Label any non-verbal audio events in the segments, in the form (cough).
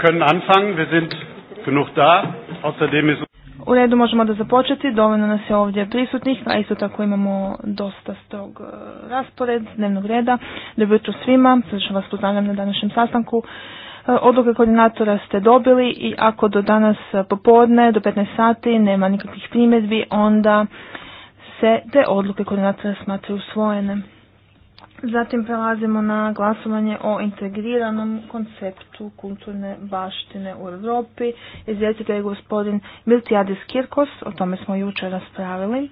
können anfangen. sind da. Außerdem u redu možemo da započeti, dovoljno nas je ovdje prisutnih, a isto tako imamo dosta strog e, raspored dnevnog reda. Dobro jutro svima, što vas pozdravljam na današnjem sastanku. E, odluke koordinatora ste dobili i ako do danas e, popodne, do 15 sati, nema nikakvih primjedbi, onda se te odluke koordinatora smatraju usvojene. Zatim prelazimo na glasovanje o integriranom konceptu kulturne baštine u Europi. Izvjetite je gospodin Miltijadis Kirkos, o tome smo jučer raspravili.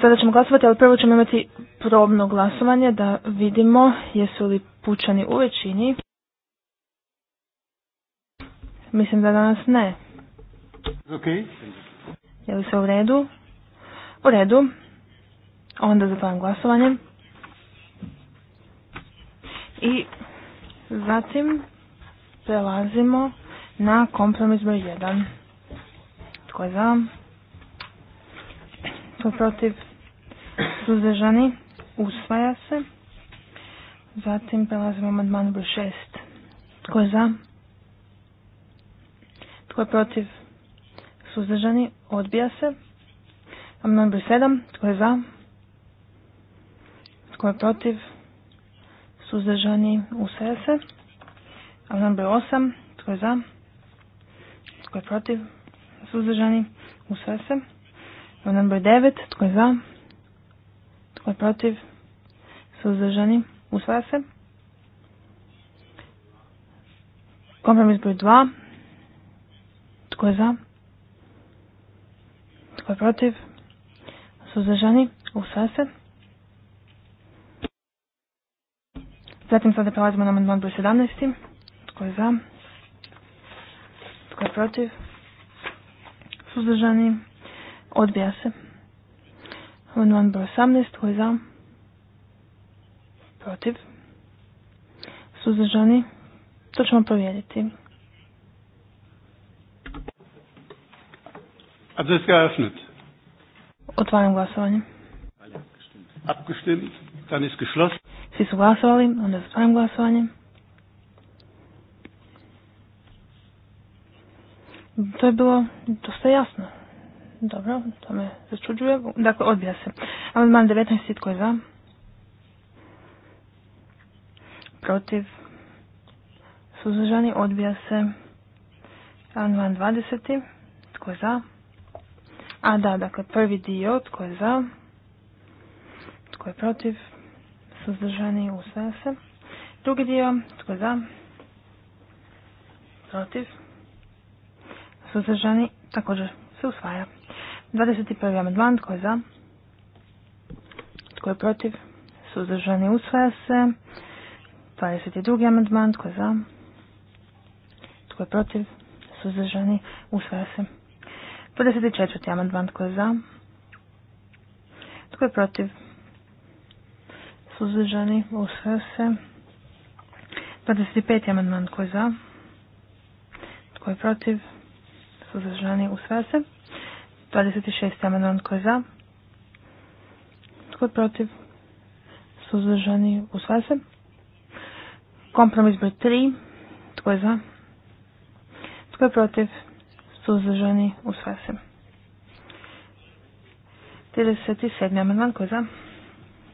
Sada ćemo glasovati, ali prvo ćemo imati probno glasovanje da vidimo jesu li pučani u većini. Mislim da danas ne. Je li se u redu? U redu. Onda zatvaram glasovanje. I zatim prelazimo na kompromis broj 1. Tko je za? Tko protiv? Suzdržani? Usvaja se. Zatim prelazimo amandman broj 6. Tko je za? Tko je protiv? Suzdržani? Odbija se. Amandman broj 7. Tko je za? Tko je protiv? suzdržani, usvaja se. Amandman broj 8, tko je za, tko je protiv, suzdržani, usvaja se. Amandman broj 9, tko je za, tko je protiv, suzdržani, usvaja se. Kompromis broj 2, tko je za, tko je protiv, suzdržani, usvaja se. Zatim sada prelazimo na amandman broj 17. Tko je za? Tko je protiv? Suzdržani? Odbija se. Amandman broj 18. Tko je za? Protiv? Suzdržani? To ćemo provjeriti. Otvaram glasovanje. Abgestimmt, dann ist geschlossen. Svi su glasovali, onda glasovanje. To je bilo dosta jasno. Dobro, to me začuđuje. Dakle, odbija se. Amandman 19, tko je za? Protiv. Suzdržani, odbija se. Amandman 20, tko je za? A da, dakle, prvi dio, tko je za? Tko je protiv? suzdržani, usvaja se. Drugi dio, tko je za, protiv, suzdržani, također se usvaja. 21. amandman, tko je za, tko je protiv, suzdržani, usvaja se. 22. amandman, tko je za, tko je protiv, suzdržani, usvaja se. 24. amandman, tko je za, tko je protiv, suzdržani, usvaja se. 25. amandman, tko je za? Tko je protiv? Suzdržani, usvaja se. 26. amandman, tko je za? Tko je protiv? Suzdržani, u se. Kompromis broj 3, tko je za? Tko je protiv? Suzdržani, usvaja se. 37. amandman, tko za?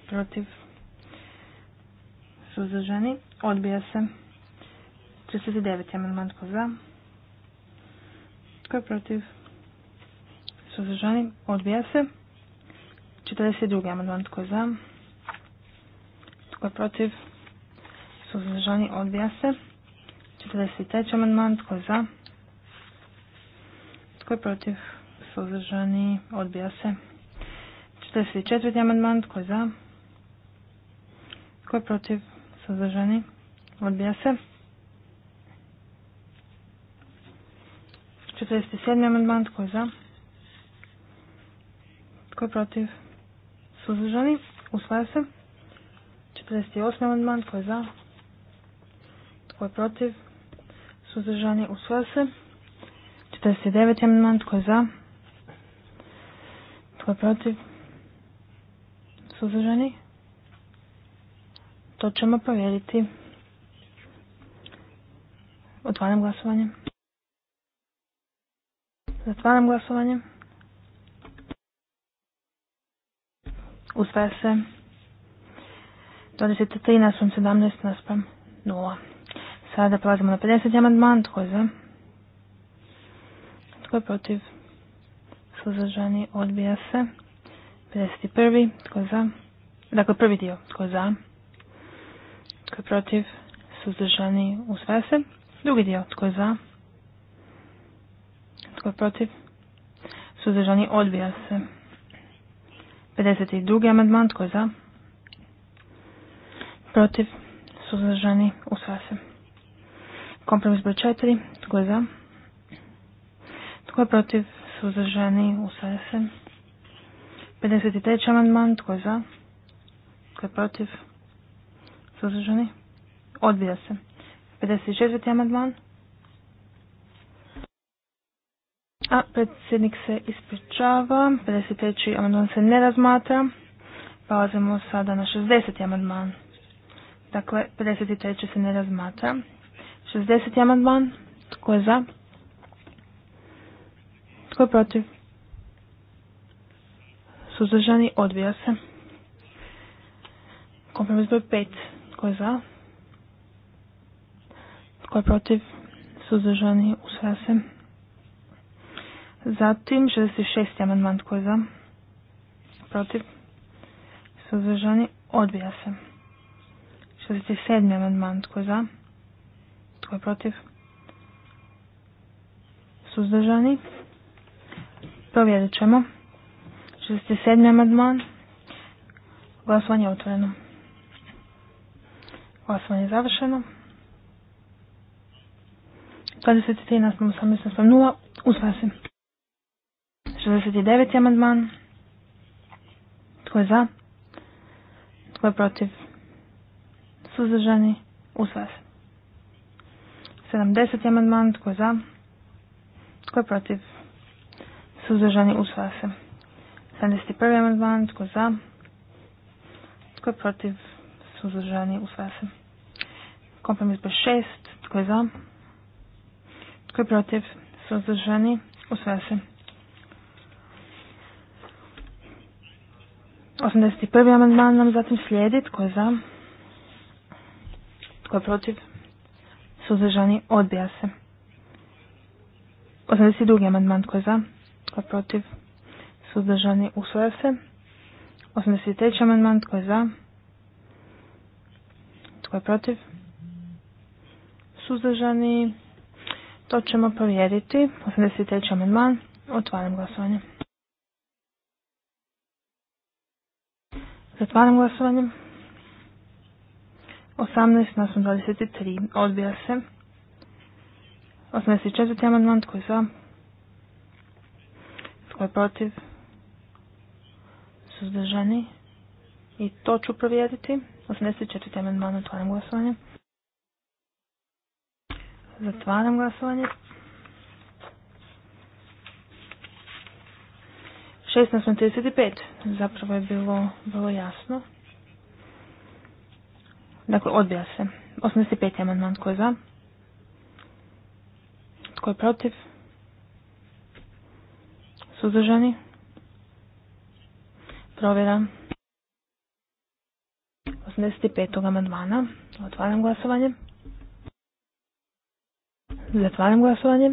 Protiv? suzdržani, odbija se. 39. amandman tko za, tko je protiv, suzdržani, odbija se. 42. amandman tko za, tko je protiv, suzdržani, odbija se. 43. amandman tko je za, tko je protiv, suzdržani, odbija se. 44. amandman tko je za, tko je protiv, ženi. Odbija se. 47. amandman. Tko je za? Tko je protiv? Suzdržani? Usvaja se. 48. amandman. Tko je za? Tko je protiv? Suzdržani? Usvaja se. 49. amandman. Tko je za? Tko je protiv? Suzdržani? To ćemo provjeriti. Otvaram glasovanje. Zatvaram glasovanje. Usvaja se 23 naspram 17 naspram 0. Sada prelazimo na 50. amandman. Tko je za? Tko je protiv? Suzdržani odbija se. 51. Tko je za? Dakle, prvi dio. Tko je za? Tko je protiv? Suzdržani? u se. Drugi dio. Tko je za? Tko je protiv? Suzdržani? Odbija se. 52. amandman. Tko je za? Protiv? Suzdržani? u se. Kompromis broj 4. Tko je za? Tko je protiv? Suzdržani? u se. 53. amandman. Tko je za? Tko je protiv? Suzdržani? Odbija se. 54. amandman. A predsjednik se ispričava. 53. amandman se ne razmatra. Palazimo sada na 60. amandman. Dakle, 53. se ne razmatra. 60. amandman. Tko je za? Tko je protiv? Suzdržani odbija se. Kompromis broj 5. Tko je za? Tko je protiv? Suzdržani usvaja se. Zatim 66. amandman. Tko je za? Protiv? Suzdržani odbija se. 67. amandman. Tko je za? Tko je protiv? Suzdržani. Provjerit ćemo. 67. amandman. Glasovanje je otvoreno. Glasovanje je završeno. 23 nastavno 18 mislim 0. nula. se. 69. amandman. Tko je za? Tko je protiv? Suzdržani. Usvaja se. 70. amandman. Tko je za? Tko je protiv? Suzdržani. Usvaja se. 71. amandman. Tko je za? Tko je protiv? suzdržani, u se. Kompromis B6, tko je za? Tko je protiv? Suzdržani, u se. 81. amandman nam zatim slijedi. Tko je za? Tko je protiv? Suzdržani odbija se. 82. amandman. Tko je za? Tko je protiv? Suzdržani usvoja se. 83. amandman. Tko je za? Tko je protiv? Suzdržani. To ćemo provjeriti. 83. amendman. Otvaram glasovanje. Zatvaram glasovanje. 18 na 23. Odbija se. 84. amandman. Tko je za? Tko je protiv? Suzdržani. I to ću provjeriti. 84. amandman otvaram glasovanje. Zatvaram glasovanje. 16.35. Zapravo je bilo vrlo jasno. Dakle, odbija se. 85. amandman. Tko je za? Tko je protiv? Suzdržani? Provjera. 85. amandmana. Otvaram glasovanje. Zatvaram glasovanje.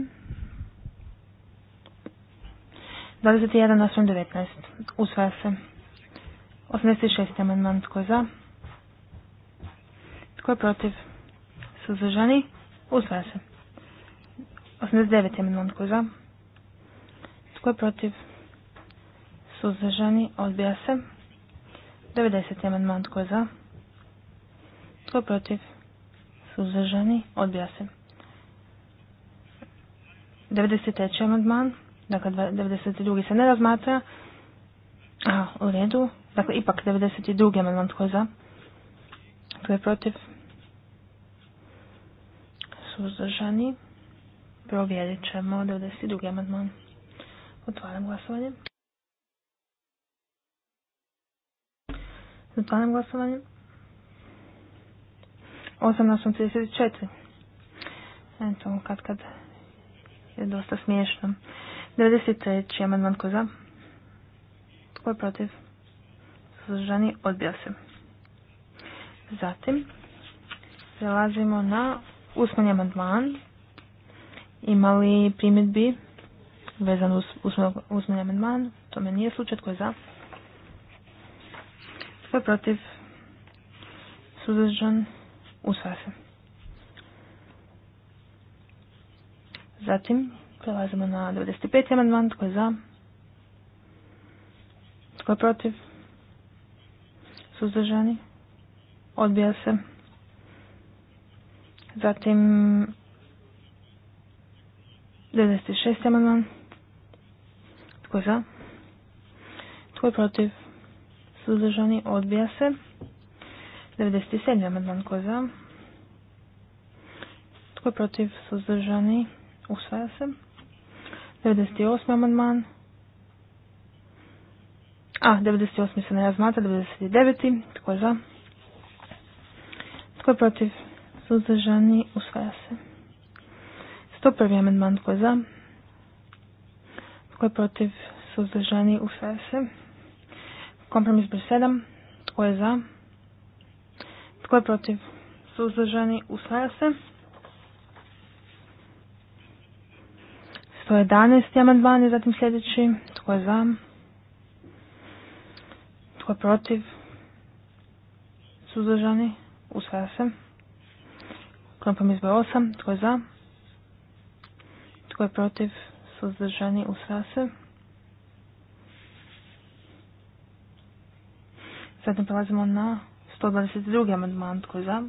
21 na 19. Usvaja se. 86. amandman. Tko je za? Tko je protiv? Suzdržani? Usvaja se. 89. amandman. Tko je za? Tko je protiv? Suzdržani? Odbija se. 90. amandman. Tko je za? Tko protiv? Suzdržani? Odbija se. 93. amandman. Dakle, 92. se ne razmatra. A, u redu. Dakle, ipak 92. amandman. Tko je za? Tko je protiv? Suzdržani? Provjerit ćemo 92. amandman. Otvaram glasovanje. Zatvaram glasovanje. 8834. Eto, kad kad je dosta smiješno. 93. amandman ko za? Tko je protiv? Suzdržani odbija se. Zatim, prelazimo na usmeni amandman. Ima li primjedbi vezano uz usmeni amandman? me nije slučaj. Tko je za? Tko je protiv? Suzdržan Usvaja Zatim prelazimo na 95. amandman. Tko je za? Tko je protiv? Suzdržani? Odbija se. Zatim 96. amandman. Tko je za? Tko je protiv? Suzdržani? Odbija se. 97. amandman tko je za? Tko je protiv? Suzdržani? Usvaja se. 98. amandman. A, 98. se ne razmata. 99. Tko je za? Tko je protiv? Suzdržani? Usvaja se. 101. amandman. Tko je za? Tko je protiv? Suzdržani? Usvaja se. Kompromis br. 7. Tko je za? Tko je protiv? Suzdržani usvaja se. 111. amandman je zatim sljedeći. Tko je za? Tko je protiv? Suzdržani usvaja se. Kompromis izbor 8. Tko je za? Tko je protiv? Suzdržani usvaja se. Zatim prelazimo na 122. amandman, tko je za?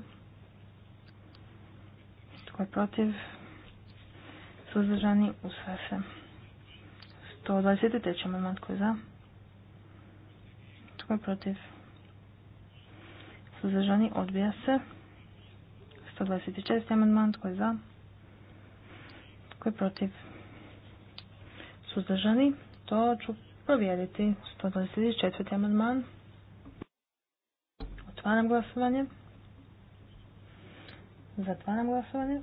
Tko je protiv? Suzdržani, usve se. 123. amandman, tko je za? Tko je protiv? Suzdržani, odbija se. 126. amandman, tko je za? Tko je protiv? Suzdržani, to ću provjeriti. 124. amandman. Otvaram glasovanje. Zatvaram glasovanje.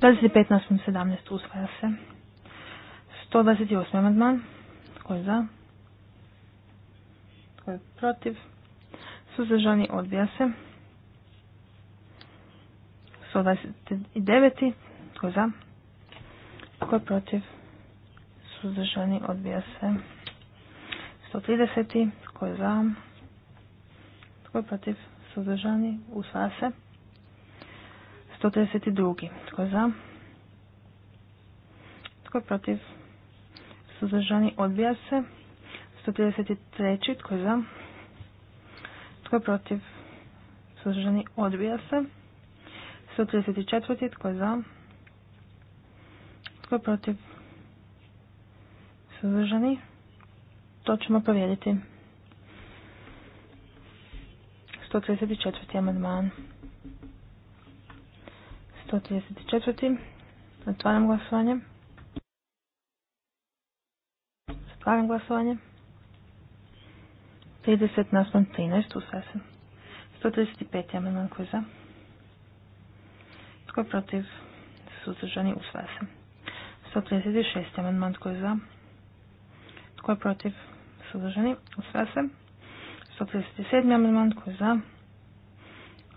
25.8.17. usvaja se. 128. amandman. Tko je za? Tko je protiv? Suzdržani odbija se. 129. Tko je za? Tko je protiv? Suzdržani odbija se. 130. Tko je za? Tko je protiv? Suzdržani? Usvaja se. 132. Tko je za? Tko je protiv? Suzdržani? Odbija se. 133. Tko je za? Tko je protiv? Suzdržani? Odbija se. 134. Tko je za? Tko je protiv? Suzdržani? To ćemo provjeriti. 134. amandman. 134. Otvaram glasovanje. Otvaram glasovanje. 30 naspram 13 usvaja 135. amandman koji je za. Tko je protiv? Suzdržani usvaja se. 136. amandman koji je za. Tko je protiv? Suzdržani usvaja se. 137. amandman tko je za?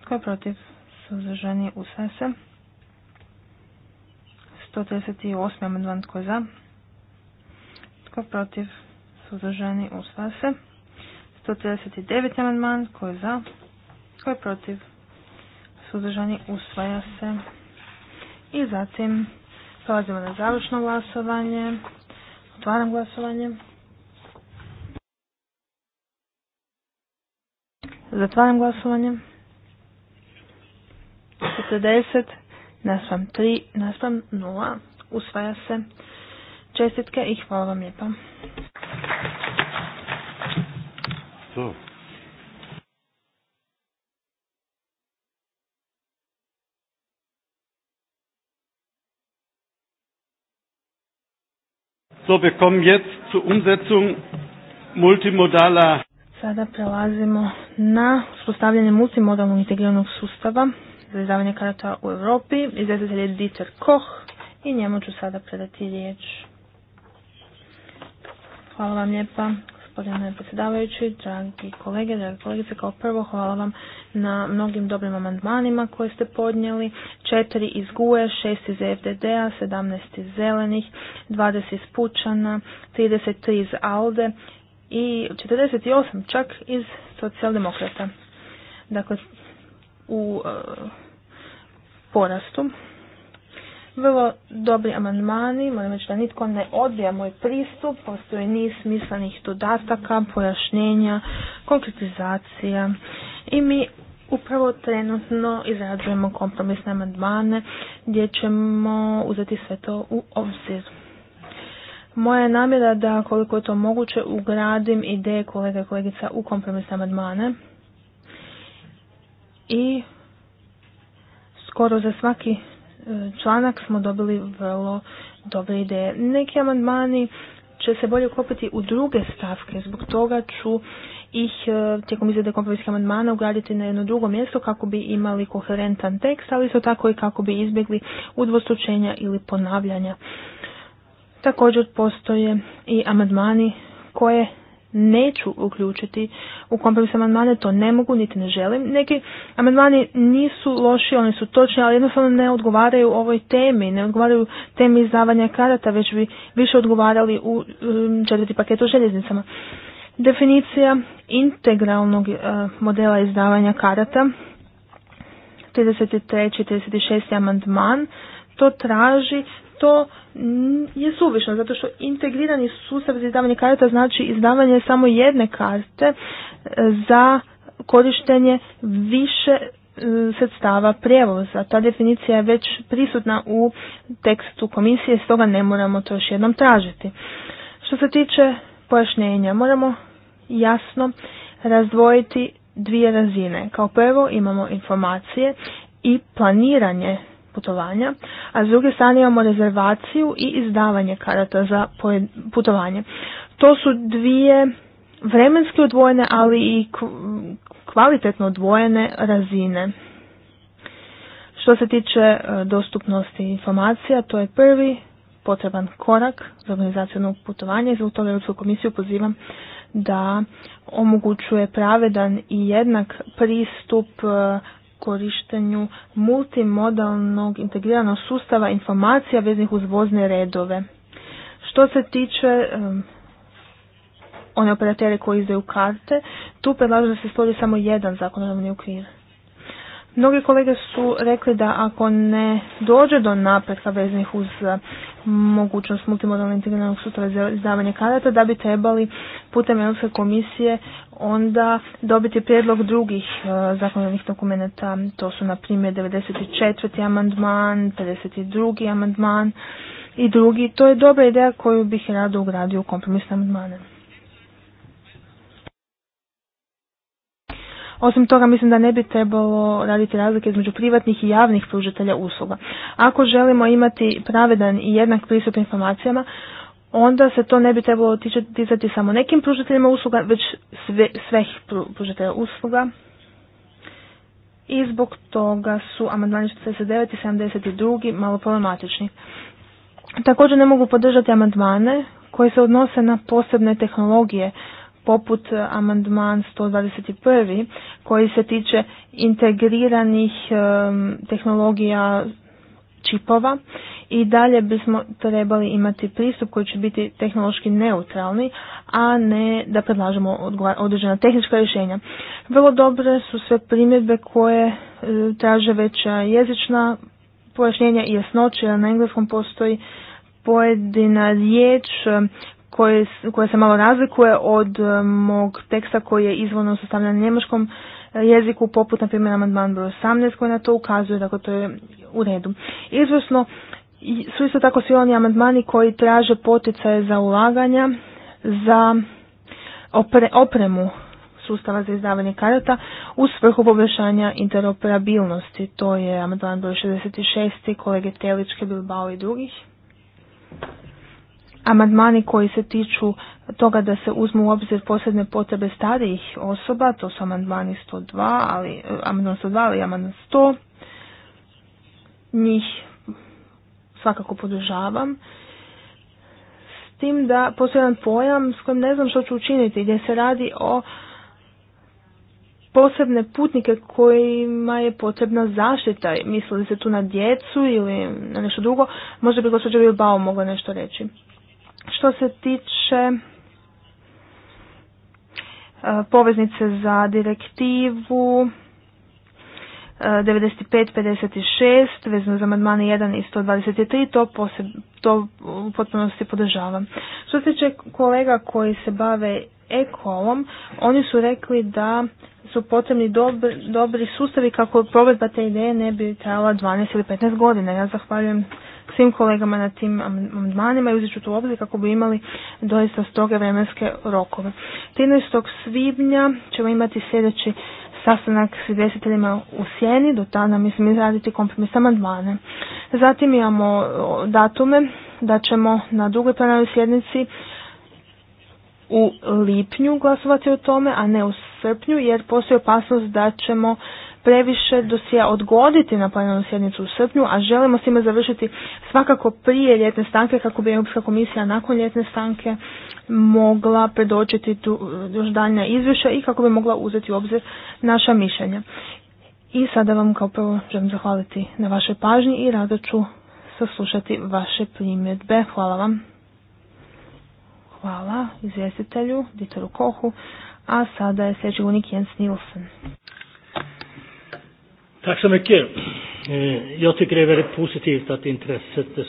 Tko je protiv? Suzdržani usvaja se. 138. amandman tko je za? Tko je protiv? Suzdržani usvaja se. 139. amandman tko je za? Tko je protiv? Suzdržani usvaja se. I zatim prelazimo na završno glasovanje. Otvaram glasovanje. Zatvaram glasovanje. 40 naspram 3 naspam 0 usvaja se. Čestitke i hvala vam lijepa. So. So, wir kommen jetzt zur Umsetzung multimodaler Sada prelazimo na uspostavljanje multimodalnog integriranog sustava za izdavanje karata u Europi. Izvjetitelj je Dieter Koch i njemu ću sada predati riječ. Hvala vam lijepa gospodine predsjedavajući, dragi kolege, dragi kolegice, kao prvo hvala vam na mnogim dobrim amandmanima koje ste podnijeli. Četiri iz GUE, šest iz e FDD-a, sedamnaest iz Zelenih, dvadeset iz Pučana, trideset iz ALDE i 48 čak iz socijaldemokrata. Dakle, u e, porastu. Vrlo dobri amandmani, moram reći da nitko ne odbija moj pristup, postoji niz smislenih dodataka, pojašnjenja, konkretizacija i mi upravo trenutno izrađujemo kompromisne amandmane gdje ćemo uzeti sve to u obzir. Moja je namjera da koliko je to moguće ugradim ideje kolega i kolegica u kompromisne amandmane i skoro za svaki e, članak smo dobili vrlo dobre ideje. Neki amandmani će se bolje ukopiti u druge stavke, zbog toga ću ih e, tijekom izrede kompromisnih amandmana ugraditi na jedno drugo mjesto kako bi imali koherentan tekst, ali isto tako i kako bi izbjegli udvostručenja ili ponavljanja. Također postoje i amandmani koje neću uključiti u kompromis amandmane, to ne mogu, niti ne želim. Neki amandmani nisu loši, oni su točni, ali jednostavno ne odgovaraju ovoj temi, ne odgovaraju temi izdavanja karata, već bi više odgovarali u um, četvrti paket o željeznicama. Definicija integralnog uh, modela izdavanja karata, 33. i 36. amandman, to traži, to je suvišno, zato što integrirani sustav za izdavanje karata znači izdavanje samo jedne karte e, za korištenje više e, sredstava prijevoza. Ta definicija je već prisutna u tekstu komisije, stoga ne moramo to još jednom tražiti. Što se tiče pojašnjenja, moramo jasno razdvojiti dvije razine. Kao prvo imamo informacije i planiranje putovanja, a s druge strane imamo rezervaciju i izdavanje karata za putovanje. To su dvije vremenski odvojene, ali i kvalitetno odvojene razine. Što se tiče e, dostupnosti informacija, to je prvi potreban korak za organizaciju putovanja i zbog toga Europsku komisiju pozivam da omogućuje pravedan i jednak pristup e, korištenju multimodalnog integriranog sustava informacija veznih uz vozne redove. Što se tiče one operatere koji izdaju karte, tu predlažu da se stvori samo jedan zakonodavni okvir. Mnogi kolege su rekli da ako ne dođe do napretka veznih uz e, mogućnost multimodalnog integriranog sustava za izdavanje karata, da bi trebali putem Europske komisije onda dobiti prijedlog drugih e, zakonodavnih dokumenta. To su na primjer 94. amandman, 52. amandman i drugi. To je dobra ideja koju bih rado ugradio u kompromisne amandmane. Osim toga mislim da ne bi trebalo raditi razlike između privatnih i javnih pružatelja usluga. Ako želimo imati pravedan i jednak pristup informacijama, onda se to ne bi trebalo ticati samo nekim pružateljima usluga, već sve, sveh pružatelja usluga. I zbog toga su amandmani 49 i 72 malo problematični. Također ne mogu podržati amandmane koji se odnose na posebne tehnologije, poput amandman 121. koji se tiče integriranih tehnologija čipova i dalje bismo trebali imati pristup koji će biti tehnološki neutralni, a ne da predlažemo određena tehnička rješenja. Vrlo dobre su sve primjedbe koje e, traže veća jezična pojašnjenja i jasnoće, na engleskom postoji pojedina riječ koje, se malo razlikuje od eh, mog teksta koji je izvorno sastavljen na njemačkom eh, jeziku, poput na primjer amandman broj 18 koji na to ukazuje, dakle to je u redu. Izvrsno su isto tako svi oni amandmani koji traže poticaje za ulaganja, za opremu sustava za izdavanje karata u svrhu poboljšanja interoperabilnosti. To je amandman broj 66. kolege Teličke, Bilbao i drugih amandmani koji se tiču toga da se uzmu u obzir posebne potrebe starijih osoba, to su amandmani 102, e, ali, amandman 102, ali amandman 100, njih svakako podržavam. S tim da postoji jedan pojam s kojim ne znam što ću učiniti, gdje se radi o posebne putnike kojima je potrebna zaštita. mislili se tu na djecu ili na nešto drugo? Možda bi gospođa Bilbao mogla nešto reći. Što se tiče e, poveznice za direktivu 95-56 e, vezano za amandmane 1 i 123, to, poseb, to u potpunosti podržavam. Što se tiče kolega koji se bave ekolom, oni su rekli da su potrebni dobri, dobri sustavi kako provedba te ideje ne bi trajala 12 ili 15 godina. Ja zahvaljujem svim kolegama na tim amandmanima i uzet ću tu obzir kako bi imali doista stroge vremenske rokove. 13. svibnja ćemo imati sljedeći sastanak s izvjestiteljima u sjeni, do tada mislim izraditi kompromis amandmane. Zatim imamo datume da ćemo na drugoj plenarnoj sjednici u lipnju glasovati o tome, a ne u srpnju, jer postoji opasnost da ćemo previše dosija odgoditi na plenarnu sjednicu u srpnju, a želimo s time završiti svakako prije ljetne stanke kako bi Europska komisija nakon ljetne stanke mogla predočiti tu još daljnja izvješća i kako bi mogla uzeti u obzir naša mišljenja. I sada vam kao prvo želim zahvaliti na vašoj pažnji i rado ću saslušati vaše primjedbe. Hvala vam. Hvala izvjestitelju Ditoru Kohu, a sada je sljedeći unik Jens Nilsen. Tack så mycket. Eh, jag tycker det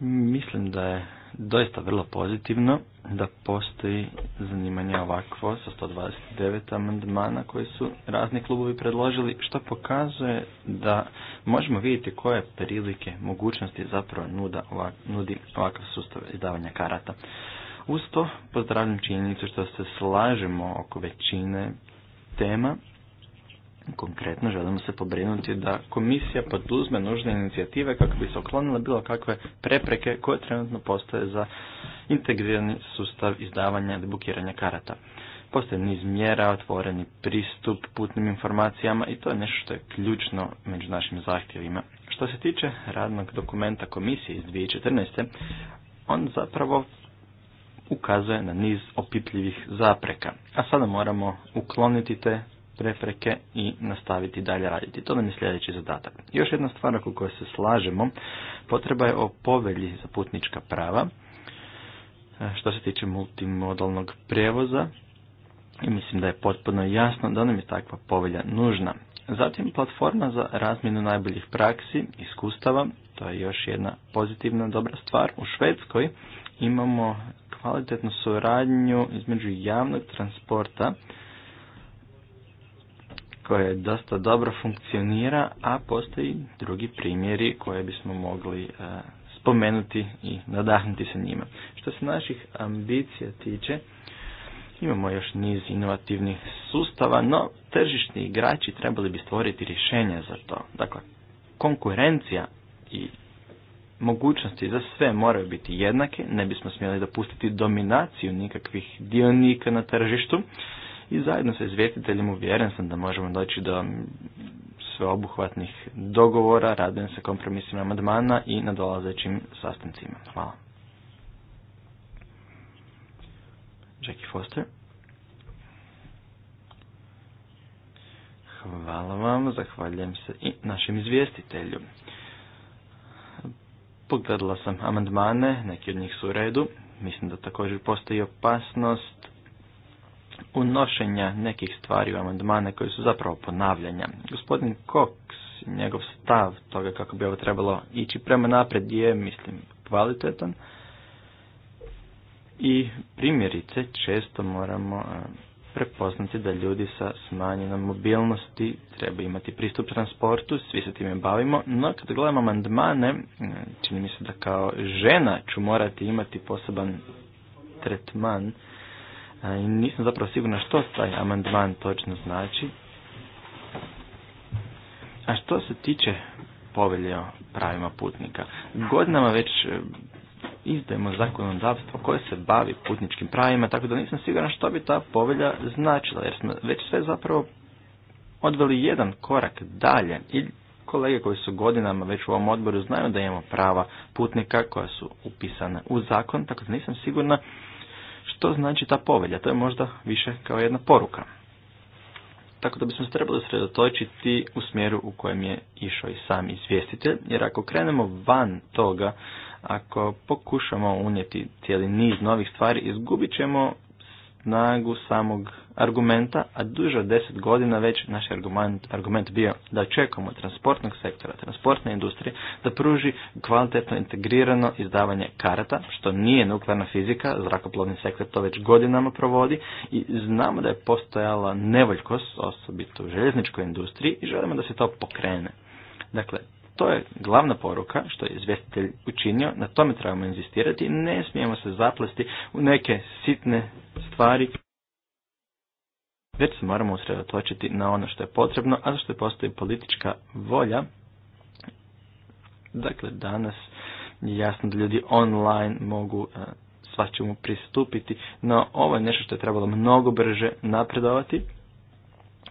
Mislim da je doista vrlo pozitivno da postoji zanimanje ovakvo sa 129 amandmana koji su razni klubovi predložili, što pokazuje da možemo vidjeti koje prilike, mogućnosti zapravo nuda nudi ovakav sustav izdavanja karata. Uz to pozdravljam činjenicu što se slažemo oko većine tema Konkretno želimo se pobrinuti da komisija poduzme nužne inicijative kako bi se oklonile bilo kakve prepreke koje trenutno postoje za integrirani sustav izdavanja i bukiranja karata. Postoje niz mjera, otvoreni pristup putnim informacijama i to je nešto što je ključno među našim zahtjevima. Što se tiče radnog dokumenta komisije iz 2014. on zapravo ukazuje na niz opipljivih zapreka, a sada moramo ukloniti te prepreke i nastaviti dalje raditi. To nam je sljedeći zadatak. Još jedna stvar oko kojoj se slažemo, potreba je o povelji za putnička prava, e, što se tiče multimodalnog prijevoza, i mislim da je potpuno jasno da nam je takva povelja nužna. Zatim platforma za razmjenu najboljih praksi, iskustava, to je još jedna pozitivna dobra stvar. U Švedskoj imamo kvalitetnu suradnju između javnog transporta koje dosta dobro funkcionira, a postoji drugi primjeri koje bismo mogli e, spomenuti i nadahnuti se njima. Što se naših ambicija tiče, imamo još niz inovativnih sustava, no tržišni igrači trebali bi stvoriti rješenja za to. Dakle, konkurencija i mogućnosti za sve moraju biti jednake, ne bismo smjeli dopustiti dominaciju nikakvih dionika na tržištu, i zajedno sa izvjetiteljem uvjeren sam da možemo doći do sveobuhvatnih dogovora, radujem se kompromisima amandmana i nadolazećim sastancima. Hvala. Jackie Foster. Hvala vam, zahvaljujem se i našem izvjestitelju. Pogledala sam amandmane, neki od njih su u redu. Mislim da također postoji opasnost unošenja nekih stvari u amandmane koji su zapravo ponavljanja. Gospodin Cox, njegov stav toga kako bi ovo trebalo ići prema napred je, mislim, kvalitetan. I primjerice često moramo e, prepoznati da ljudi sa smanjenom mobilnosti treba imati pristup transportu, svi se time bavimo, no kad gledamo amandmane, e, čini mi se da kao žena ću morati imati poseban tretman i nisam zapravo sigurna što taj amandman točno znači. A što se tiče povelje o pravima putnika, godinama već e, izdajemo zakonodavstvo koje se bavi putničkim pravima, tako da nisam siguran što bi ta povelja značila, jer smo već sve zapravo odveli jedan korak dalje i kolege koji su godinama već u ovom odboru znaju da imamo prava putnika koja su upisana u zakon, tako da nisam sigurna što znači ta povelja? To je možda više kao jedna poruka. Tako da bismo se trebali sredotočiti u smjeru u kojem je išao i sam izvjestitelj, jer ako krenemo van toga, ako pokušamo unijeti cijeli niz novih stvari, izgubit ćemo nagu samog argumenta, a duže od deset godina već naš argument, argument bio da očekujemo transportnog sektora, transportne industrije, da pruži kvalitetno integrirano izdavanje karata, što nije nuklearna fizika, zrakoplovni sektor to već godinama provodi i znamo da je postojala nevoljkost, osobito u željezničkoj industriji i želimo da se to pokrene. Dakle, to je glavna poruka što je izvjestitelj učinio, na tome trebamo inzistirati, ne smijemo se zaplesti u neke sitne stvari, već se moramo usredotočiti na ono što je potrebno, a za što postoji politička volja. Dakle, danas je jasno da ljudi online mogu e, svačemu pristupiti, no ovo je nešto što je trebalo mnogo brže napredovati,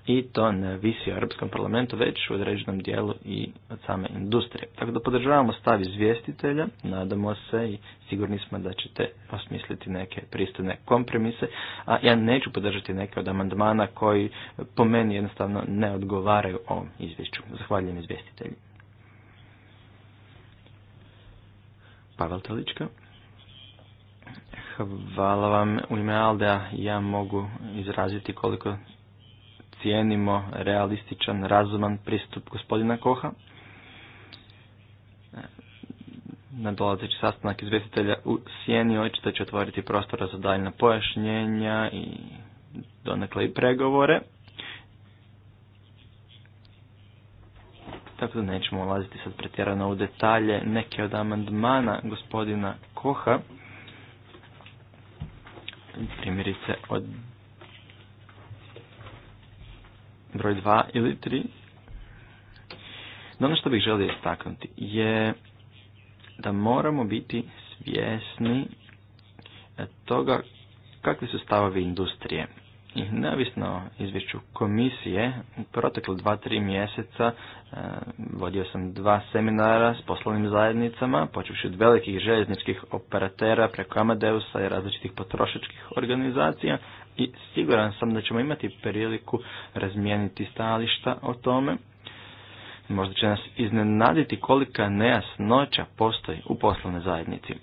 i to ne visi o Europskom parlamentu, već u određenom dijelu i od same industrije. Tako da podržavamo stav izvjestitelja, nadamo se i sigurni smo da ćete osmisliti neke pristojne kompromise, a ja neću podržati neke od amandmana koji po meni jednostavno ne odgovaraju ovom izvješću. Zahvaljujem izvjestitelji. Pavel Telička. Hvala vam. U ime Aldea ja mogu izraziti koliko cijenimo realističan, razuman pristup gospodina Koha. Nadolazeći sastanak izvjestitelja u Sijeni očito će otvoriti prostora za daljna pojašnjenja i donekle i pregovore. Tako da nećemo ulaziti sad pretjerano u detalje neke od amandmana gospodina Koha primjerice od broj 2 ili 3. No ono što bih želio istaknuti je da moramo biti svjesni e, toga kakvi su stavovi industrije. I neovisno o izvješću komisije, u protekle dva, tri mjeseca e, vodio sam dva seminara s poslovnim zajednicama, počevši od velikih željezničkih operatera preko Amadeusa i različitih potrošačkih organizacija, i siguran sam da ćemo imati priliku razmijeniti stališta o tome. Možda će nas iznenaditi kolika nejasnoća postoji u poslovnoj zajednici. E,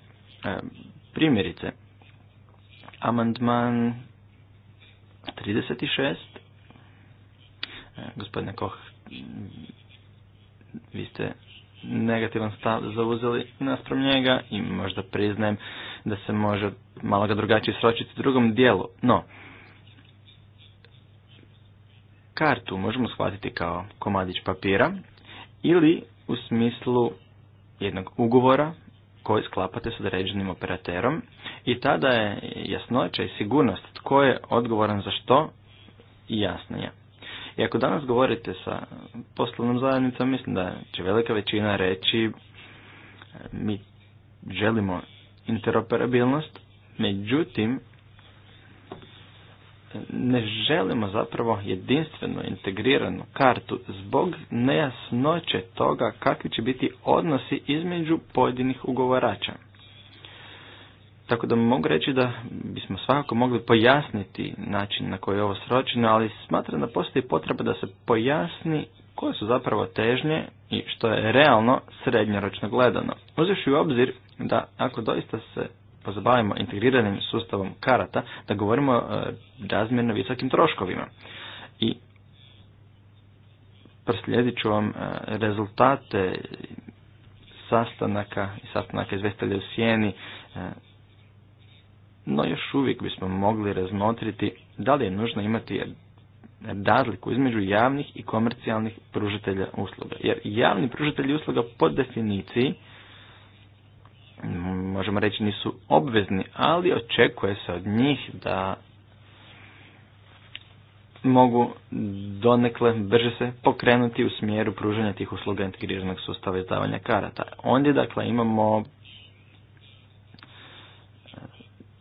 primjerice, amandman 36, e, gospodine Koh, vi ste negativan stav zauzeli naspram njega i možda priznajem da se može malo ga drugačije sročiti u drugom dijelu. No, kartu možemo shvatiti kao komadić papira ili u smislu jednog ugovora koji sklapate s određenim operaterom i tada je jasnoća i sigurnost tko je odgovoran za što jasnija. I ako danas govorite sa poslovnom zajednicom, mislim da će velika većina reći e, mi želimo interoperabilnost, međutim ne želimo zapravo jedinstvenu integriranu kartu zbog nejasnoće toga kakvi će biti odnosi između pojedinih ugovarača. Tako da mogu reći da bismo svakako mogli pojasniti način na koji je ovo sročeno, ali smatram da postoji potreba da se pojasni koje su zapravo težnje i što je realno srednjoročno gledano. Uzeš u obzir da ako doista se pozabavimo integriranim sustavom karata, da govorimo o e, razmjerno visokim troškovima. I proslijedit ću vam e, rezultate sastanaka i sastanaka izvestelja u sjeni, e, no još uvijek bismo mogli razmotriti da li je nužno imati razliku između javnih i komercijalnih pružitelja usluga. Jer javni pružitelji usluga po definiciji možemo reći nisu obvezni, ali očekuje se od njih da mogu donekle brže se pokrenuti u smjeru pružanja tih usluga integriranog sustava izdavanja karata. Ondje dakle imamo e,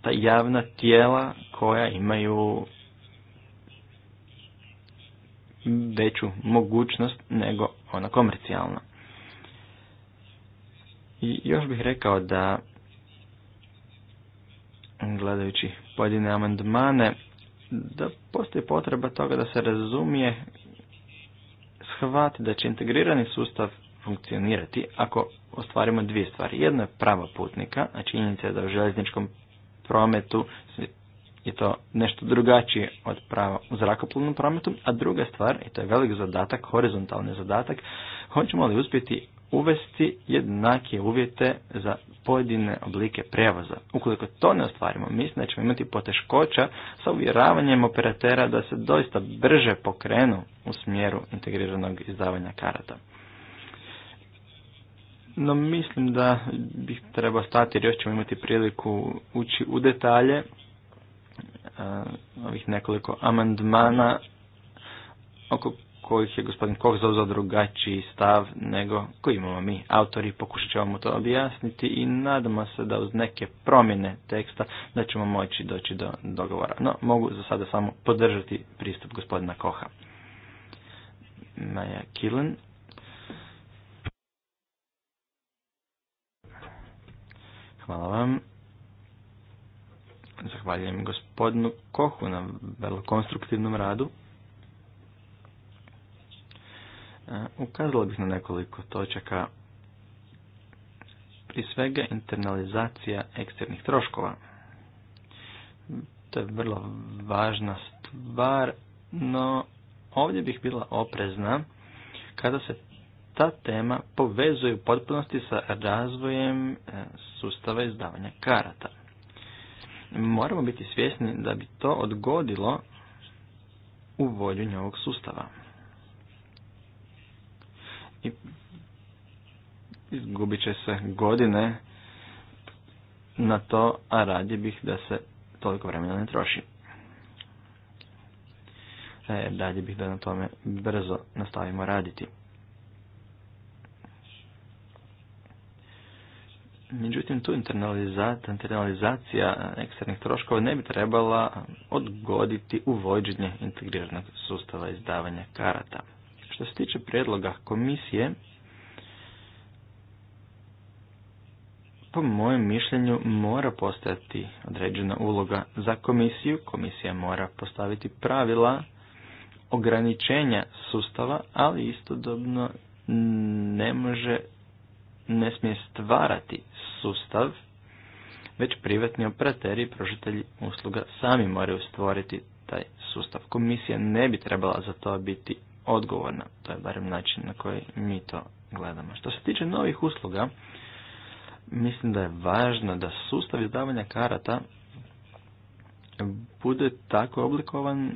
ta javna tijela koja imaju veću mogućnost nego ona komercijalna. I još bih rekao da gledajući pojedine amandmane da postoji potreba toga da se razumije shvati da će integrirani sustav funkcionirati ako ostvarimo dvije stvari. Jedno je prava putnika, a činjenica je da u željezničkom prometu je to nešto drugačije od prava u zrakoplovnom prometu, a druga stvar, i to je velik zadatak, horizontalni zadatak, hoćemo li uspjeti uvesti jednake uvjete za pojedine oblike prevoza. Ukoliko to ne ostvarimo, mislim da ćemo imati poteškoća sa uvjeravanjem operatera da se doista brže pokrenu u smjeru integriranog izdavanja karata. No mislim da bih trebao stati jer još ćemo imati priliku ući u detalje e, ovih nekoliko amandmana oko kojih je gospodin Koch zauzao drugačiji stav nego koji imamo mi. Autori pokušat ćemo to objasniti i nadamo se da uz neke promjene teksta da ćemo moći doći do dogovora. No, mogu za sada samo podržati pristup gospodina Koha. Maja Kilen. Hvala vam. Zahvaljujem gospodinu Kohu na vrlo konstruktivnom radu. E, ukazalo bih na nekoliko točaka. Pri svega internalizacija eksternih troškova. To je vrlo važna stvar, no ovdje bih bila oprezna kada se ta tema povezuje u potpunosti sa razvojem e, sustava izdavanja karata. Moramo biti svjesni da bi to odgodilo uvođenje ovog sustava i izgubit će se godine na to, a radije bih da se toliko vremena ne troši. E, radije bih da na tome brzo nastavimo raditi. Međutim, tu internalizacija eksternih troškova ne bi trebala odgoditi uvođenje integriranog sustava izdavanja karata. Što se tiče predloga komisije, po mojem mišljenju mora postojati određena uloga za komisiju. Komisija mora postaviti pravila ograničenja sustava, ali istodobno ne može, ne smije stvarati sustav, već privatni operateri i pružitelji usluga sami moraju stvoriti taj sustav. Komisija ne bi trebala za to biti odgovorna. To je barem način na koji mi to gledamo. Što se tiče novih usluga, mislim da je važno da sustav izdavanja karata bude tako oblikovan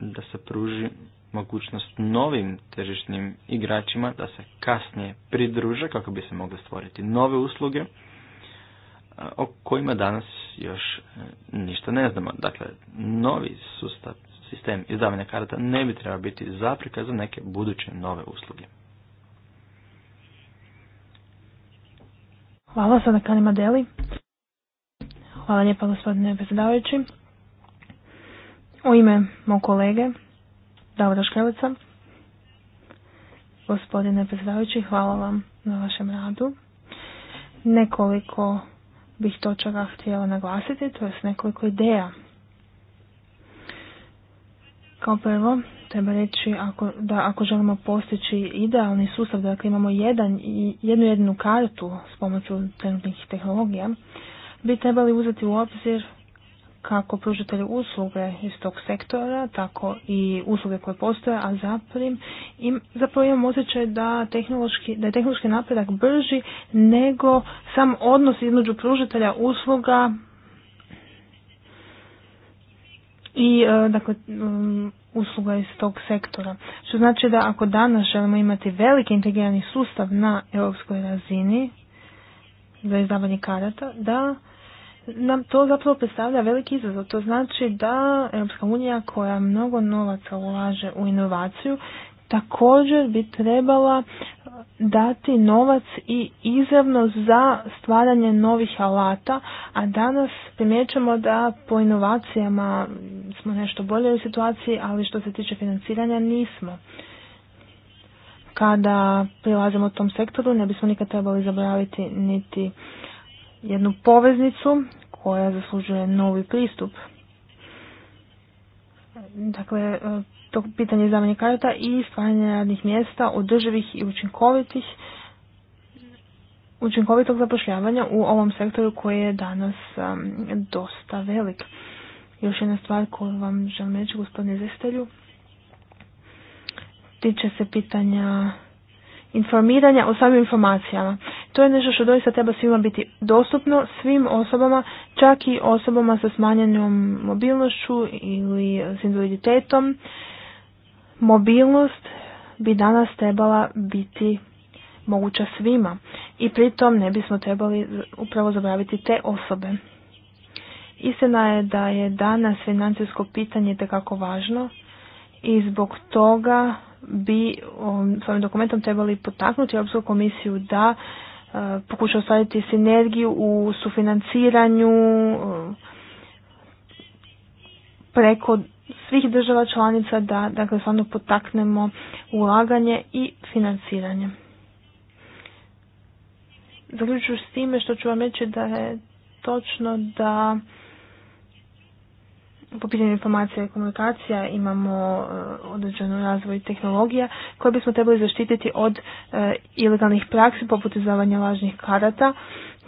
da se pruži mogućnost novim tržišnim igračima da se kasnije pridruže kako bi se mogle stvoriti nove usluge o kojima danas još e, ništa ne znamo. Dakle, novi sustav sistem izdavanja karata ne bi trebao biti zapreka za neke buduće nove usluge. Hvala sada Kanima Deli. Hvala lijepa gospodine predsjedavajući. U ime mog kolege Davora Škrevica, gospodine predsjedavajući, hvala vam na vašem radu. Nekoliko bih točaka htjela naglasiti, to je nekoliko ideja kao prvo, treba reći ako, da ako želimo postići idealni sustav, dakle imamo jedan, jednu jednu kartu s pomoću trenutnih tehnologija, bi trebali uzeti u obzir kako pružatelji usluge iz tog sektora, tako i usluge koje postoje, a zaprim, im, zapravo imam osjećaj da, tehnološki, da je tehnološki napredak brži nego sam odnos između pružatelja usluga i e, dakle, mm, usluga iz tog sektora. Što znači da ako danas želimo imati veliki integrirani sustav na europskoj razini za izdavanje karata, da nam to zapravo predstavlja veliki izazov. To znači da Europska unija koja mnogo novaca ulaže u inovaciju također bi trebala dati novac i izravno za stvaranje novih alata, a danas primjećamo da po inovacijama smo nešto bolje u situaciji, ali što se tiče financiranja nismo. Kada prilazimo tom sektoru ne bismo nikad trebali zaboraviti niti jednu poveznicu koja zaslužuje novi pristup dakle, e, to pitanje izdavanja karata i stvaranje radnih mjesta održivih i učinkovitih učinkovitog zapošljavanja u ovom sektoru koji je danas dosta velik. Još jedna stvar koju vam želim reći gospodine Zestelju, tiče se pitanja informiranja o samim informacijama. To je nešto što doista treba svima biti dostupno, svim osobama, čak i osobama sa smanjenom mobilnošću ili s invaliditetom. Mobilnost bi danas trebala biti moguća svima i pritom ne bismo trebali upravo zabraviti te osobe. Istina je da je danas financijsko pitanje tekako važno i zbog toga bi um, s ovim dokumentom trebali potaknuti Europsku komisiju da uh, pokuša ostaviti sinergiju u sufinanciranju uh, preko svih država članica da dakle stvarno potaknemo ulaganje i financiranje. Zaključuju s time što ću vam reći da je točno da po pitanju informacija i komunikacija imamo e, određenu razvoj tehnologija koje bismo trebali zaštititi od e, ilegalnih praksi poput izdavanja lažnih karata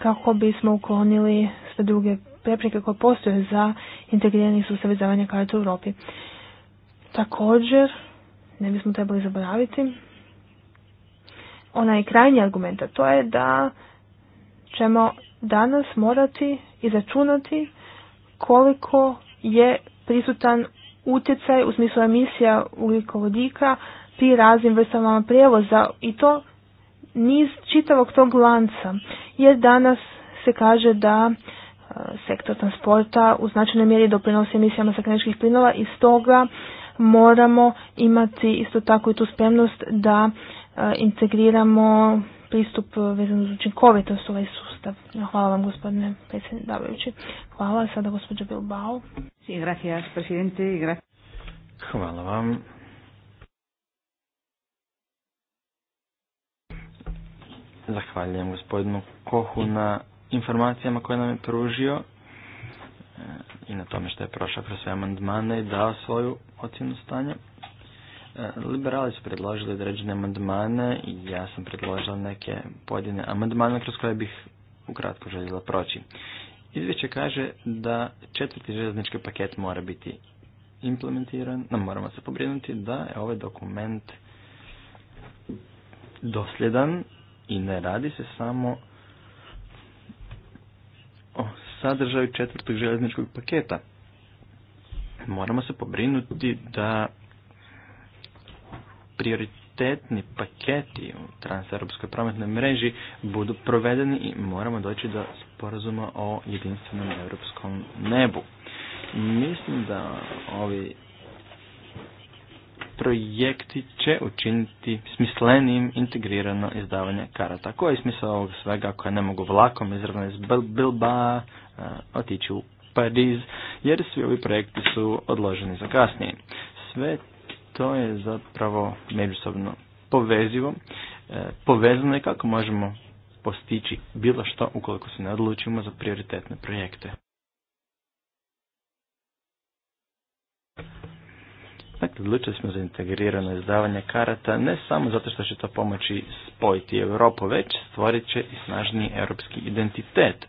kako bismo uklonili sve druge prepreke koje postoje za integrirani sustav izdavanja karata u Europi. Također, ne bismo trebali zaboraviti, onaj krajnji argument, a to je da ćemo danas morati izračunati koliko je prisutan utjecaj u smislu emisija ugljikovodika pri raznim vrstama prijevoza i to niz čitavog tog lanca. Jer danas se kaže da e, sektor transporta u značajnoj mjeri doprinosi emisijama stakleničkih plinova i stoga moramo imati isto tako i tu spremnost da e, integriramo pristup eh, vezan uz učinkovitost ovaj sustav. Hvala vam gospodine predsjedavajući. Hvala sada gospođa Bilbao. Sí, gracias, presidente. Gracias. Hvala vam. Zahvaljujem gospodinu Kohu na informacijama koje nam je pružio eh, i na tome što je prošao kroz sve amandmane i dao svoju ocjenu stanja. Liberali su predložili određene amandmane i ja sam predložila neke pojedine amandmane kroz koje bih ukratko željela proći. Izvješće kaže da četvrti željeznički paket mora biti implementiran, no moramo se pobrinuti da je ovaj dokument dosljedan i ne radi se samo o sadržaju četvrtog željezničkog paketa. Moramo se pobrinuti da prioritetni paketi u transeuropskoj prometnoj mreži budu provedeni i moramo doći do sporazuma o jedinstvenom europskom nebu. Mislim da ovi projekti će učiniti smislenim integrirano izdavanje karata. Koji je smisao ovog svega koje ne mogu vlakom izravno iz Bilba otići u Pariz, jer svi ovi projekti su odloženi za kasnije. Sve to je zapravo međusobno povezivo, e, povezano je kako možemo postići bilo što ukoliko se ne odlučimo za prioritetne projekte. Dakle, odlučili smo za integrirano izdavanje karata ne samo zato što će to pomoći spojiti Europu, već stvorit će i snažni europski identitet.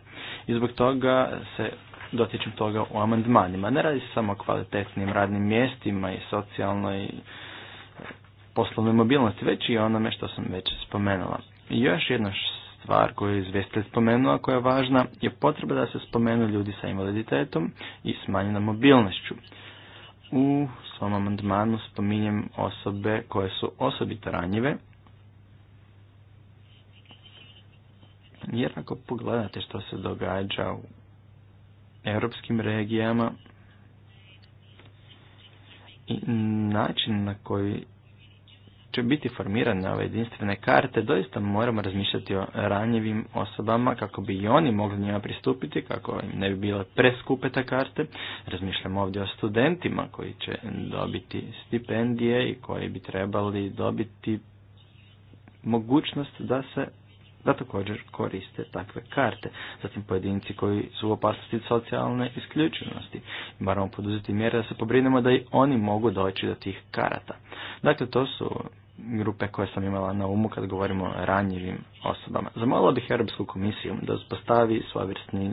I zbog toga se dotičem toga u amandmanima. Ne radi se samo o kvalitetnim radnim mjestima i socijalnoj e, poslovnoj mobilnosti, već i onome što sam već spomenula. I još jedna stvar koju je izvjestitelj spomenula koja je važna, je potreba da se spomenu ljudi sa invaliditetom i smanjena mobilnošću. U svom amandmanu spominjem osobe koje su osobito ranjive, jer ako pogledate što se događa u europskim regijama i način na koji će biti formirane ove jedinstvene karte, doista moramo razmišljati o ranjivim osobama kako bi i oni mogli njima pristupiti, kako im ne bi bile preskupe te karte. Razmišljamo ovdje o studentima koji će dobiti stipendije i koji bi trebali dobiti mogućnost da se da također koriste takve karte. Zatim pojedinci koji su u opasnosti socijalne isključenosti. Moramo poduzeti mjere da se pobrinemo da i oni mogu doći do tih karata. Dakle, to su grupe koje sam imala na umu kad govorimo o ranjivim osobama. Zamolila bih Europsku komisiju da uspostavi svojevrsni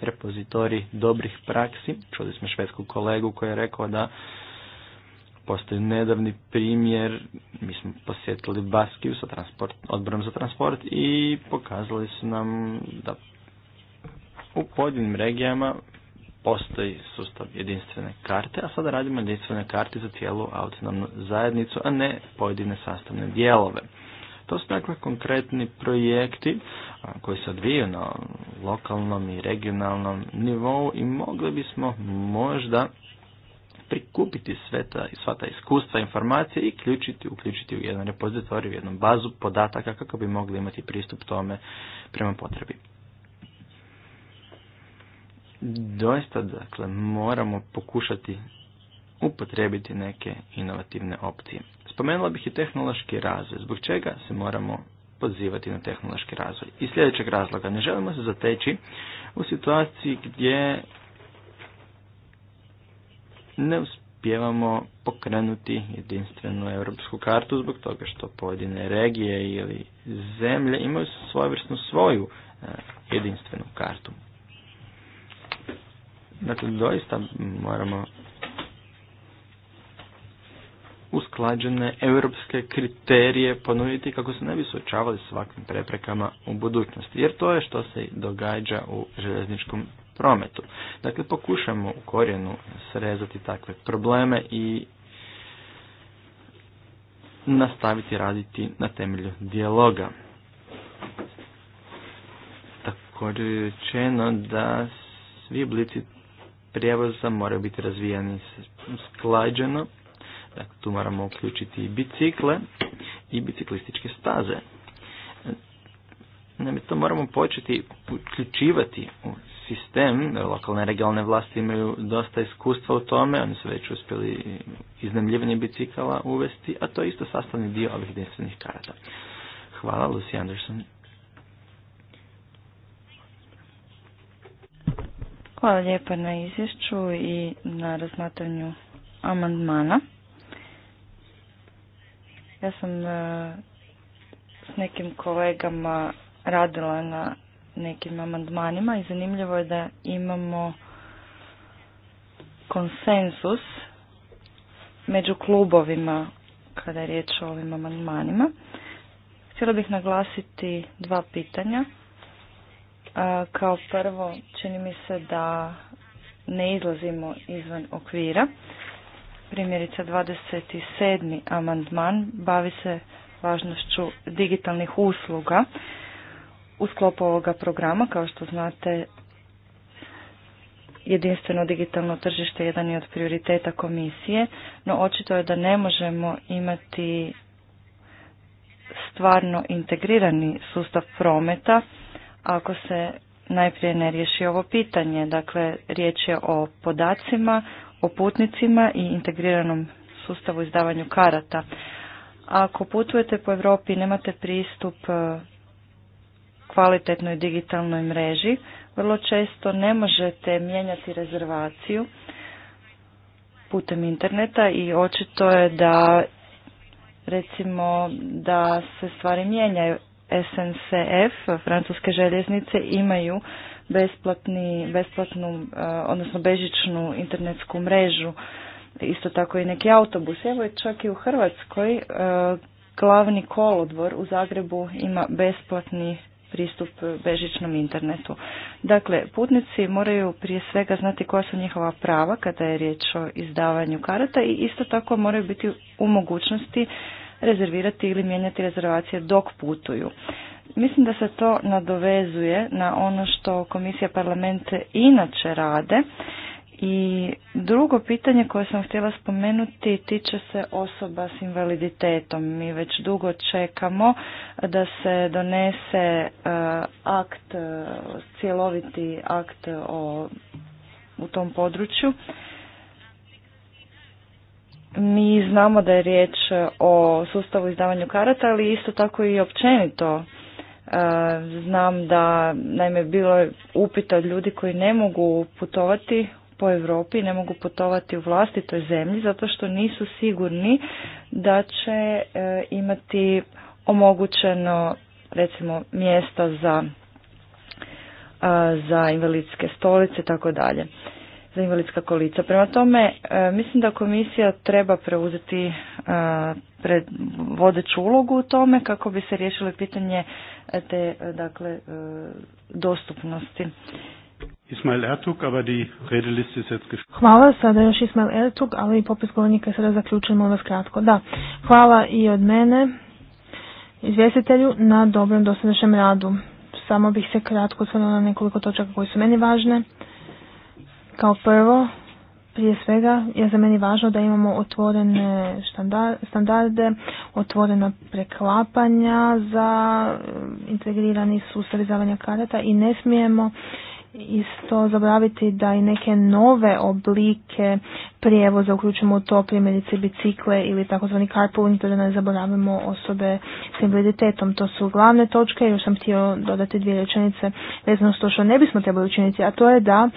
repozitori dobrih praksi. Čuli smo švedsku kolegu koji je rekao da Postoji nedavni primjer, mi smo posjetili Baskiju sa transport, odborom za transport i pokazali su nam da u pojedinim regijama postoji sustav jedinstvene karte, a sada radimo jedinstvene karte za cijelu autonomnu zajednicu, a ne pojedine sastavne dijelove. To su dakle konkretni projekti koji se odvijaju na lokalnom i regionalnom nivou i mogli bismo možda prikupiti sve ta, sva ta iskustva, informacije i ključiti, uključiti u jedan repozitorij, u jednu bazu podataka kako bi mogli imati pristup tome prema potrebi. Doista, dakle, moramo pokušati upotrebiti neke inovativne opcije. Spomenula bih i tehnološki razvoj, zbog čega se moramo pozivati na tehnološki razvoj. Iz sljedećeg razloga, ne želimo se zateći u situaciji gdje ne uspijevamo pokrenuti jedinstvenu europsku kartu zbog toga što pojedine regije ili zemlje imaju svojevrsnu svoju e, jedinstvenu kartu. Dakle, doista moramo usklađene europske kriterije ponuditi kako se ne bi suočavali s ovakvim preprekama u budućnosti. Jer to je što se događa u željezničkom prometu. Dakle, pokušamo u korijenu srezati takve probleme i nastaviti raditi na temelju dijaloga. Također je rečeno da svi oblici prijevoza moraju biti razvijeni sklađeno Dakle, tu moramo uključiti i bicikle i biciklističke staze. Naime, to moramo početi uključivati u sistem. Lokalne regionalne vlasti imaju dosta iskustva u tome, oni su već uspjeli iznemljivanje bicikala uvesti, a to je isto sastavni dio ovih jedinstvenih karata. Hvala, Lucy Anderson. Hvala lijepa na izvješću i na razmatranju amandmana. Ja sam e, s nekim kolegama radila na nekim amandmanima i zanimljivo je da imamo konsensus među klubovima kada je riječ o ovim amandmanima. Htjela bih naglasiti dva pitanja. E, kao prvo, čini mi se da ne izlazimo izvan okvira. Primjerice 27. amandman bavi se važnošću digitalnih usluga u sklopu ovoga programa. Kao što znate, jedinstveno digitalno tržište jedan od prioriteta komisije, no očito je da ne možemo imati stvarno integrirani sustav prometa ako se najprije ne riješi ovo pitanje. Dakle, riječ je o podacima o putnicima i integriranom sustavu izdavanju karata. Ako putujete po Europi i nemate pristup e, kvalitetnoj digitalnoj mreži, vrlo često ne možete mijenjati rezervaciju putem interneta i očito je da recimo da se stvari mijenjaju. SNCF, francuske željeznice, imaju besplatni, besplatnu, eh, odnosno bežičnu internetsku mrežu, isto tako i neki autobus. Evo je čak i u Hrvatskoj eh, glavni kolodvor u Zagrebu ima besplatni pristup bežičnom internetu. Dakle, putnici moraju prije svega znati koja su njihova prava kada je riječ o izdavanju karata i isto tako moraju biti u mogućnosti rezervirati ili mijenjati rezervacije dok putuju. Mislim da se to nadovezuje na ono što komisija parlamente inače rade. I drugo pitanje koje sam htjela spomenuti tiče se osoba s invaliditetom. Mi već dugo čekamo da se donese e, akt, e, cjeloviti akt o, u tom području. Mi znamo da je riječ o sustavu izdavanju karata, ali isto tako i općenito E, znam da, naime, bilo je upita od ljudi koji ne mogu putovati po Europi, ne mogu putovati u vlastitoj zemlji zato što nisu sigurni da će e, imati omogućeno recimo mjesta za e, za invalidske stolice i tako dalje, za invalidska kolica. Prema tome, mislim da komisija treba preuzeti vodeću ulogu u tome kako bi se riješilo pitanje te dakle e, dostupnosti. Ismail Ertug, aber die Redeliste ist jetzt Hvala, sada još Ismail Ertug, ali popis govornika je sada zaključen, molim vas kratko. Da, hvala i od mene izvjestitelju na dobrom dosadašnjem radu. Samo bih se kratko osvrnula na nekoliko točaka koje su meni važne. Kao prvo, prije svega je za meni važno da imamo otvorene standarde, otvorena preklapanja za eh, integrirani sustav izdavanja karata i ne smijemo isto zaboraviti da i neke nove oblike prijevoza uključimo u to primjerice bicikle ili takozvani carpooling, to da ne zaboravimo osobe s invaliditetom. To su glavne točke, još sam htio dodati dvije rečenice vezano s to što ne bismo trebali učiniti, a to je da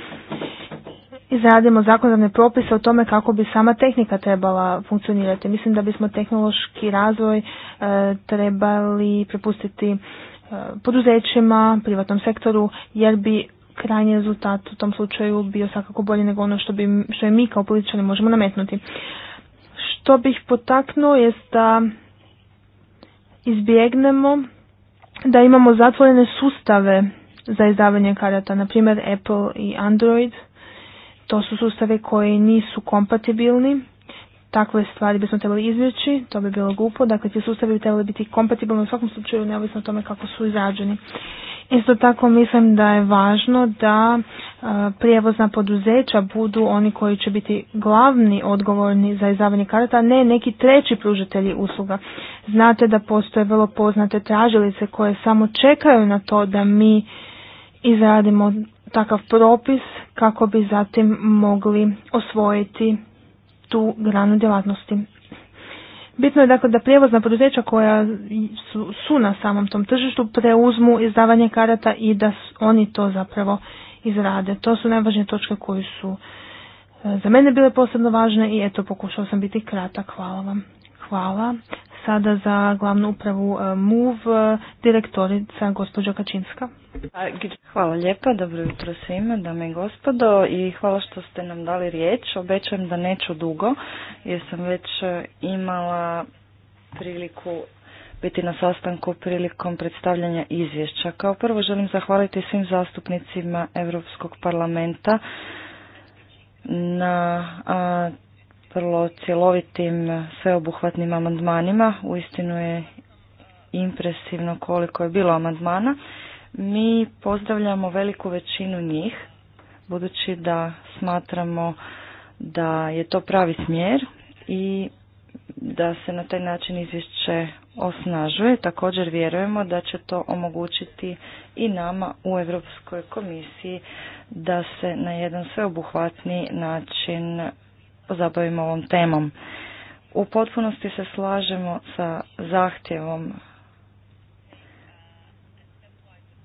izradimo zakonodavne propise o tome kako bi sama tehnika trebala funkcionirati. Mislim da bismo tehnološki razvoj e, trebali prepustiti e, poduzećima, privatnom sektoru, jer bi krajnji rezultat u tom slučaju bio svakako bolji nego ono što, bi, što je mi kao političani možemo nametnuti. Što bih potaknuo je da izbjegnemo da imamo zatvorene sustave za izdavanje karata, na primjer Apple i Android – to su sustavi koji nisu kompatibilni. Takve stvari bismo trebali izvjeći, to bi bilo glupo. Dakle, ti sustavi bi trebali biti kompatibilni u svakom slučaju, neovisno o tome kako su izrađeni. Isto tako mislim da je važno da e, prijevozna poduzeća budu oni koji će biti glavni odgovorni za izdavanje karata, a ne neki treći pružatelji usluga. Znate da postoje vrlo poznate tražilice koje samo čekaju na to da mi izradimo takav propis kako bi zatim mogli osvojiti tu granu djelatnosti. Bitno je dakle da prijevozna poduzeća koja su, su na samom tom tržištu preuzmu izdavanje karata i da oni to zapravo izrade. To su najvažnije točke koje su e, za mene bile posebno važne i eto pokušao sam biti kratak. Hvala vam. Hvala. Sada za glavnu upravu e, MUV e, direktorica gospođa Kačinska. Hvala lijepa, dobro jutro svima, dame i gospodo i hvala što ste nam dali riječ. obećujem da neću dugo jer sam već e, imala priliku biti na sastanku prilikom predstavljanja izvješća. Kao prvo želim zahvaliti svim zastupnicima Europskog parlamenta na a, vrlo cjelovitim sveobuhvatnim amandmanima. Uistinu je impresivno koliko je bilo amandmana mi pozdravljamo veliku većinu njih, budući da smatramo da je to pravi smjer i da se na taj način izvješće osnažuje. Također vjerujemo da će to omogućiti i nama u Europskoj komisiji da se na jedan sveobuhvatni način pozabavimo ovom temom. U potpunosti se slažemo sa zahtjevom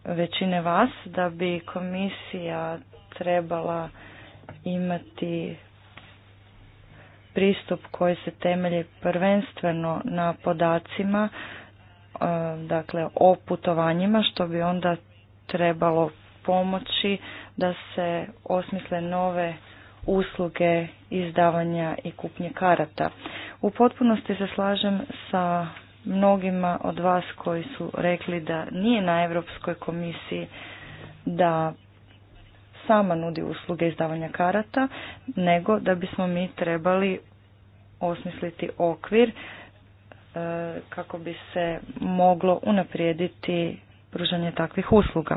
većine vas da bi komisija trebala imati pristup koji se temelji prvenstveno na podacima, e, dakle o putovanjima, što bi onda trebalo pomoći da se osmisle nove usluge izdavanja i kupnje karata. U potpunosti se slažem sa mnogima od vas koji su rekli da nije na Europskoj komisiji da sama nudi usluge izdavanja karata, nego da bismo mi trebali osmisliti okvir e, kako bi se moglo unaprijediti pružanje takvih usluga.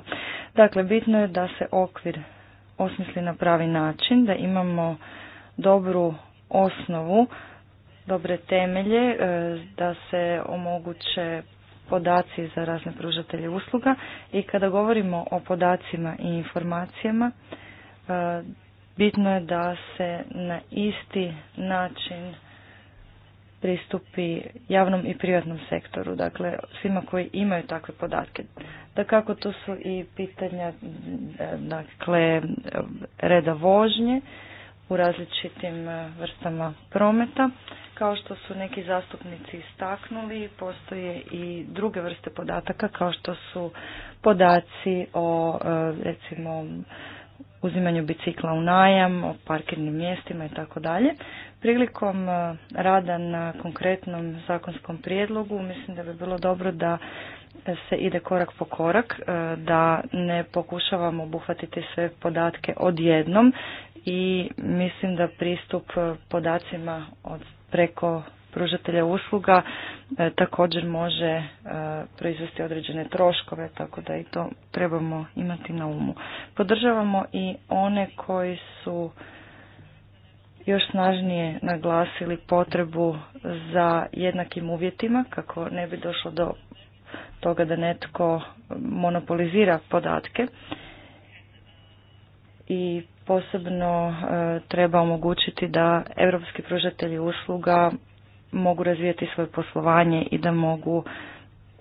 Dakle, bitno je da se okvir osmisli na pravi način, da imamo dobru osnovu dobre temelje e, da se omoguće podaci za razne pružatelje usluga i kada govorimo o podacima i informacijama e, bitno je da se na isti način pristupi javnom i privatnom sektoru, dakle svima koji imaju takve podatke. Da kako to su i pitanja e, dakle reda vožnje, u različitim e, vrstama prometa. Kao što su neki zastupnici istaknuli, postoje i druge vrste podataka kao što su podaci o e, recimo uzimanju bicikla u najam, o parkirnim mjestima i tako dalje. Prilikom e, rada na konkretnom zakonskom prijedlogu mislim da bi bilo dobro da se ide korak po korak, da ne pokušavamo obuhvatiti sve podatke odjednom, i mislim da pristup podacima od preko pružatelja usluga e, također može e, proizvesti određene troškove, tako da i to trebamo imati na umu. Podržavamo i one koji su još snažnije naglasili potrebu za jednakim uvjetima kako ne bi došlo do toga da netko monopolizira podatke i Posebno e, treba omogućiti da europski pružatelji usluga mogu razvijati svoje poslovanje i da mogu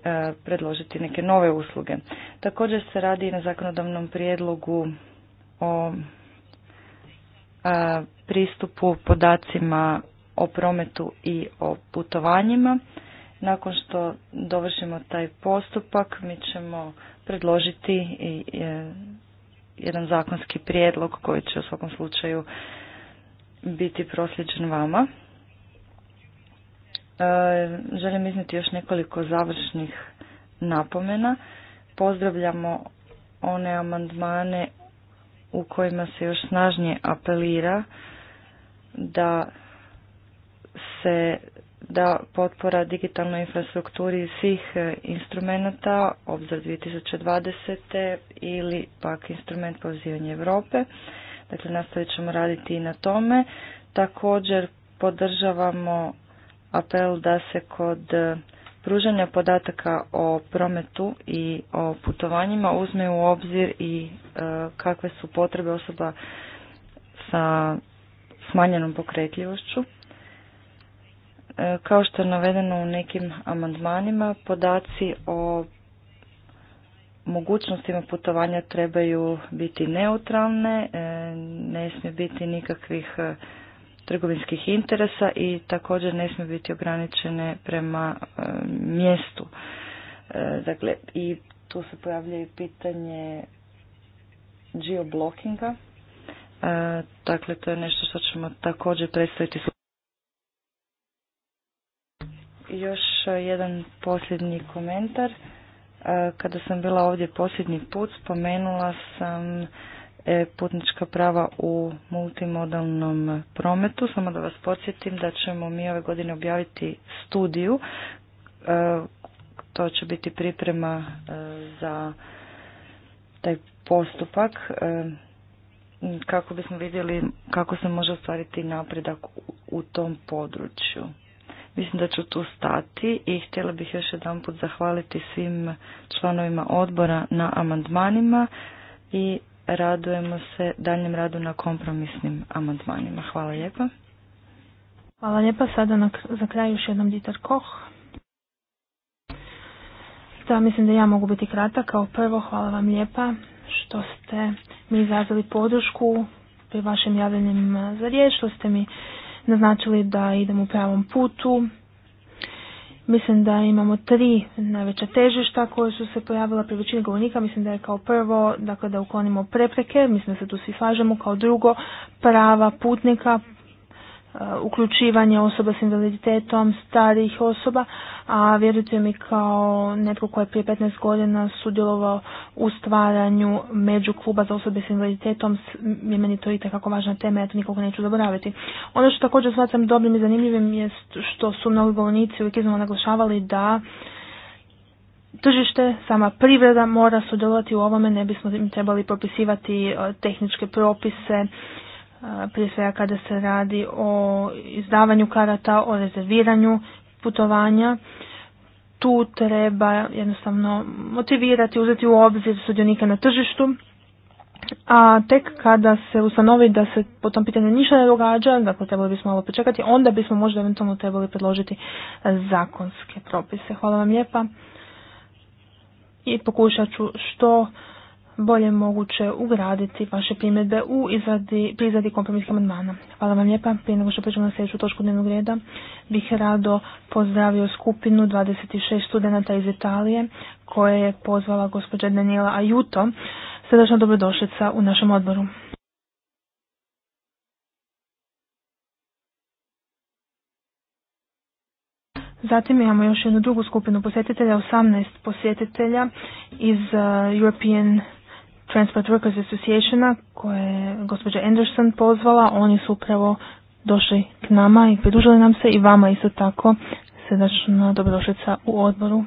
e, predložiti neke nove usluge. Također se radi i na zakonodavnom prijedlogu o e, pristupu podacima o prometu i o putovanjima. Nakon što dovršimo taj postupak, mi ćemo predložiti i jedan zakonski prijedlog koji će u svakom slučaju biti prosljeđen vama. E, želim izniti još nekoliko završnih napomena. Pozdravljamo one amandmane u kojima se još snažnije apelira da se da potpora digitalnoj infrastrukturi svih e, instrumenata, obzor 2020. ili pak instrument pozivanja Europe. Dakle, nastavit ćemo raditi i na tome. Također podržavamo apel da se kod e, pružanja podataka o prometu i o putovanjima uzme u obzir i e, kakve su potrebe osoba sa smanjenom pokretljivošću. E, kao što je navedeno u nekim amandmanima, podaci o mogućnostima putovanja trebaju biti neutralne, e, ne smije biti nikakvih e, trgovinskih interesa i također ne smije biti ograničene prema mjestu. Dakle, i tu se pojavlja i pitanje geoblokinga. Dakle, to je nešto što ćemo također predstaviti još jedan posljednji komentar. E, kada sam bila ovdje posljednji put, spomenula sam e, putnička prava u multimodalnom prometu. Samo da vas podsjetim da ćemo mi ove godine objaviti studiju. E, to će biti priprema za taj postupak kako bismo vidjeli kako se može ostvariti napredak u tom području. Mislim da ću tu stati i htjela bih još jedan put zahvaliti svim članovima odbora na amandmanima i radujemo se daljem radu na kompromisnim amandmanima. Hvala lijepa. Hvala lijepa. Sada na, za kraj još jednom Dieter Koch. Da, mislim da ja mogu biti kratak. Kao prvo, hvala vam lijepa što ste mi izrazili podršku pri vašim javljanjem za riječ, što ste mi naznačili da idemo u pravom putu. Mislim da imamo tri najveća težišta koje su se pojavila pri većini govornika. Mislim da je kao prvo dakle, da uklonimo prepreke, mislim da se tu svi slažemo. Kao drugo, prava putnika, Uh, uključivanje osoba s invaliditetom, starih osoba, a vjerujte mi kao netko tko je prije 15 godina sudjelovao u stvaranju među kluba za osobe s invaliditetom, je meni to i takako važna tema, ja to nikako neću zaboraviti. Ono što također smatram dobrim i zanimljivim je što su mnogi govornici uvijek iznova naglašavali da tržište, sama privreda mora sudjelovati u ovome, ne bismo im trebali propisivati uh, tehničke propise prije svega kada se radi o izdavanju karata, o rezerviranju putovanja. Tu treba jednostavno motivirati, uzeti u obzir sudionike na tržištu, a tek kada se ustanovi da se po tom pitanju ništa ne događa, dakle trebali bismo malo pričekati, onda bismo možda eventualno trebali predložiti zakonske propise. Hvala vam lijepa i pokušat ću što bolje moguće ugraditi vaše primjedbe u izradi, pri izradi kompromisnih amandmana. Hvala vam lijepa. Prije nego što pređemo na sljedeću točku dnevnog reda, bih rado pozdravio skupinu 26 studenta iz Italije koje je pozvala gospođa Daniela Ajuto. Sredačna dobrodošlica u našem odboru. Zatim imamo još jednu drugu skupinu posjetitelja, 18 posjetitelja iz eh, European Transport Workers Associationa koje je gospođa Anderson pozvala. Oni su upravo došli k nama i pridružili nam se i vama isto tako srdačna dobrodošlica u odboru.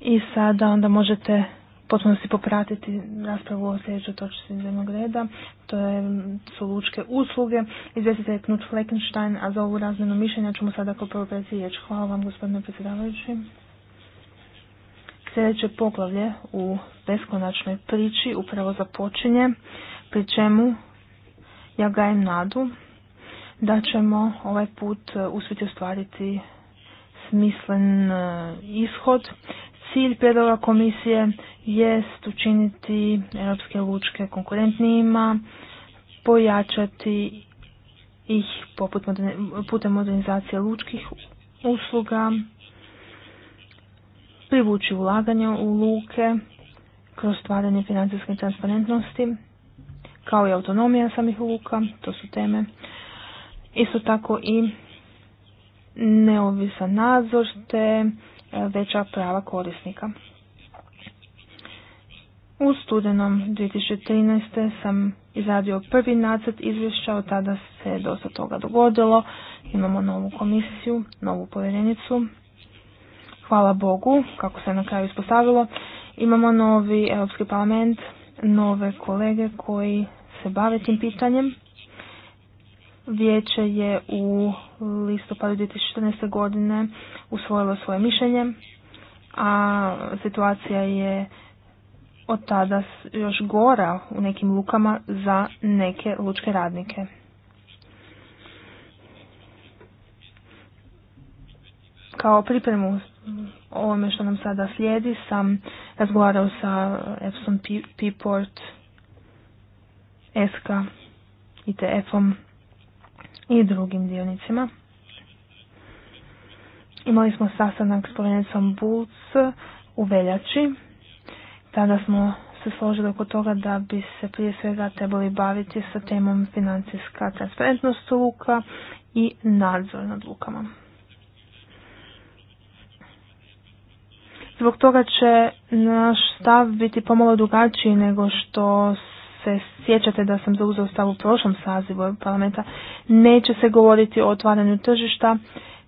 I sada onda možete potpuno si popratiti raspravu o sljedećoj točci dnevnog reda. To je, su lučke usluge. Izvjestite je Knut Fleckenstein, a za ovu razmjenu mišljenja ćemo sada kao prvo riječ. Hvala vam gospodine predsjedavajući. Sljedeće poglavlje u beskonačnoj priči upravo započinje, pri čemu ja gajem nadu da ćemo ovaj put e, uspjeti ostvariti smislen e, ishod. Cilj prijedloga komisije jest učiniti europske lučke konkurentnijima, pojačati ih putem modernizacije lučkih usluga, privući ulaganja u luke kroz stvaranje financijske transparentnosti, kao i autonomija samih luka, to su teme. Isto tako i neovisan nadzor te e, veća prava korisnika. U studenom 2013. sam izradio prvi nacrt izvješća, od tada se dosta toga dogodilo. Imamo novu komisiju, novu povjerenicu, Hvala Bogu, kako se na kraju ispostavilo, imamo novi Europski parlament, nove kolege koji se bave tim pitanjem. Vijeće je u listopadu 2014. godine usvojilo svoje mišljenje, a situacija je od tada još gora u nekim lukama za neke lučke radnike. Kao pripremu ovome što nam sada slijedi sam razgovarao sa Epson port SK, ITF-om i drugim dionicima. Imali smo sastanak s povjenicom Bulc u veljači. Tada smo se složili oko toga da bi se prije svega trebali baviti sa temom financijska transparentnost luka i nadzor nad lukama. Zbog toga će naš stav biti pomalo drugačiji nego što se sjećate da sam zauzeo stav u prošlom sazivu parlamenta. Neće se govoriti o otvaranju tržišta,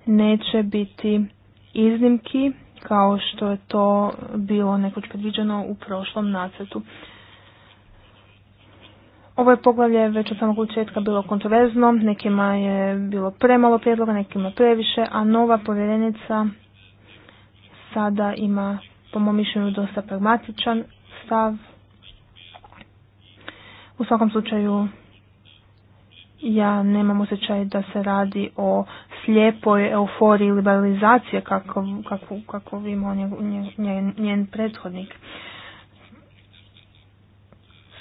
neće biti iznimki kao što je to bilo nekoć predviđeno u prošlom nacrtu. Ovo je poglavlje već od samog početka bilo kontroverzno, nekima je bilo premalo prijedloga, nekima previše, a nova povjerenica sada ima po mom mišljenju dosta pragmatičan stav. U svakom slučaju ja nemam osjećaj da se radi o slijepoj euforiji liberalizacije kako, kako, kako imao nje, nje, njen prethodnik.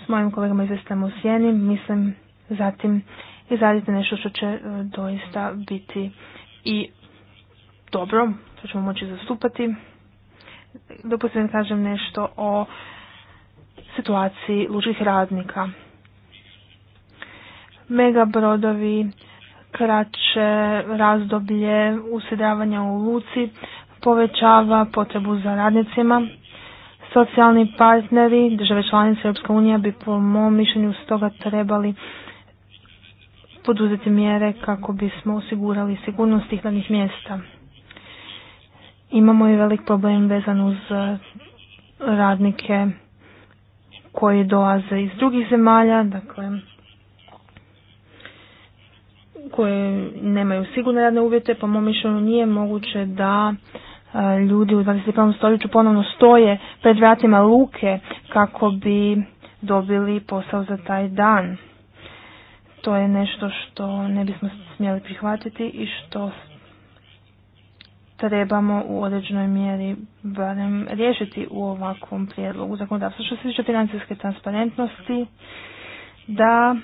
S mojim kolegama izvestam u sjeni, mislim zatim izradite nešto što će e, doista biti i dobro, što ćemo moći zastupati. Dopustite da kažem nešto o situaciji lučkih radnika. Mega brodovi, kraće razdoblje usjedavanja u luci povećava potrebu za radnicima. Socijalni partneri, države članice Europska unija bi po mom mišljenju stoga trebali poduzeti mjere kako bismo osigurali sigurnost tih radnih mjesta. Imamo i velik problem vezan uz e, radnike koji dolaze iz drugih zemalja, dakle koje nemaju sigurne radne uvjete, po mom mišljenju nije moguće da e, ljudi u 21. stoljeću ponovno stoje pred vratima luke kako bi dobili posao za taj dan. To je nešto što ne bismo smjeli prihvatiti i što trebamo u određenoj mjeri barem riješiti u ovakvom prijedlogu zakonodavstva. Što se tiče financijske transparentnosti, da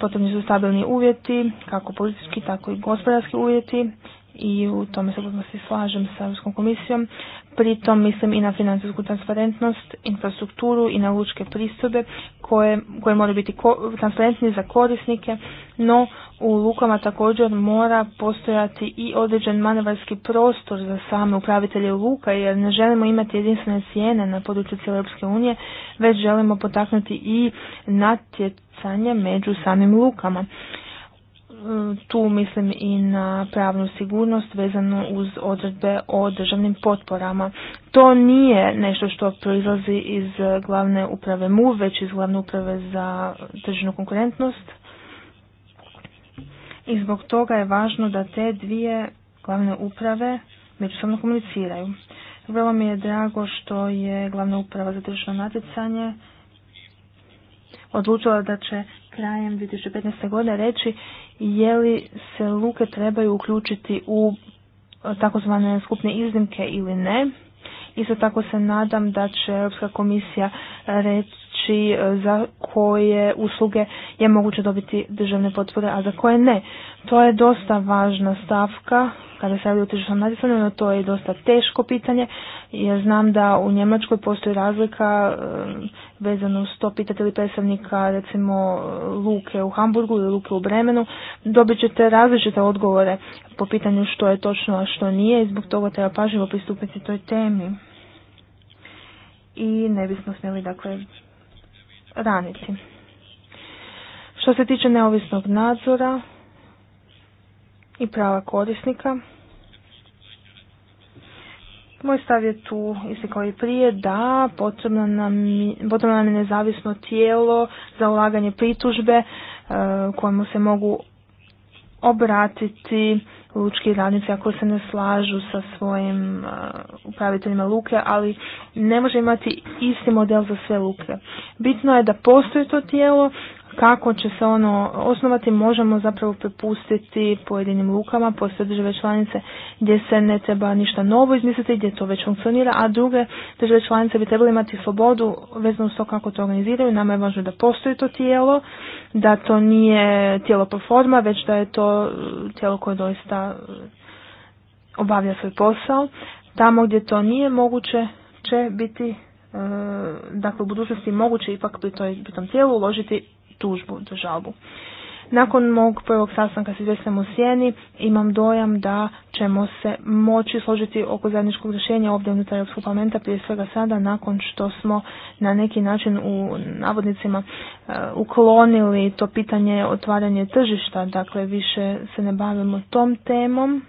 potrebni su stabilni uvjeti, kako politički, tako i gospodarski uvjeti i u tome se potpunosti slažem sa Europskom komisijom. Pritom mislim i na financijsku transparentnost, infrastrukturu i na lučke pristupe koje, koje moraju biti transparentni za korisnike, no u lukama također mora postojati i određen manevarski prostor za same upravitelje luka jer ne želimo imati jedinstvene cijene na području cijele Europske unije, već želimo potaknuti i natjecanje među samim lukama tu mislim i na pravnu sigurnost vezano uz odredbe o državnim potporama. To nije nešto što proizlazi iz glavne uprave MU, već iz glavne uprave za tržišnu konkurentnost. I zbog toga je važno da te dvije glavne uprave međusobno komuniciraju. Vrlo mi je drago što je glavna uprava za tržišno natjecanje odlučila da će krajem 2015. godine reći je li se luke trebaju uključiti u takozvane skupne iznimke ili ne. Isto tako se nadam da će Europska komisija reći Znači, e, za koje usluge je moguće dobiti državne potpore, a za koje ne. To je dosta važna stavka kada se radi o tržišnom natjecanju, no to je dosta teško pitanje jer znam da u Njemačkoj postoji razlika e, vezano uz to pitate li predstavnika recimo luke u Hamburgu ili luke u Bremenu, dobit ćete različite odgovore po pitanju što je točno, a što nije i zbog toga treba pažljivo pristupiti toj temi i ne bismo smjeli dakle radnici. Što se tiče neovisnog nadzora i prava korisnika, moj stav je tu, isti kao i prije, da potrebno nam, potrebno nam je nezavisno tijelo za ulaganje pritužbe eh, kojemu se mogu obratiti lučki radnici ako se ne slažu sa svojim uh, upraviteljima luke, ali ne može imati isti model za sve luke. Bitno je da postoji to tijelo, kako će se ono osnovati možemo zapravo prepustiti pojedinim lukama, postoje države članice gdje se ne treba ništa novo izmisliti, gdje to već funkcionira, a druge države članice bi trebali imati slobodu vezano s to kako to organiziraju. Nama je važno da postoji to tijelo, da to nije tijelo po forma, već da je to tijelo koje doista obavlja svoj posao. Tamo gdje to nije moguće će biti e, dakle u budućnosti moguće ipak pri, toj, pri tom tijelu uložiti tužbu, za žalbu. Nakon mog prvog sastanka s u Sjeni imam dojam da ćemo se moći složiti oko zajedničkog rješenja ovdje unutar Europskog parlamenta prije svega sada nakon što smo na neki način u navodnicima e, uklonili to pitanje otvaranje tržišta, dakle više se ne bavimo tom temom.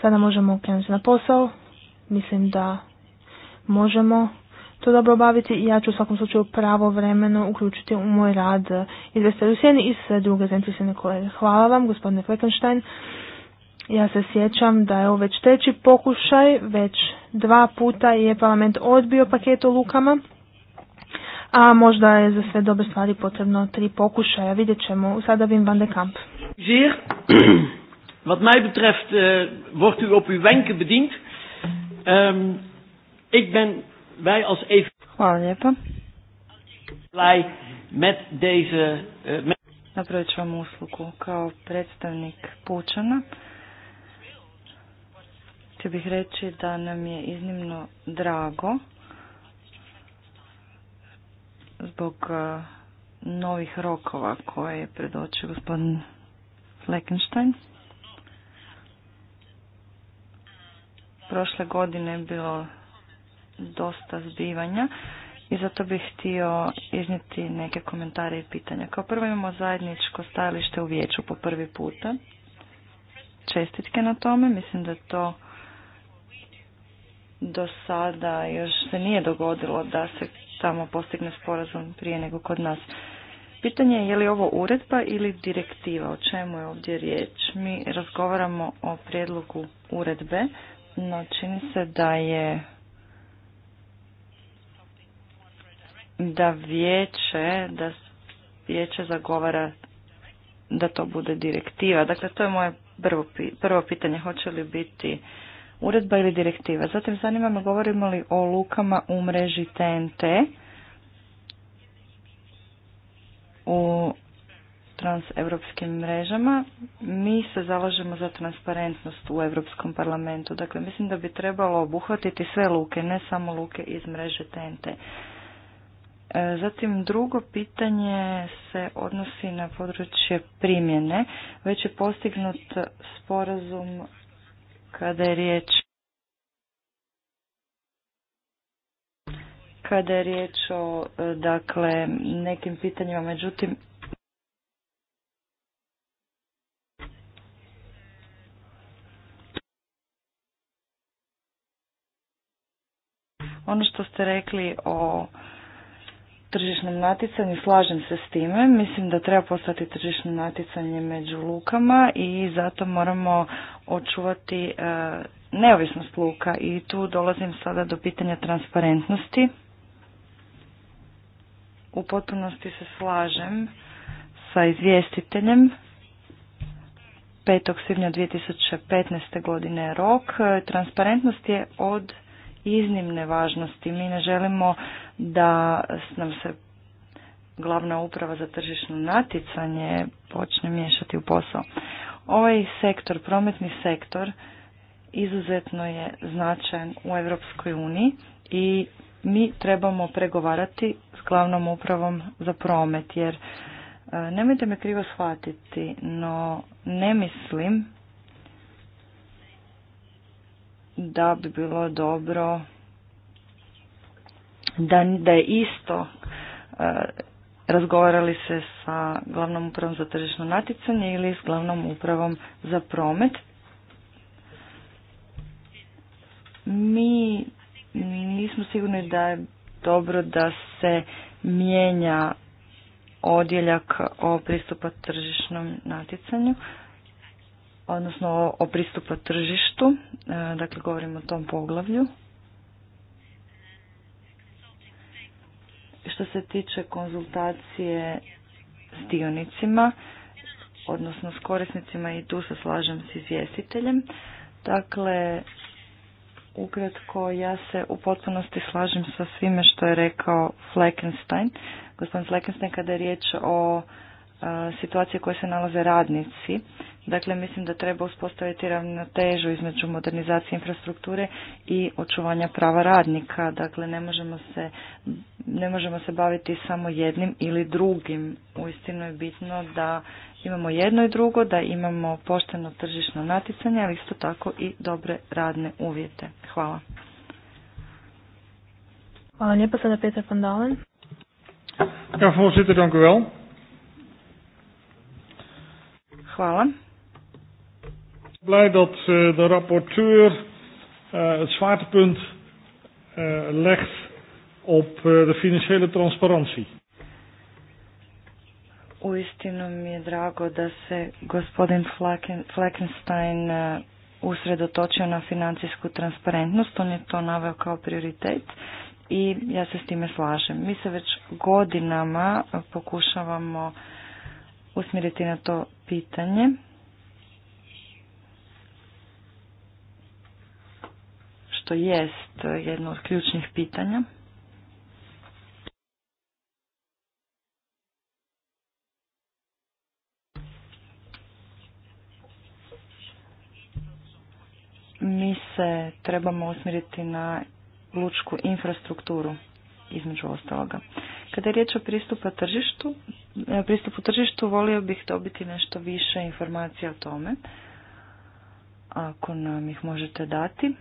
Sada možemo krenuti na posao. Mislim da možemo to dobro obaviti i ja ću u svakom slučaju pravo vremeno uključiti u moj rad Izvesta u i sve druge zainteresirane kolege. Hvala vam, gospodine Fleckenstein. Ja se sjećam da je ovo već treći pokušaj, već dva puta je parlament odbio paket o lukama, a možda je za sve dobre stvari potrebno tri pokušaja. Vidjet ćemo, sada bim van de kamp. Žir, (clears throat) wat mij betreft, uh, u op uw wenke ehm, ik ben wij als even... Hvala lijepa. Blij met deze... Eh, met... Napravit ću vam uslugu kao predstavnik Pučana. Htio bih reći da nam je iznimno drago zbog eh, novih rokova koje je predočio gospodin Fleckenstein. Prošle godine je bilo dosta zbivanja i zato bih htio iznijeti neke komentare i pitanja. Kao prvo imamo zajedničko stajalište u vijeću po prvi puta. Čestitke na tome, mislim da to do sada još se nije dogodilo da se tamo postigne sporazum prije nego kod nas. Pitanje je je li ovo uredba ili direktiva, o čemu je ovdje riječ. Mi razgovaramo o prijedlogu uredbe, no čini se da je da vijeće, da vijeće zagovara da to bude direktiva. Dakle, to je moje prvo, prvo pitanje, hoće li biti uredba ili direktiva. Zatim zanima govorimo li o lukama u mreži TNT u transeuropskim mrežama. Mi se zalažemo za transparentnost u Europskom parlamentu. Dakle, mislim da bi trebalo obuhvatiti sve luke, ne samo luke iz mreže TNT. E, zatim drugo pitanje se odnosi na područje primjene. Već je postignut sporazum kada je riječ kada je riječ o e, dakle nekim pitanjima, međutim ono što ste rekli o tržišnom natjecanju, slažem se s time. Mislim da treba postati tržišno natjecanje među lukama i zato moramo očuvati e, neovisnost luka i tu dolazim sada do pitanja transparentnosti. U potpunosti se slažem sa izvjestiteljem 5. svibnja 2015. godine rok. Transparentnost je od iznimne važnosti. Mi ne želimo da nam se glavna uprava za tržišno natjecanje počne miješati u posao. Ovaj sektor, prometni sektor, izuzetno je značajan u Europskoj uniji i mi trebamo pregovarati s glavnom upravom za promet, jer e, nemojte me krivo shvatiti, no ne mislim da bi bilo dobro da, da je isto e, razgovarali se sa glavnom upravom za tržišno natjecanje ili s glavnom upravom za promet. Mi nismo sigurni da je dobro da se mijenja odjeljak o pristupa tržišnom natjecanju odnosno o pristupu tržištu, e, dakle govorimo o tom poglavlju. Što se tiče konzultacije s dionicima, odnosno s korisnicima i tu se slažem s izvjestiteljem. Dakle, ukratko ja se u potpunosti slažem sa svime što je rekao Fleckenstein. Gospodin Fleckenstein kada je riječ o e, situaciji u kojoj se nalaze radnici Dakle, mislim da treba uspostaviti ravnotežu između modernizacije infrastrukture i očuvanja prava radnika. Dakle, ne možemo se, ne možemo se baviti samo jednim ili drugim. Uistinu je bitno da imamo jedno i drugo, da imamo pošteno tržišno natjecanje, ali isto tako i dobre radne uvjete. Hvala. Hvala lijepa sada Petar van Ja, Hvala blij dat eh, de rapporteur eh, het zwaartepunt eh, legt op de financiële transparantie. Uistinu mi je drago da se gospodin Fleckenstein usredotočio na financijsku transparentnost. On je to naveo kao prioritet i ja se s time slažem. Mi se već godinama pokušavamo usmjeriti na to pitanje To jest jedno od ključnih pitanja. Mi se trebamo usmjeriti na lučku infrastrukturu, između ostaloga. Kada je riječ o pristupu tržištu, e, pristupu tržištu volio bih dobiti nešto više informacija o tome, ako nam ih možete dati.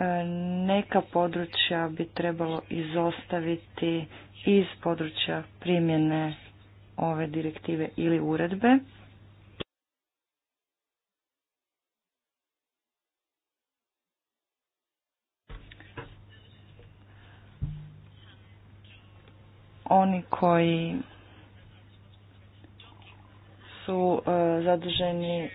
E, neka područja bi trebalo izostaviti iz područja primjene ove direktive ili uredbe. Oni koji su e, zaduženi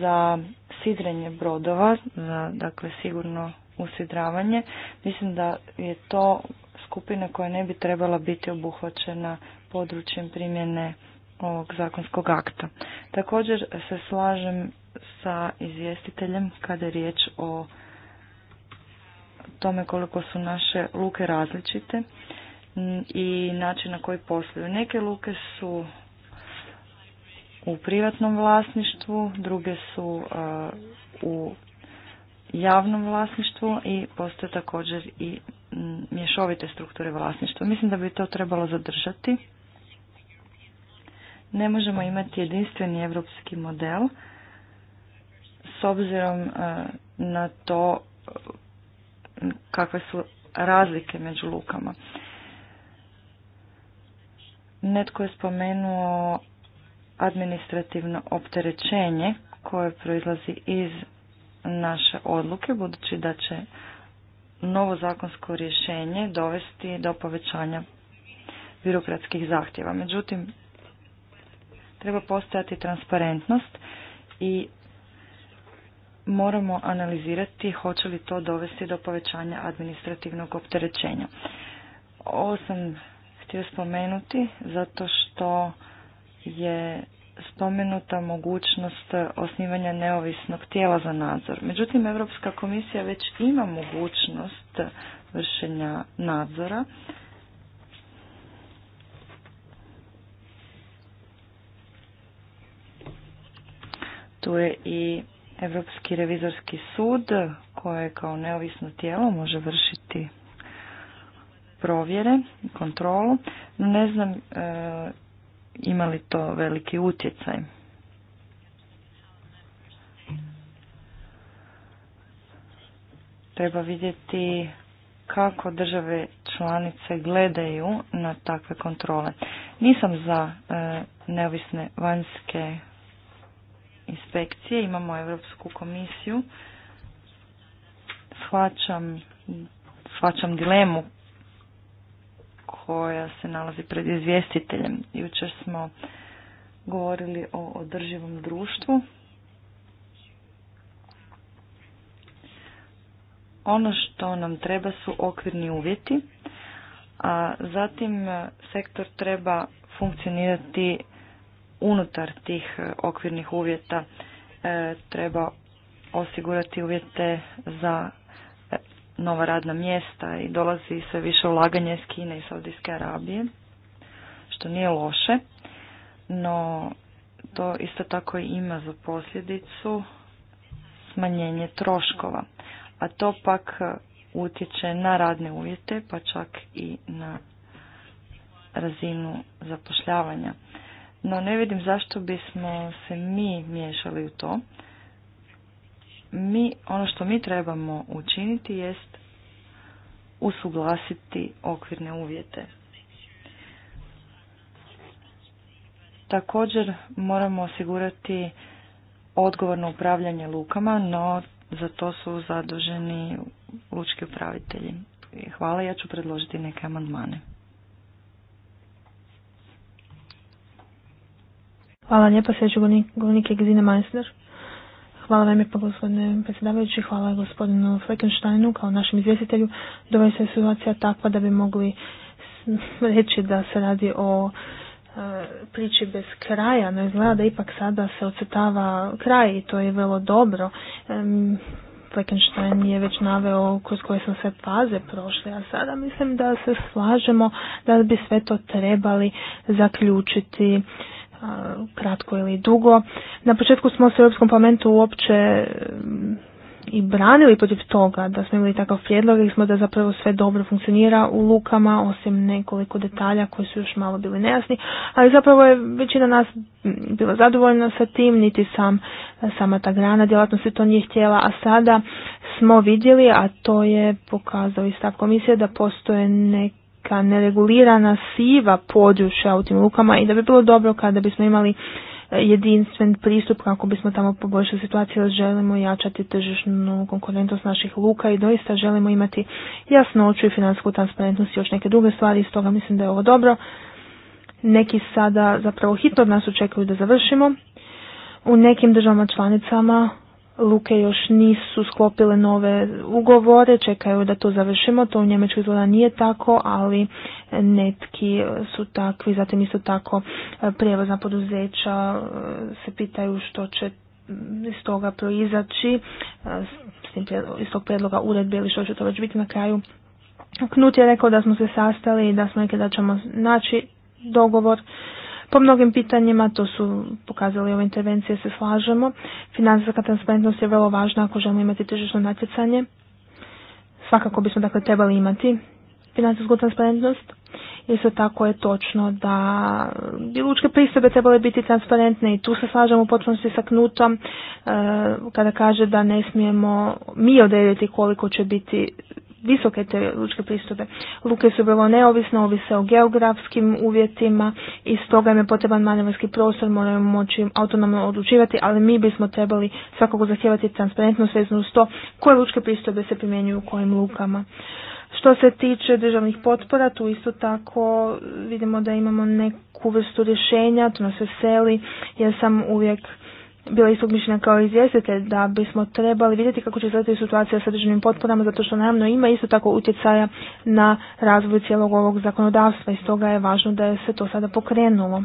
za sidrenje brodova, na, dakle sigurno usidravanje, mislim da je to skupina koja ne bi trebala biti obuhvaćena područjem primjene ovog zakonskog akta. Također se slažem sa izvjestiteljem kada je riječ o tome koliko su naše luke različite i način na koji posluju. Neke luke su u privatnom vlasništvu, druge su e, u javnom vlasništvu i postoje također i mješovite strukture vlasništva. Mislim da bi to trebalo zadržati. Ne možemo imati jedinstveni evropski model s obzirom e, na to kakve su razlike među lukama. Netko je spomenuo administrativno opterećenje koje proizlazi iz naše odluke, budući da će novo zakonsko rješenje dovesti do povećanja birokratskih zahtjeva. Međutim, treba postojati transparentnost i moramo analizirati hoće li to dovesti do povećanja administrativnog opterećenja. Ovo sam htio spomenuti zato što je spomenuta mogućnost osnivanja neovisnog tijela za nadzor. Međutim, Europska komisija već ima mogućnost vršenja nadzora. Tu je i Europski revizorski sud koje kao neovisno tijelo može vršiti provjere, kontrolu. Ne znam e, imali to veliki utjecaj. Treba vidjeti kako države članice gledaju na takve kontrole. Nisam za e, neovisne vanjske inspekcije, imamo Europsku komisiju. Shvaćam, dilemu koja se nalazi pred izvjestiteljem. Jučer smo govorili o održivom društvu. Ono što nam treba su okvirni uvjeti, a zatim sektor treba funkcionirati unutar tih okvirnih uvjeta. E, treba osigurati uvjete za nova radna mjesta i dolazi sve više ulaganje iz Kine i Saudijske Arabije, što nije loše, no to isto tako ima za posljedicu smanjenje troškova, a to pak utječe na radne uvjete, pa čak i na razinu zapošljavanja. No ne vidim zašto bismo se mi miješali u to mi, ono što mi trebamo učiniti jest usuglasiti okvirne uvjete. Također moramo osigurati odgovorno upravljanje lukama, no za to su zaduženi lučki upravitelji. Hvala, ja ću predložiti neke amandmane. Hvala lijepa, sljedeći govornik je Hvala vam je gospodine predsjedavajući, hvala gospodinu Fleckensteinu kao našem izvjestitelju. Doista je situacija takva da bi mogli reći da se radi o e, priči bez kraja, no izgleda da ipak sada se ocetava kraj i to je vrlo dobro. E, Fleckenstein je već naveo kroz koje smo sve faze prošle, a sada mislim da se slažemo da bi sve to trebali zaključiti kratko ili dugo. Na početku smo se u Europskom parlamentu uopće mm, i branili protiv toga da smo imali takav prijedlog i smo da zapravo sve dobro funkcionira u lukama osim nekoliko detalja koji su još malo bili nejasni, ali zapravo je većina nas mm, bila zadovoljna sa tim, niti sam sama ta grana djelatnosti to nije htjela, a sada smo vidjeli, a to je pokazao i stav komisije da postoje neke neka neregulirana siva područja u tim lukama i da bi bilo dobro kada bismo imali e, jedinstven pristup kako bismo tamo poboljšali situaciju, želimo jačati tržišnu konkurentnost naših luka i doista želimo imati jasnoću i financijsku transparentnost i još neke druge stvari, i stoga mislim da je ovo dobro. Neki sada zapravo hitno od nas očekuju da završimo. U nekim državama članicama luke još nisu sklopile nove ugovore, čekaju da to završimo, to u Njemačkoj izgleda nije tako, ali netki su takvi, zatim isto tako e, prijevozna poduzeća e, se pitaju što će iz toga proizaći, e, iz tog predloga uredbe ili što će to već biti na kraju. Knut je rekao da smo se sastali i da smo rekli da ćemo naći dogovor po mnogim pitanjima, to su pokazali ove intervencije, se slažemo. Finansijska transparentnost je vrlo važna ako želimo imati tržišno natjecanje. Svakako bismo dakle trebali imati financijsku transparentnost. Isto tako je točno da bi lučke pristojbe trebale biti transparentne i tu se slažemo u potpunosti sa Knutom e, kada kaže da ne smijemo mi odrediti koliko će biti visoke te lučke pristupe. Luke su vrlo neovisne, ovise o geografskim uvjetima i stoga im je potreban manevarski prostor, moraju moći autonomno odlučivati, ali mi bismo trebali svakako zahtijevati transparentno vezano uz to koje lučke pristupe se primjenjuju u kojim lukama. Što se tiče državnih potpora, tu isto tako vidimo da imamo neku vrstu rješenja, to nas seli jer sam uvijek bila istog kao izvjestitelj da bismo trebali vidjeti kako će izgledati situacija sa državnim potporama zato što naravno ima isto tako utjecaja na razvoj cijelog ovog zakonodavstva i stoga je važno da je se to sada pokrenulo.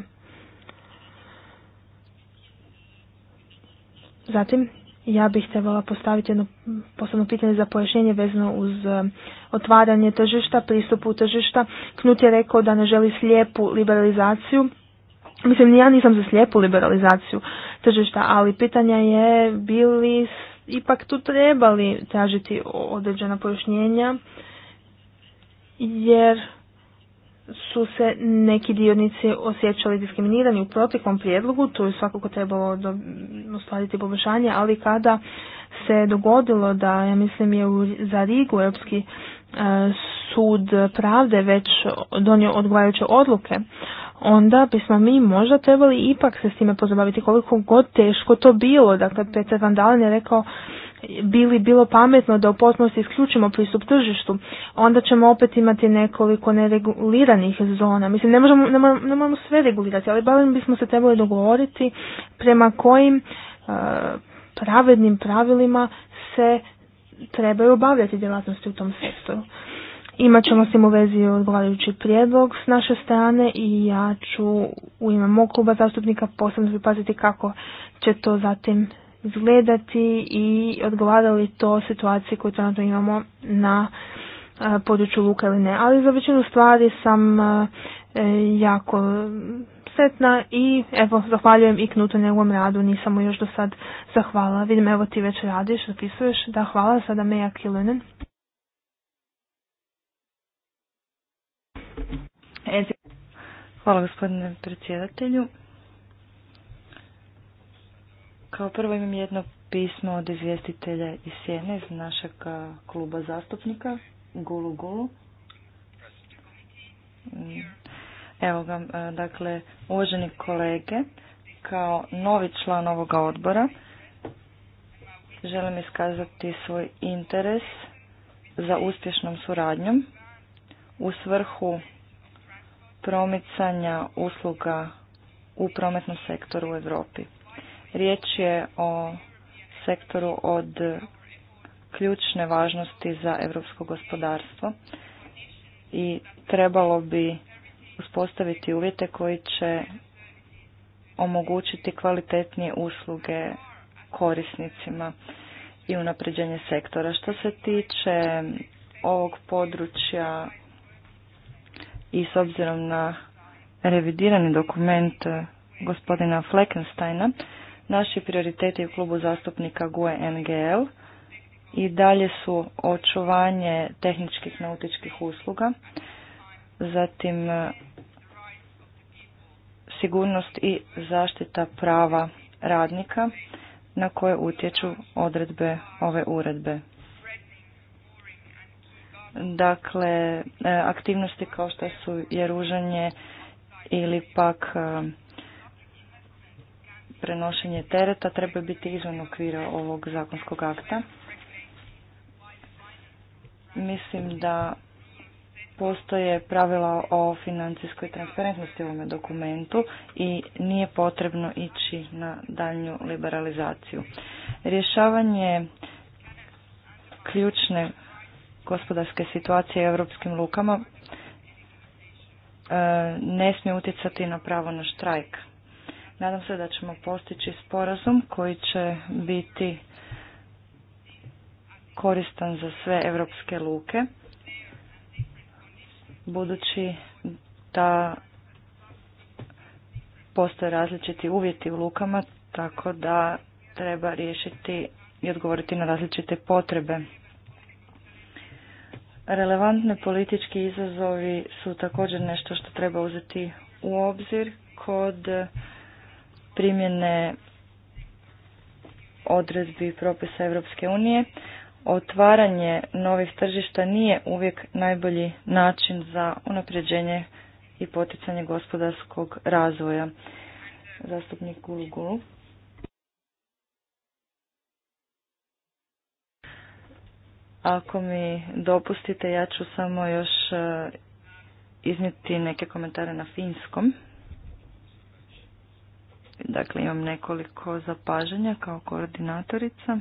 Zatim, ja bih trebala postaviti jedno posebno pitanje za pojašnjenje vezano uz e, otvaranje tržišta, pristupu tržišta. Knut je rekao da ne želi slijepu liberalizaciju Mislim, ja nisam za slijepu liberalizaciju tržišta, ali pitanja je bili ipak tu trebali tražiti određena pojašnjenja, jer su se neki dionici osjećali diskriminirani u proteklom prijedlogu, tu je svakako trebalo ostvariti poboljšanje, ali kada se dogodilo da, ja mislim, je za Rigu Europski eh, sud pravde već donio odgovarajuće odluke, onda bismo mi možda trebali ipak se s time pozabaviti koliko god teško to bilo. Dakle, Peter Van Dalen je rekao bili bilo pametno da u potpunosti isključimo pristup tržištu, onda ćemo opet imati nekoliko nereguliranih zona. Mislim, ne možemo, ne moramo, sve regulirati, ali barem bismo se trebali dogovoriti prema kojim e, pravednim pravilima se trebaju obavljati djelatnosti u tom sektoru. Imat ćemo s tim u vezi odgovarajući prijedlog s naše strane i ja ću u ime mog kluba zastupnika posebno zapaziti kako će to zatim izgledati i odgovara li to situaciji koju trenutno imamo na e, području Luka ili ne. Ali za većinu stvari sam e, e, jako sretna i evo zahvaljujem i Knutu njegovom radu, nisam mu još do sad zahvala. Vidim evo ti već radiš, zapisuješ, da hvala, sada Meja Kilunen. Hvala gospodine predsjedatelju. Kao prvo imam jedno pismo od izvjestitelja iz Sjene, iz našeg kluba zastupnika, Gulu Gulu. Evo ga, dakle, uvaženi kolege, kao novi član ovoga odbora, želim iskazati svoj interes za uspješnom suradnjom u svrhu promicanja usluga u prometnom sektoru u Europi. Riječ je o sektoru od ključne važnosti za europsko gospodarstvo i trebalo bi uspostaviti uvjete koji će omogućiti kvalitetnije usluge korisnicima i unapređenje sektora. Što se tiče ovog područja i s obzirom na revidirani dokument eh, gospodina Fleckensteina, naši prioriteti u klubu zastupnika GUE NGL i dalje su očuvanje tehničkih nautičkih usluga, zatim eh, sigurnost i zaštita prava radnika na koje utječu odredbe ove uredbe. Dakle, e, aktivnosti kao što su jeružanje ili pak e, prenošenje tereta treba biti izvan okvira ovog zakonskog akta. Mislim da postoje pravila o financijskoj transparentnosti u ovome dokumentu i nije potrebno ići na daljnju liberalizaciju. Rješavanje ključne gospodarske situacije u europskim lukama e, ne smije utjecati na pravo na štrajk. Nadam se da ćemo postići sporazum koji će biti koristan za sve europske luke, budući da postoje različiti uvjeti u lukama, tako da treba riješiti i odgovoriti na različite potrebe Relevantne politički izazovi su također nešto što treba uzeti u obzir kod primjene odredbi propisa Europske unije. Otvaranje novih tržišta nije uvijek najbolji način za unapređenje i poticanje gospodarskog razvoja. Zastupnik Gulu Ako mi dopustite, ja ću samo još e, iznijeti neke komentare na finskom. Dakle, imam nekoliko zapažanja kao koordinatorica.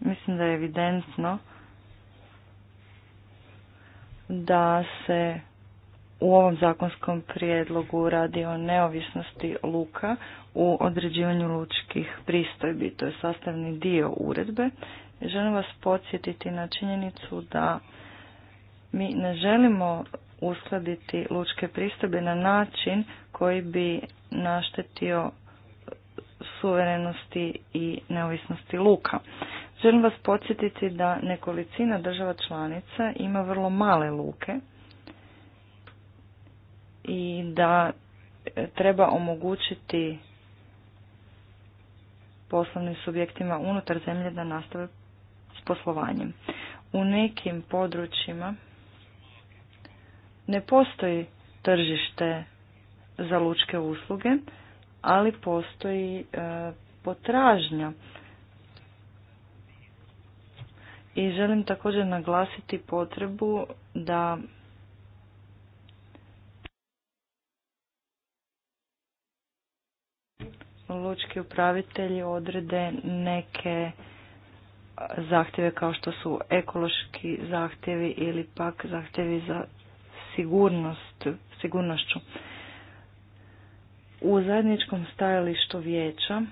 Mislim da je evidentno da se u ovom zakonskom prijedlogu radi o neovisnosti luka u određivanju lučkih pristojbi. To je sastavni dio uredbe. Želim vas podsjetiti na činjenicu da mi ne želimo uskladiti lučke pristojbe na način koji bi naštetio suverenosti i neovisnosti luka. Želim vas podsjetiti da nekolicina država članica ima vrlo male luke, i da e, treba omogućiti poslovnim subjektima unutar zemlje da nastave s poslovanjem. U nekim područjima ne postoji tržište za lučke usluge, ali postoji e, potražnja. I želim također naglasiti potrebu da lučki upravitelji odrede neke zahtjeve kao što su ekološki zahtjevi ili pak zahtjevi za sigurnost, sigurnošću. U zajedničkom stajalištu vijeća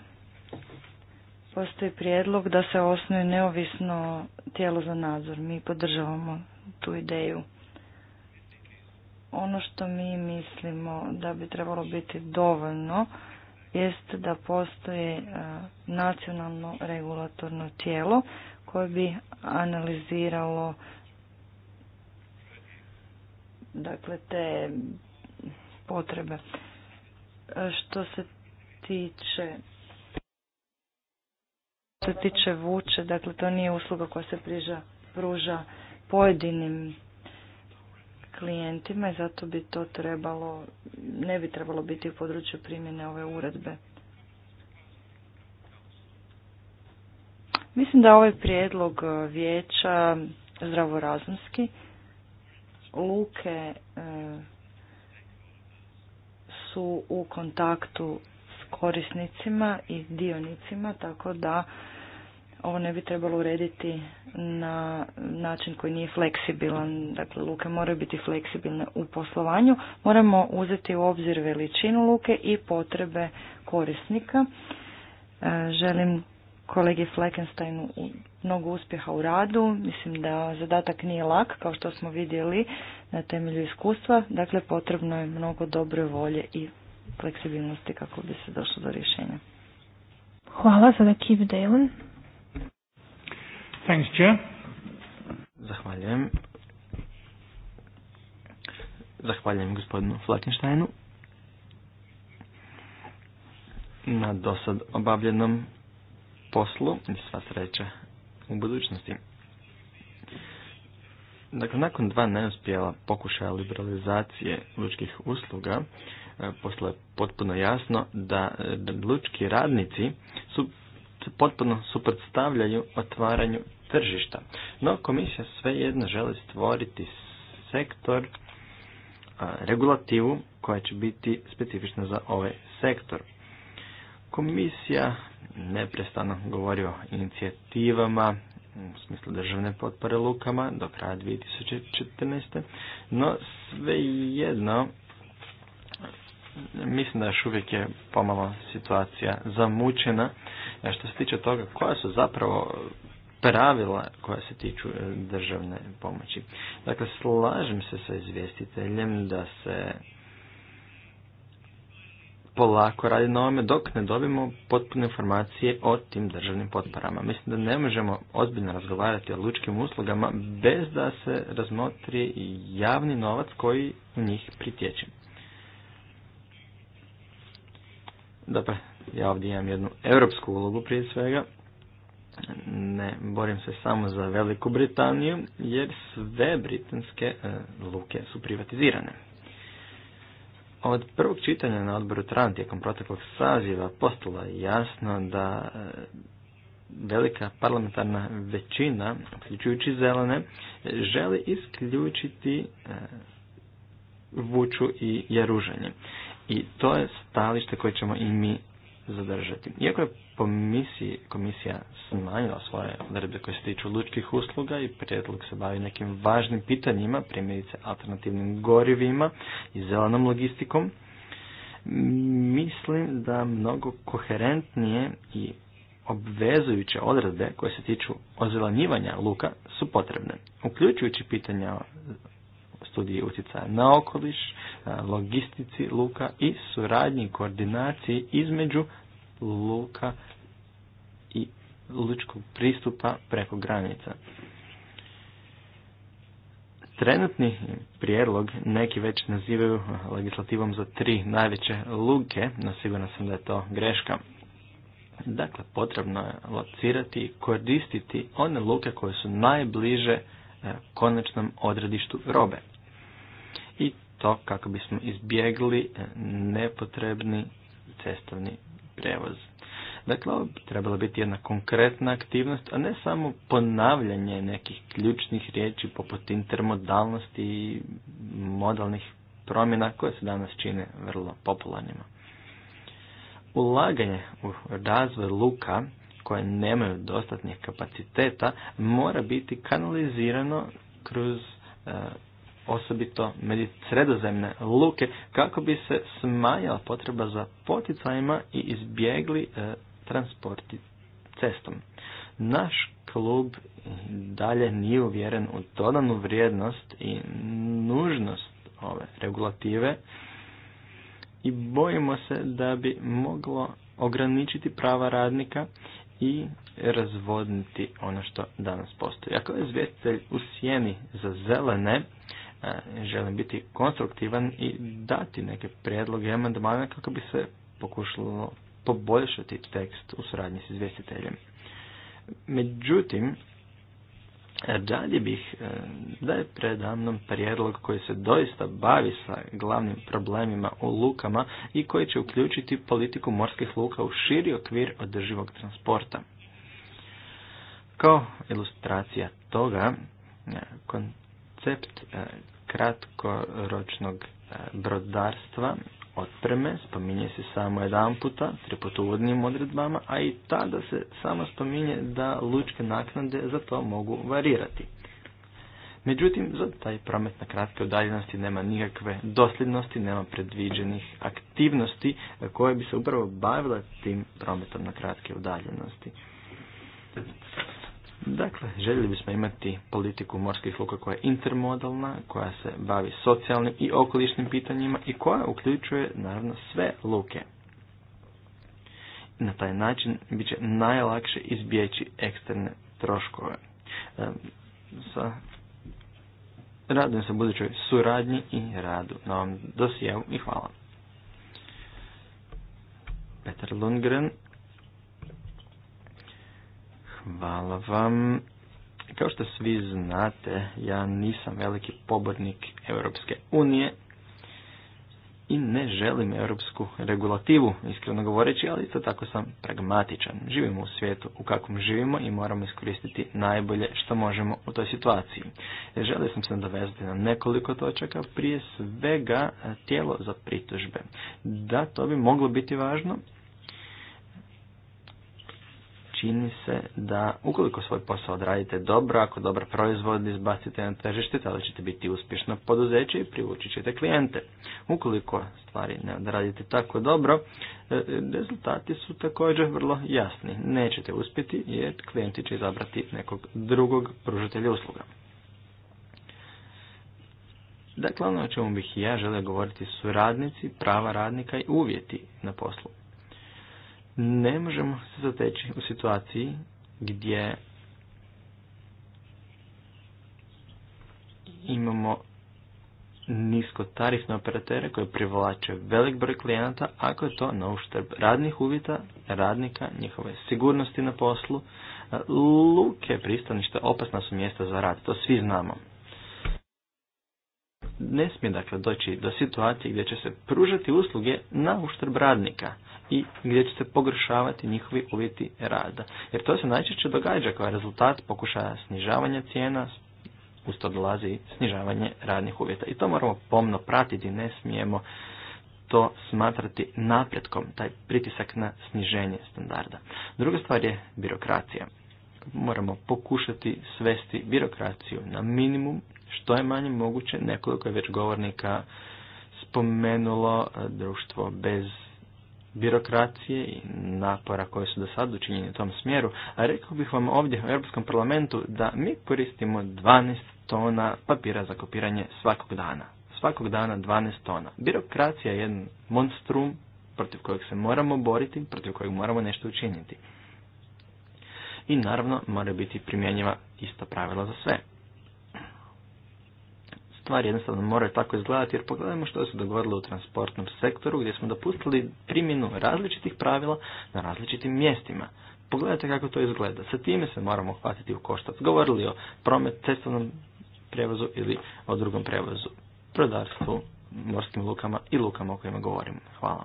postoji prijedlog da se osnuje neovisno tijelo za nadzor. Mi podržavamo tu ideju. Ono što mi mislimo da bi trebalo biti dovoljno jest da postoje nacionalno regulatorno tijelo koje bi analiziralo dakle te potrebe. E, što se tiče što se tiče vuče, dakle to nije usluga koja se priža, pruža pojedinim klijentima i zato bi to trebalo, ne bi trebalo biti u području primjene ove uredbe. Mislim da ovaj prijedlog e, vijeća zdravorazumski. Luke e, su u kontaktu s korisnicima i dionicima, tako da ovo ne bi trebalo urediti na način koji nije fleksibilan. Dakle, luke moraju biti fleksibilne u poslovanju. Moramo uzeti u obzir veličinu luke i potrebe korisnika. E, želim kolegi Fleckensteinu mnogo uspjeha u radu. Mislim da zadatak nije lak, kao što smo vidjeli na temelju iskustva. Dakle, potrebno je mnogo dobre volje i fleksibilnosti kako bi se došlo do rješenja. Hvala, za Keith Thanks, Zahvaljujem. Zahvaljujem gospodinu Flakensteinu na dosad obavljenom poslu i sva sreća u budućnosti. Dakle, nakon dva neuspjela pokušaja liberalizacije lučkih usluga, e, posle je potpuno jasno da lučki radnici su potpuno suprotstavljaju otvaranju tržišta. No, komisija svejedno želi stvoriti sektor, regulativu koja će biti specifična za ovaj sektor. Komisija neprestano govori o inicijativama u smislu državne potpore lukama do kraja 2014. No svejedno mislim da još uvijek je pomalo situacija zamučena E, što se tiče toga koja su zapravo pravila koja se tiču e, državne pomoći. Dakle, slažem se sa izvjestiteljem da se polako radi na ovome dok ne dobimo potpune informacije o tim državnim potporama. Mislim da ne možemo ozbiljno razgovarati o lučkim uslugama bez da se razmotri javni novac koji u njih pritječe. Dobro, ja ovdje imam jednu europsku ulogu prije svega, ne borim se samo za Veliku Britaniju, jer sve britanske e, luke su privatizirane. Od prvog čitanja na odboru Tran tijekom proteklog saziva postala jasno da e, velika parlamentarna većina, uključujući zelene, želi isključiti e, vuču i jaružanje. I to je stalište koje ćemo i mi zadržati. Iako je misiji komisija smanjila svoje odredbe koje se tiču lučkih usluga i prijedlog se bavi nekim važnim pitanjima, primjerice alternativnim gorivima i zelenom logistikom, mislim da mnogo koherentnije i obvezujuće odredbe koje se tiču ozelanjivanja luka su potrebne, uključujući pitanja studiji utjecaja na okoliš, logistici luka i suradnji koordinaciji između luka i lučkog pristupa preko granica. Trenutni prijedlog neki već nazivaju legislativom za tri najveće luke, no sigurno sam da je to greška. Dakle, potrebno je locirati i koristiti one luke koje su najbliže konačnom odredištu robe to kako bismo izbjegli e, nepotrebni cestovni prevoz. Dakle, ovo bi trebala biti jedna konkretna aktivnost, a ne samo ponavljanje nekih ključnih riječi poput intermodalnosti i modalnih promjena koje se danas čine vrlo popularnima. Ulaganje u razvoj luka koje nemaju dostatnih kapaciteta mora biti kanalizirano kroz e, osobito sredozemne luke, kako bi se smanjila potreba za poticajima i izbjegli e, transporti cestom. Naš klub dalje nije uvjeren u dodanu vrijednost i nužnost ove regulative i bojimo se da bi moglo ograničiti prava radnika i razvodniti ono što danas postoji. Ako je izvjestitelj u sjeni za zelene, želim biti konstruktivan i dati neke prijedloge amandmana kako bi se pokušalo poboljšati tekst u suradnji s izvjestiteljem. Međutim, dalje bih e, da je predamnom prijedlog koji se doista bavi sa glavnim problemima u lukama i koji će uključiti politiku morskih luka u širi okvir održivog transporta. Kao ilustracija toga, e, koncept e, kratkoročnog e, brodarstva otpreme spominje se samo jedan puta, trepot uvodnim odredbama, a i tada se samo spominje da lučke naknade za to mogu varirati. Međutim, za taj promet na kratke udaljenosti nema nikakve dosljednosti, nema predviđenih aktivnosti e, koje bi se upravo bavile tim prometom na kratke udaljenosti. Dakle, željeli bismo imati politiku morskih luka koja je intermodalna, koja se bavi socijalnim i okolišnim pitanjima i koja uključuje naravno sve luke. Na taj način bit će najlakše izbjeći eksterne troškove. E, sa radujem se budućoj suradnji i radu na ovom i hvala. Peter Lundgren Hvala vam. Kao što svi znate, ja nisam veliki pobornik Europske unije i ne želim europsku regulativu, iskreno govoreći, ali isto tako sam pragmatičan. Živimo u svijetu u kakvom živimo i moramo iskoristiti najbolje što možemo u toj situaciji. Želio sam se dovezati na nekoliko točaka, prije svega tijelo za pritužbe. Da, to bi moglo biti važno, čini se da ukoliko svoj posao odradite dobro, ako dobar proizvod izbacite na tržište, tada ćete biti uspješno poduzeće i privući ćete klijente. Ukoliko stvari ne odradite tako dobro, e, rezultati su također vrlo jasni. Nećete uspjeti jer klijenti će izabrati nekog drugog pružatelja usluga. Dakle, ono o čemu bih ja želio govoriti su radnici, prava radnika i uvjeti na poslu ne možemo se zateći u situaciji gdje imamo nisko niskotarifne operatere koje privlače velik broj klijenata ako je to na uštrb radnih uvjeta, radnika, njihove sigurnosti na poslu. Luke, pristaništa, opasna su mjesta za rad, to svi znamo. Ne smije dakle doći do situacije gdje će se pružati usluge na uštrb radnika i gdje će se pogoršavati njihovi uvjeti rada. Jer to se najčešće događa kao rezultat pokušaja snižavanja cijena, uz to dolazi i snižavanje radnih uvjeta. I to moramo pomno pratiti, ne smijemo to smatrati napretkom, taj pritisak na sniženje standarda. Druga stvar je birokracija. Moramo pokušati svesti birokraciju na minimum, što je manje moguće, nekoliko je već govornika spomenulo e, društvo bez birokracije i napora koje su do sad učinjeni u tom smjeru, a rekao bih vam ovdje u Europskom parlamentu da mi koristimo 12 tona papira za kopiranje svakog dana. Svakog dana 12 tona. Birokracija je jedan monstrum protiv kojeg se moramo boriti, protiv kojeg moramo nešto učiniti. I naravno mora biti primjenjiva ista pravila za sve stvari jednostavno moraju tako izgledati jer pogledajmo što se dogodilo u transportnom sektoru gdje smo dopustili primjenu različitih pravila na različitim mjestima. Pogledajte kako to izgleda. Sa time se moramo hvatiti u koštac. Govorili o promet, cestovnom prevozu ili o drugom prevozu, prodarstvu, morskim lukama i lukama o kojima govorimo. Hvala.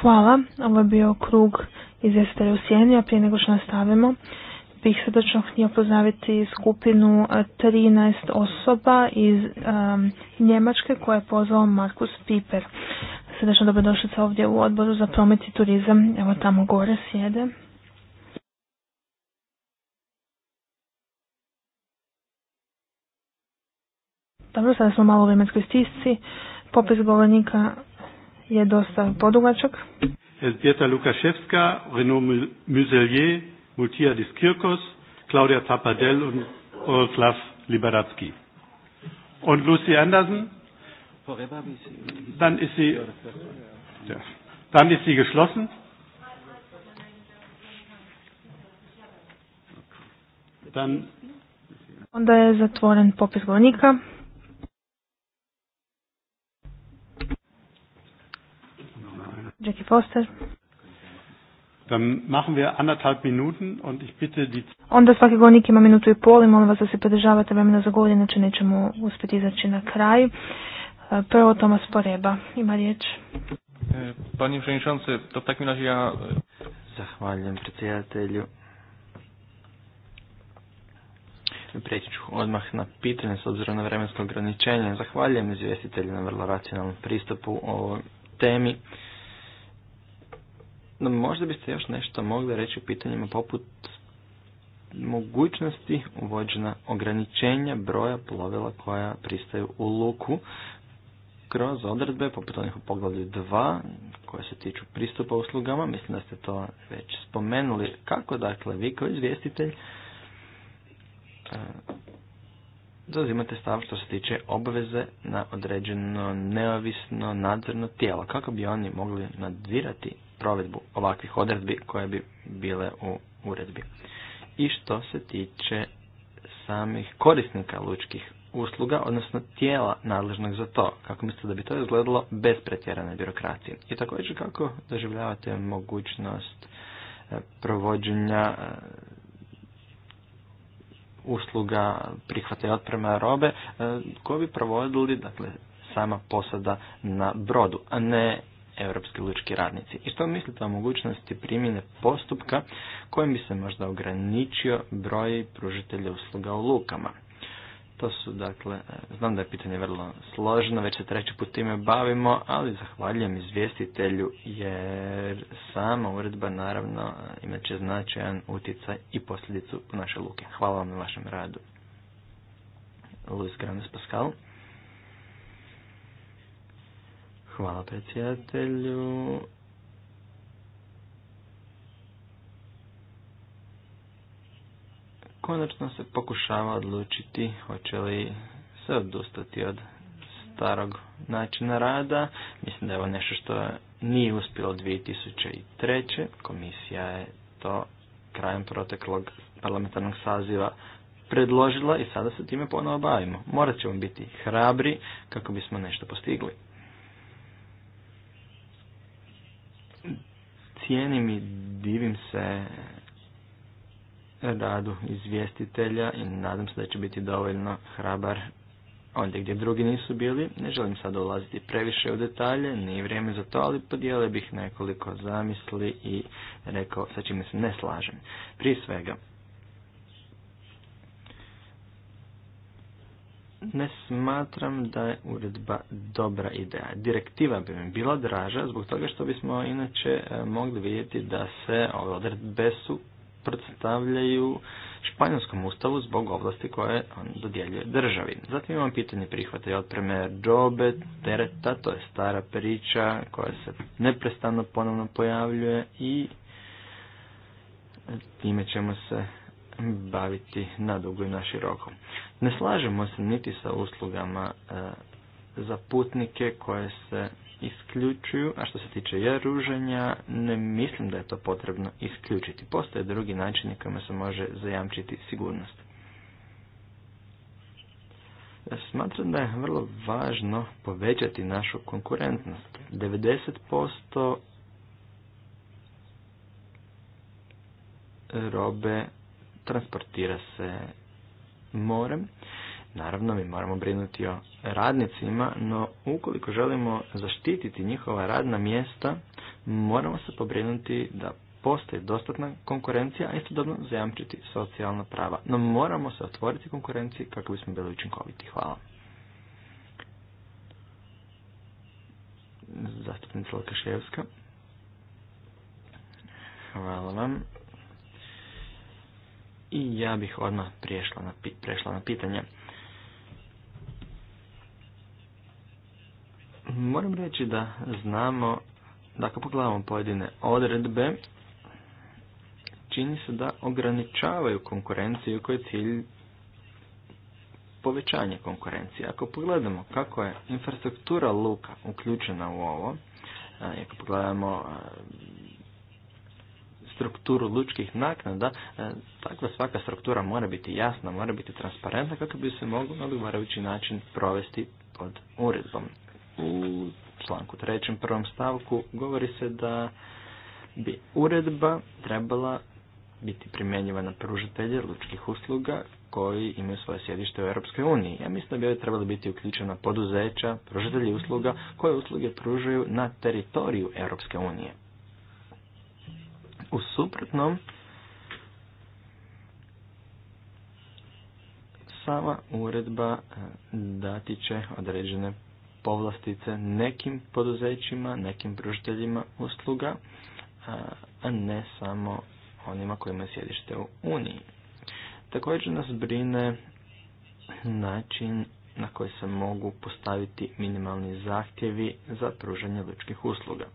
Hvala. Ovo je bio krug iz u sjeni, a prije nego što nastavimo, bih srdečno htio pozdraviti skupinu 13 e, osoba iz Njemačke koje je pozvao Markus Piper. Srdečno dobrodošlica ovdje u odboru za promet i turizam. Evo tamo gore sjede. Dobro, sada smo malo u vremenskoj stisci. Popis govornika je dosta podugačak. Djeta Lukaševska, Renaud Muselier, Multiadis Kirkos, Claudia Tapadell und Oroslav Liberatsky. Und Lucy Anderson? Dann ist sie, ja, dann ist sie geschlossen. Dann da ist zatvoren popis govornika. Jackie Foster. Dann machen wir anderthalb Minuten und ich bitte die... Onda svaki govornik ima minutu i pol i molim vas da se podržavate vremena za govor, inače nećemo uspjeti izaći na kraj. E, prvo Tomas Poreba ima riječ. E, panie Przewodniczący, to w takim razie ja... E, Zahvaljujem predsjedatelju. Preći odmah na pitanje s obzirom na vremensko ograničenje. Zahvaljujem izvjestitelju na vrlo racionalnom pristupu o temi. No možda biste još nešto mogli reći u pitanjima poput mogućnosti uvođena ograničenja broja plovila koja pristaju u luku kroz odredbe poput onih u poglavlju 2 koje se tiču pristupa uslugama, mislim da ste to već spomenuli, kako dakle vi kao izvjestitelj e, zauzimate stav što se tiče obveze na određeno neovisno nadzorno tijelo, kako bi oni mogli nadzirati provedbu ovakvih odredbi koje bi bile u uredbi. I što se tiče samih korisnika lučkih usluga, odnosno tijela nadležnog za to, kako mislite da bi to izgledalo bez pretjerane birokracije. I također kako doživljavate mogućnost e, provođenja e, usluga prihvata i otprema robe e, koju bi provodili dakle, sama posada na brodu, a ne europski lučki radnici. I što mislite o mogućnosti primjene postupka kojim bi se možda ograničio broj pružitelja usluga u lukama? To su, dakle, znam da je pitanje vrlo složeno, već se treći put time bavimo, ali zahvaljujem izvjestitelju jer sama uredba naravno imat će značajan utjecaj i posljedicu naše luke. Hvala vam na vašem radu. Luis Grandes Pascal. Hvala predsjedatelju. Konačno se pokušava odlučiti hoće li se odustati od starog načina rada. Mislim da je ovo nešto što nije uspjelo 2003. Komisija je to krajem proteklog parlamentarnog saziva predložila i sada se time ponovo bavimo. Morat ćemo biti hrabri kako bismo nešto postigli. cijenim i divim se radu izvjestitelja i nadam se da će biti dovoljno hrabar ondje gdje drugi nisu bili. Ne želim sad ulaziti previše u detalje, ni vrijeme za to, ali podijelio bih nekoliko zamisli i rekao sa čime se ne slažem. Prije svega, ne smatram da je uredba dobra ideja. Direktiva bi mi bila draža zbog toga što bismo inače e, mogli vidjeti da se ove odredbe su predstavljaju španjolskom ustavu zbog ovlasti koje on dodjeljuje državi. Zatim imam pitanje prihvata i otpreme džobe, tereta, to je stara priča koja se neprestano ponovno pojavljuje i time ćemo se baviti na dugu i na ne slažemo se niti sa uslugama e, za putnike koje se isključuju, a što se tiče ruženja, ne mislim da je to potrebno isključiti. Postoje drugi načini kojima se može zajamčiti sigurnost. Smatram da je vrlo važno povećati našu konkurentnost. 90% robe transportira se morem. Naravno, mi moramo brinuti o radnicima, no ukoliko želimo zaštititi njihova radna mjesta, moramo se pobrinuti da postoji dostatna konkurencija, a istodobno zajamčiti socijalna prava. No moramo se otvoriti konkurenciji kako bismo bili učinkoviti. Hvala. Zastupnica Lukaševska. Hvala vam. I ja bih odmah prešla na, prešla na pitanje. Moram reći da znamo da ako pogledamo pojedine odredbe, čini se da ograničavaju konkurenciju koji je cilj povećanje konkurencije. Ako pogledamo kako je infrastruktura luka uključena u ovo, ako pogledamo strukturu lučkih naknada, e, takva svaka struktura mora biti jasna, mora biti transparentna kako bi se moglo na odgovarajući način provesti pod uredbom. U članku trećem prvom stavku govori se da bi uredba trebala biti primjenjiva na pružatelje lučkih usluga koji imaju svoje sjedište u Europskoj uniji. Ja mislim da bi ovdje trebalo biti uključena poduzeća, pružatelji usluga koje usluge pružaju na teritoriju Europske unije. U suprotnom, sama uredba e, dati će određene povlastice nekim poduzećima, nekim pružiteljima usluga, e, a ne samo onima kojima sjedište u Uniji. Također nas brine način na koji se mogu postaviti minimalni zahtjevi za pružanje lučkih usluga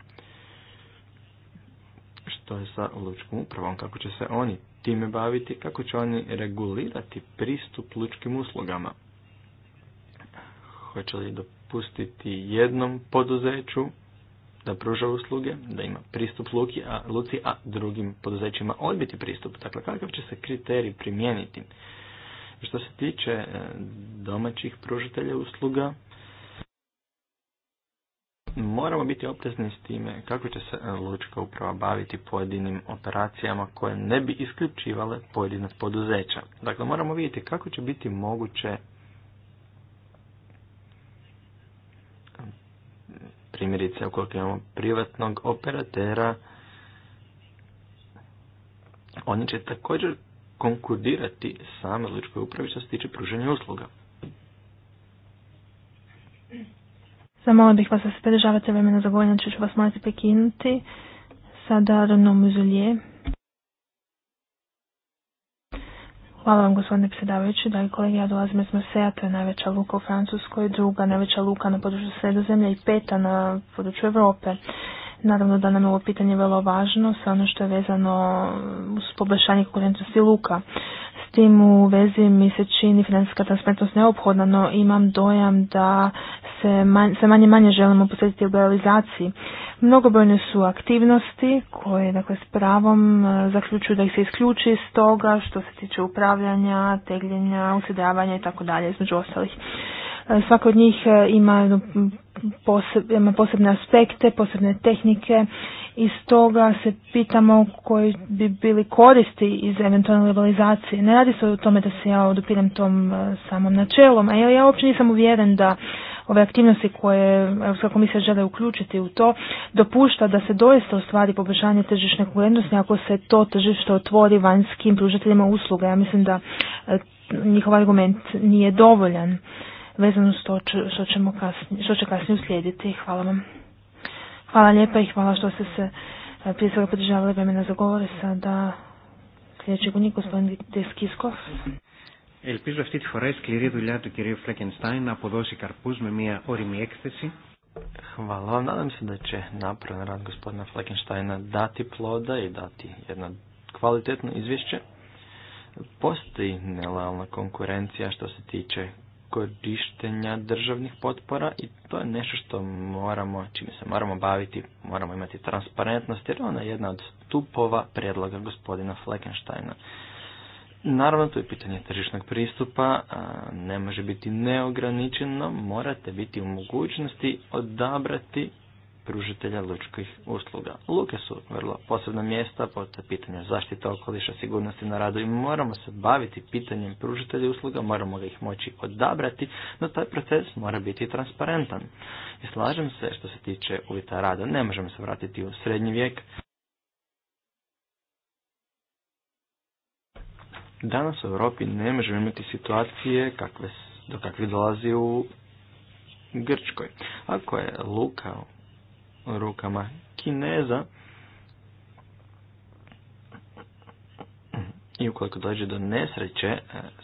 to je sa lučkom upravom, kako će se oni time baviti, kako će oni regulirati pristup lučkim uslugama. Hoće li dopustiti jednom poduzeću da pruža usluge, da ima pristup luki, a, luci, a drugim poduzećima odbiti pristup. Dakle, kakav će se kriterij primijeniti? Što se tiče e, domaćih pružatelja usluga, moramo biti oprezni s time kako će se e, lučka uprava baviti pojedinim operacijama koje ne bi isključivale pojedina poduzeća. Dakle, moramo vidjeti kako će biti moguće primjerice ukoliko imamo privatnog operatera, oni će također konkurirati same lučkoj upravi što se tiče pružanja usluga. Zamola bih vas da se pridržavate vremena za govor, ću vas morati prekinuti. sa Renaud Muzulje. Hvala vam gospodine predsjedavajući, dragi kolege, ja dolazim iz Marseja, to je najveća luka u Francuskoj, druga najveća luka na području sredozemlja i peta na području Europe. Naravno da nam je ovo pitanje vrlo važno, sve ono što je vezano uz poboljšanje konkurentnosti luka. S tim u vezi mi se čini financijska transparentnost neophodna, no imam dojam da se manj, sve manje manje želimo posvetiti liberalizaciji. Mnogobrojne su aktivnosti koje dakle, s pravom e, zaključuju da ih se isključi iz toga što se tiče upravljanja, tegljenja, usjedavanja i tako dalje, između ostalih. E, svako od njih e, ima posebne aspekte, posebne tehnike i stoga se pitamo koji bi bili koristi iz eventualne liberalizacije. Ne radi se o tome da se ja odupiram tom samom načelom, a ja uopće nisam uvjeren da ove aktivnosti koje Europska komisija žele uključiti u to dopušta da se doista ostvari poboljšanje tržišne konkurentnosti ako se to tržište otvori vanjskim pružateljima usluga. Ja mislim da e, njihov argument nije dovoljan vezano s to što, ćemo kasnije, što će kasnije uslijediti. Hvala vam. Hvala lijepa i hvala što ste se e, prije svega podržavali vremena za govore. Sada sljedeći gunik, gospodin Deskiskov. Ελπίζω αυτή τη φορά η σκληρή δουλειά του κυρίου Φλέκενστάιν να αποδώσει Hvala nadam se da će napravljen rad gospodina Fleckensteina dati ploda i dati jedno kvalitetno izvješće. Postoji nelojalna konkurencija što se tiče korištenja državnih potpora i to je nešto što moramo, čime se moramo baviti, moramo imati transparentnost jer ona je jedna od stupova predloga gospodina Fleckensteina. Naravno, to je pitanje tržišnog pristupa, ne može biti neograničeno, morate biti u mogućnosti odabrati pružitelja lučkih usluga. Luke su vrlo posebna mjesta, postoje pitanja zaštite okoliša, sigurnosti na radu i moramo se baviti pitanjem pružitelja usluga, moramo ga ih moći odabrati, no taj proces mora biti transparentan. I slažem se što se tiče uvjeta rada, ne možemo se vratiti u srednji vijek, Danas u Europi ne možemo imati situacije kakve, do kakve dolazi u Grčkoj. Ako je luka u rukama Kineza i ukoliko dođe do nesreće e,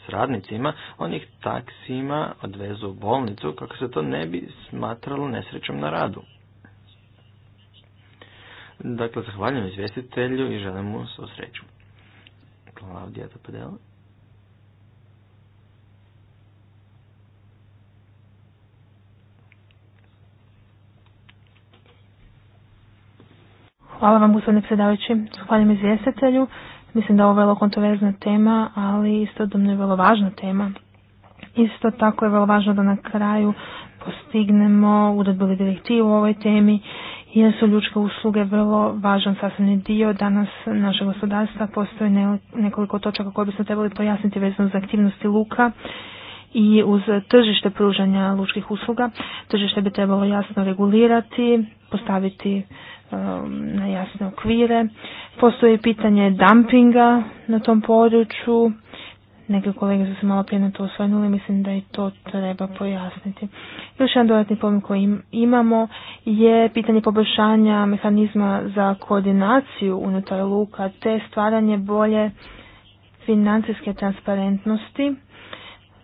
s radnicima, on ih taksima odvezu u bolnicu kako se to ne bi smatralo nesrećom na radu. Dakle, zahvaljujem izvjestitelju i želim mu sreću. Hvala vam, gospodine predavajući. Zahvaljujem izvjestitelju. Mislim da je ovo vrlo kontroverzna tema, ali istodobno je vrlo važna tema. Isto tako je vrlo važno da na kraju postignemo uredbu direktivu u ovoj temi jer su ljučke usluge vrlo važan sasvim dio danas našeg gospodarstva. postoje nekoliko točaka koje bismo trebali pojasniti vezano za aktivnosti luka i uz tržište pružanja lučkih usluga. Tržište bi trebalo jasno regulirati, postaviti um, na jasne okvire. Postoje pitanje dumpinga na tom području, Neke kolege su se malo prije na to osvrnuli, mislim da i to treba pojasniti. Još jedan dodatni problem koji imamo je pitanje poboljšanja mehanizma za koordinaciju unutar luka te stvaranje bolje financijske transparentnosti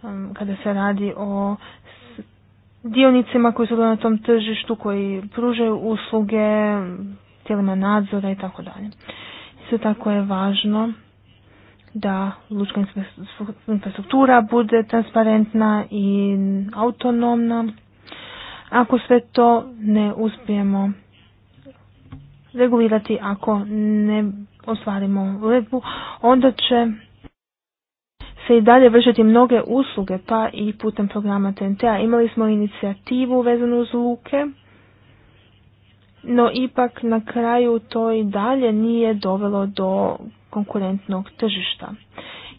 um, kada se radi o dionicima koji su na tom tržištu, koji pružaju usluge, tijelima nadzora i tako dalje. Isto tako je važno da lučka infrastruktura bude transparentna i autonomna. Ako sve to ne uspijemo regulirati, ako ne ostvarimo uredbu, onda će se i dalje vršiti mnoge usluge, pa i putem programa TNT-a. Imali smo inicijativu vezanu uz luke, no ipak na kraju to i dalje nije dovelo do konkurentnog tržišta.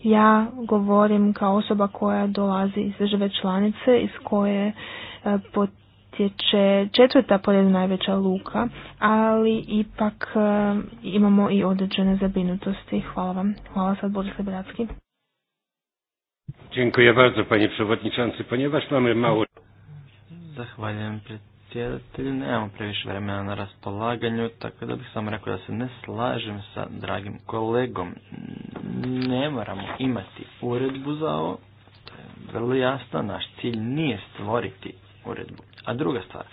Ja govorim kao osoba koja dolazi iz države članice iz koje e, potječe četvrta pored najveća luka, ali ipak e, imamo i određene zabinutosti. Hvala vam. Hvala sad Boris Liberacki. Dziękuję bardzo panie przewodniczący, ponieważ Zahvaljujem Nemamo previše vremena na raspolaganju, tako da bih samo rekao da se ne slažem sa dragim kolegom. Ne moramo imati uredbu za ovo. To je vrlo jasno. Naš cilj nije stvoriti uredbu. A druga stvar,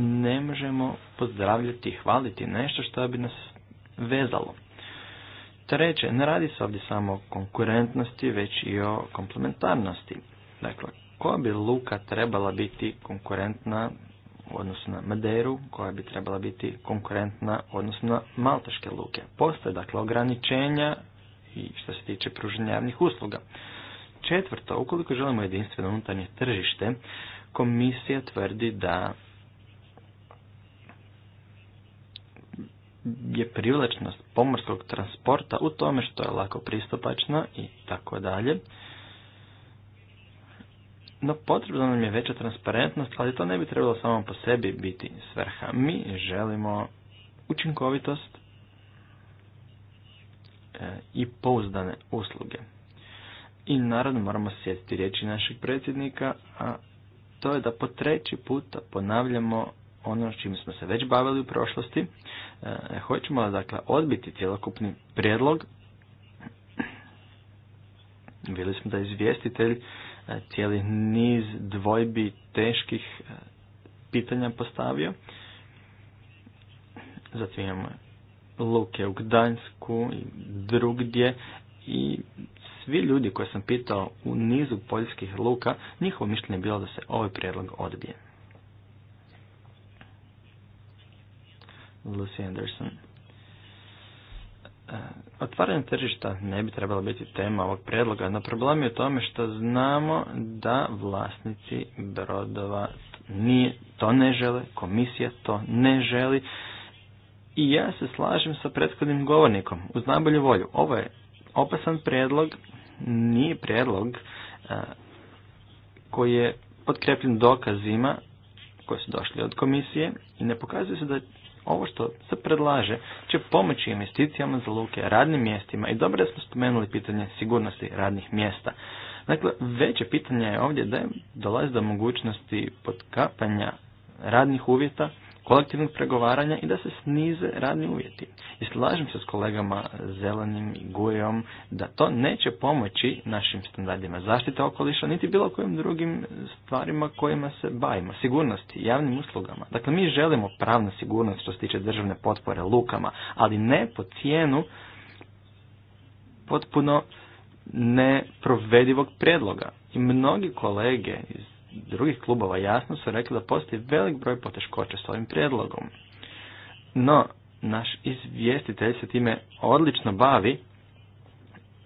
ne možemo pozdravljati i hvaliti nešto što bi nas vezalo. Treće, ne radi se ovdje samo o konkurentnosti, već i o komplementarnosti. Dakle, koja bi luka trebala biti konkurentna odnosno na Maderu koja bi trebala biti konkurentna odnosno na maltaške luke. Postoje dakle ograničenja i što se tiče pružanja javnih usluga. Četvrto, ukoliko želimo jedinstveno unutarnje tržište, komisija tvrdi da je privlačnost pomorskog transporta u tome što je lako pristupačno i tako dalje no potrebna nam je veća transparentnost, ali to ne bi trebalo samo po sebi biti svrha. Mi želimo učinkovitost e, i pouzdane usluge. I naravno moramo sjetiti riječi našeg predsjednika, a to je da po treći puta ponavljamo ono čim smo se već bavili u prošlosti. E, hoćemo dakle odbiti cjelokupni prijedlog. Bili smo da izvjestitelj cijeli niz dvojbi teških e, pitanja postavio. Zatim imamo luke u Gdansku i drugdje i svi ljudi koje sam pitao u nizu poljskih luka, njihovo mišljenje je bilo da se ovaj prijedlog odbije. Lucy Anderson. E, otvaranje tržišta ne bi trebalo biti tema ovog predloga, no problem je u tome što znamo da vlasnici brodova nije, to ne žele, komisija to ne želi i ja se slažem sa prethodnim govornikom uz najbolju volju. Ovo je opasan predlog nije prijedlog e, koji je potkrepljen dokazima koji su došli od komisije i ne pokazuje se da ovo što se predlaže će pomoći investicijama za luke, radnim mjestima i dobro da smo spomenuli pitanje sigurnosti radnih mjesta. Dakle, veće pitanje je ovdje da dolazi do mogućnosti potkapanja radnih uvjeta kolektivnog pregovaranja i da se snize radni uvjeti. I slažem se s kolegama Zelenim i Gujom da to neće pomoći našim standardima zaštite okoliša niti bilo kojim drugim stvarima kojima se bavimo, sigurnosti, javnim uslugama. Dakle, mi želimo pravnu sigurnost što se tiče državne potpore lukama, ali ne po cijenu potpuno neprovedivog predloga. I mnogi kolege iz drugih klubova jasno su rekli da postoji velik broj poteškoća s ovim prijedlogom. No, naš izvjestitelj se time odlično bavi,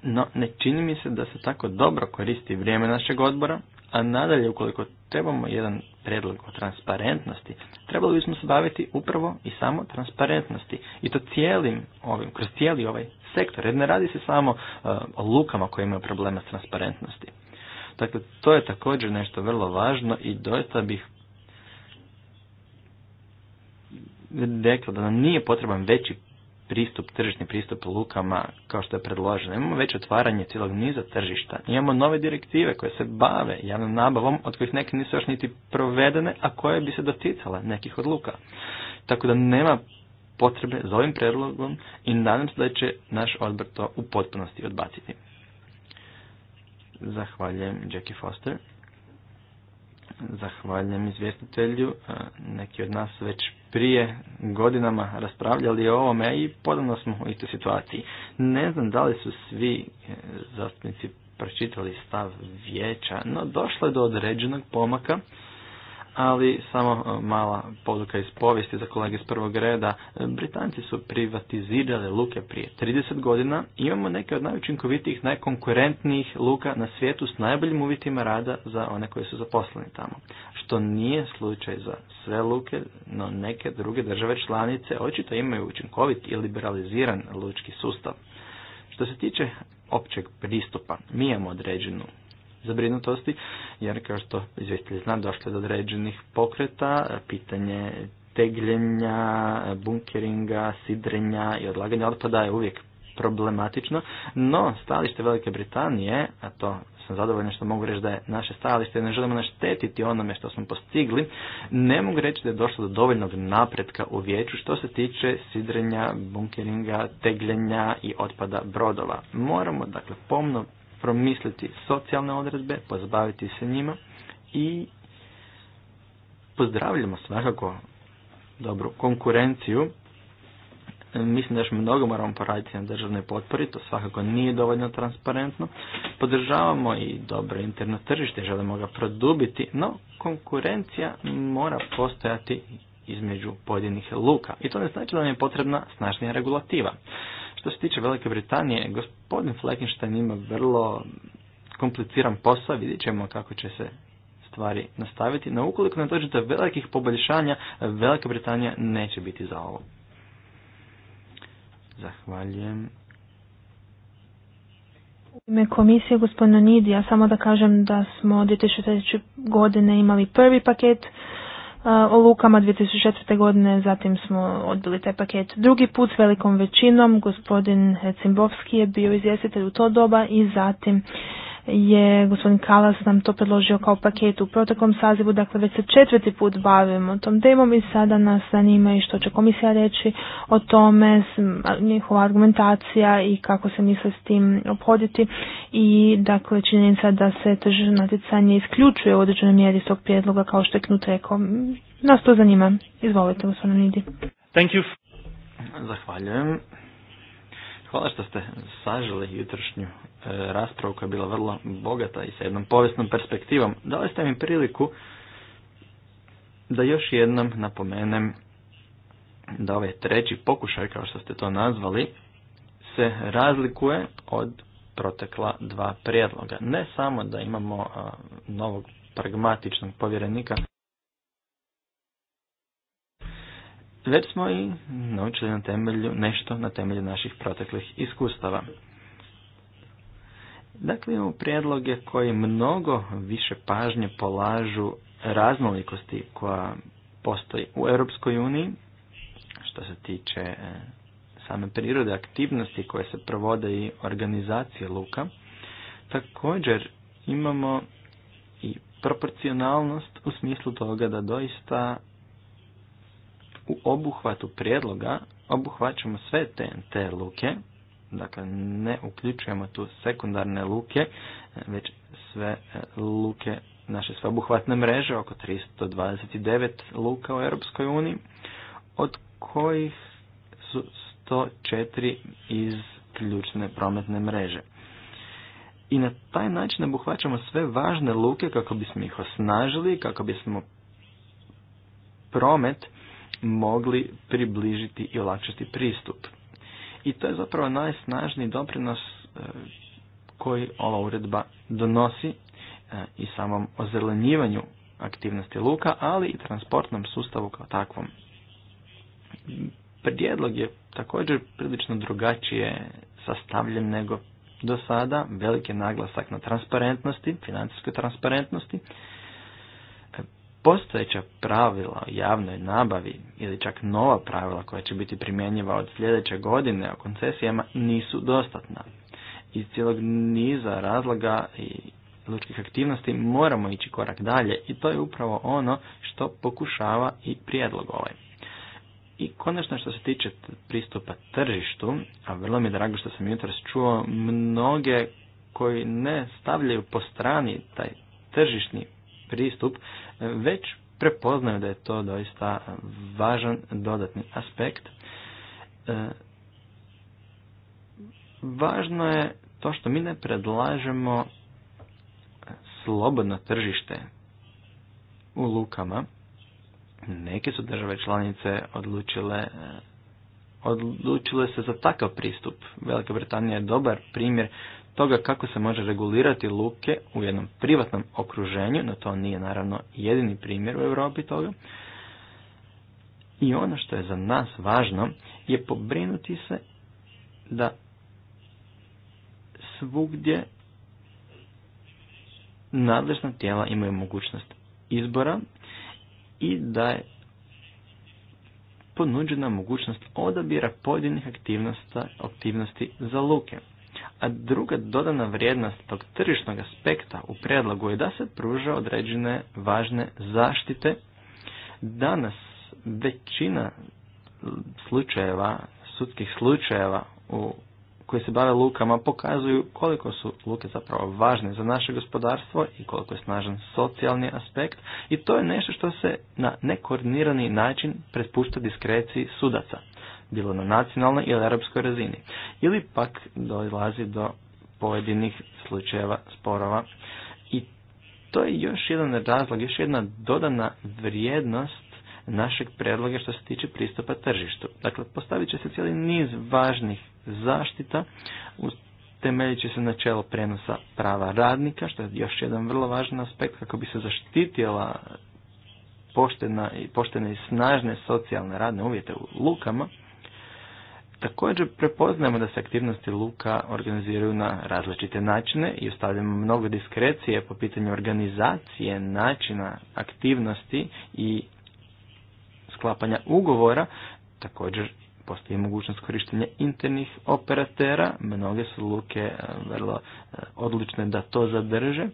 no ne čini mi se da se tako dobro koristi vrijeme našeg odbora, a nadalje ukoliko trebamo jedan predlog o transparentnosti, trebali bismo se baviti upravo i samo transparentnosti. I to cijelim ovim, kroz cijeli ovaj sektor, jer ne radi se samo e, o lukama koje imaju problema s transparentnosti. Dakle, to je također nešto vrlo važno i doista bih rekla da nam nije potreban veći pristup, tržišni pristup lukama kao što je predloženo. Imamo već otvaranje cijelog niza tržišta. Imamo nove direktive koje se bave javnom nabavom od kojih neke nisu još niti provedene, a koje bi se doticale nekih odluka. Tako da nema potrebe za ovim predlogom i nadam se da će naš odbor to u potpunosti odbaciti. Zahvaljujem Jackie Foster. Zahvaljujem izvjestitelju. E, neki od nas već prije godinama raspravljali o ovome i podano smo u istoj situaciji. Ne znam da li su svi e, zastupnici pročitali stav vijeća, no došlo je do određenog pomaka ali samo e, mala poduka iz povijesti za kolege iz prvog reda. E, Britanci su privatizirali luke prije 30 godina. Imamo neke od najučinkovitijih, najkonkurentnijih luka na svijetu s najboljim uvjetima rada za one koji su zaposleni tamo. Što nije slučaj za sve luke, no neke druge države članice očito imaju učinkovit i liberaliziran lučki sustav. Što se tiče općeg pristupa, mi imamo određenu zabrinutosti, jer kao što izvjestitelj zna, došlo je do određenih pokreta, pitanje tegljenja, bunkeringa, sidrenja i odlaganja otpada je uvijek problematično, no stalište Velike Britanije, a to sam zadovoljan što mogu reći da je naše stajalište, ne želimo naštetiti onome što smo postigli, ne mogu reći da je došlo do dovoljnog napretka u vijeću što se tiče sidrenja, bunkeringa, tegljenja i otpada brodova. Moramo dakle pomno promisliti socijalne odredbe, pozbaviti se njima i pozdravljamo svakako dobru konkurenciju. Mislim da još mnogo moramo poraditi na državnoj potpori, to svakako nije dovoljno transparentno. Podržavamo i dobro interno tržište, želimo ga produbiti, no konkurencija mora postojati između pojedinih luka. I to ne znači da nam je potrebna snažnija regulativa. Što se tiče Velike Britanije, gospodin Fleckenstein ima vrlo kompliciran posao, vidjet ćemo kako će se stvari nastaviti, no ukoliko ne dođe velikih poboljšanja, Velika Britanija neće biti za ovo. Zahvaljujem. U ime komisije gospodina Nidija, samo da kažem da smo 2003. godine imali prvi paket o lukama 2004. godine, zatim smo odbili taj paket drugi put s velikom većinom, gospodin Cimbovski je bio izvjestitelj u to doba i zatim je gospodin Kalas nam to predložio kao paket u proteklom sazivu, dakle već se četvrti put bavimo tom temom i sada nas zanima i što će komisija reći o tome, njihova argumentacija i kako se misle s tim obhoditi i dakle činjenica da se tržno natjecanje isključuje u određenoj mjeri iz tog prijedloga kao što je Knut Nas to zanima. Izvolite gospodin Nidi. Thank you. Zahvaljujem. Hvala što ste saželi jutrošnju E, raspravu koja je bila vrlo bogata i sa jednom povijesnom perspektivom. Dali ste mi priliku da još jednom napomenem da ovaj treći pokušaj, kao što ste to nazvali, se razlikuje od protekla dva prijedloga. Ne samo da imamo novog pragmatičnog povjerenika, već smo i naučili na temelju nešto na temelju naših proteklih iskustava. Dakle, imamo prijedloge koji mnogo više pažnje polažu raznolikosti koja postoji u Europskoj uniji, što se tiče e, same prirode aktivnosti koje se provode i organizacije luka. Također imamo i proporcionalnost u smislu toga da doista u obuhvatu prijedloga obuhvaćamo sve te luke, Dakle, ne uključujemo tu sekundarne luke, već sve e, luke naše sveobuhvatne mreže, oko 329 luka u Europskoj uniji, od kojih su 104 iz ključne prometne mreže. I na taj način obuhvaćamo sve važne luke kako bismo ih osnažili, kako bismo promet mogli približiti i olakšati pristup. I to je zapravo najsnažniji doprinos e, koji ova uredba donosi e, i samom ozelenjivanju aktivnosti luka, ali i transportnom sustavu kao takvom. Prijedlog je također prilično drugačije sastavljen nego do sada, veliki naglasak na transparentnosti, financijskoj transparentnosti, Postojeća pravila o javnoj nabavi ili čak nova pravila koja će biti primjenjiva od sljedeće godine o koncesijama nisu dostatna. Iz cijelog niza razloga i lučkih aktivnosti moramo ići korak dalje i to je upravo ono što pokušava i prijedlog ovaj. I konačno što se tiče pristupa tržištu, a vrlo mi je drago što sam jutros čuo mnoge koji ne stavljaju po strani taj tržišni pristup, već prepoznaju da je to doista važan dodatni aspekt. E, važno je to što mi ne predlažemo slobodno tržište u lukama. Neke su države članice odlučile e, odlučile se za takav pristup. Velika Britanija je dobar primjer toga kako se može regulirati luke u jednom privatnom okruženju, no to nije naravno jedini primjer u Europi toga. I ono što je za nas važno je pobrinuti se da svugdje nadležna tijela imaju mogućnost izbora i da je ponuđena mogućnost odabira pojedinih aktivnosti, aktivnosti za luke. A druga dodana vrijednost tog tržišnog aspekta u predlogu je da se pruža određene važne zaštite. Danas većina slučajeva, sudskih slučajeva u koji se bave lukama pokazuju koliko su luke zapravo važne za naše gospodarstvo i koliko je snažan socijalni aspekt i to je nešto što se na nekoordinirani način prepušta diskreciji sudaca bilo na nacionalnoj ili europskoj razini. Ili pak dolazi do pojedinih slučajeva sporova i to je još jedan razlog, još jedna dodana vrijednost našeg predloga što se tiče pristupa tržištu. Dakle, postavit će se cijeli niz važnih zaštita, temeljit će se načelo prenosa prava radnika, što je još jedan vrlo važan aspekt kako bi se zaštitila poštena, poštene i snažne socijalne radne uvjete u lukama, Također prepoznajemo da se aktivnosti luka organiziraju na različite načine i ostavljamo mnogo diskrecije po pitanju organizacije načina aktivnosti i sklapanja ugovora. Također postoji mogućnost korištenja internih operatera. Mnoge su luke e, vrlo e, odlične da to zadrže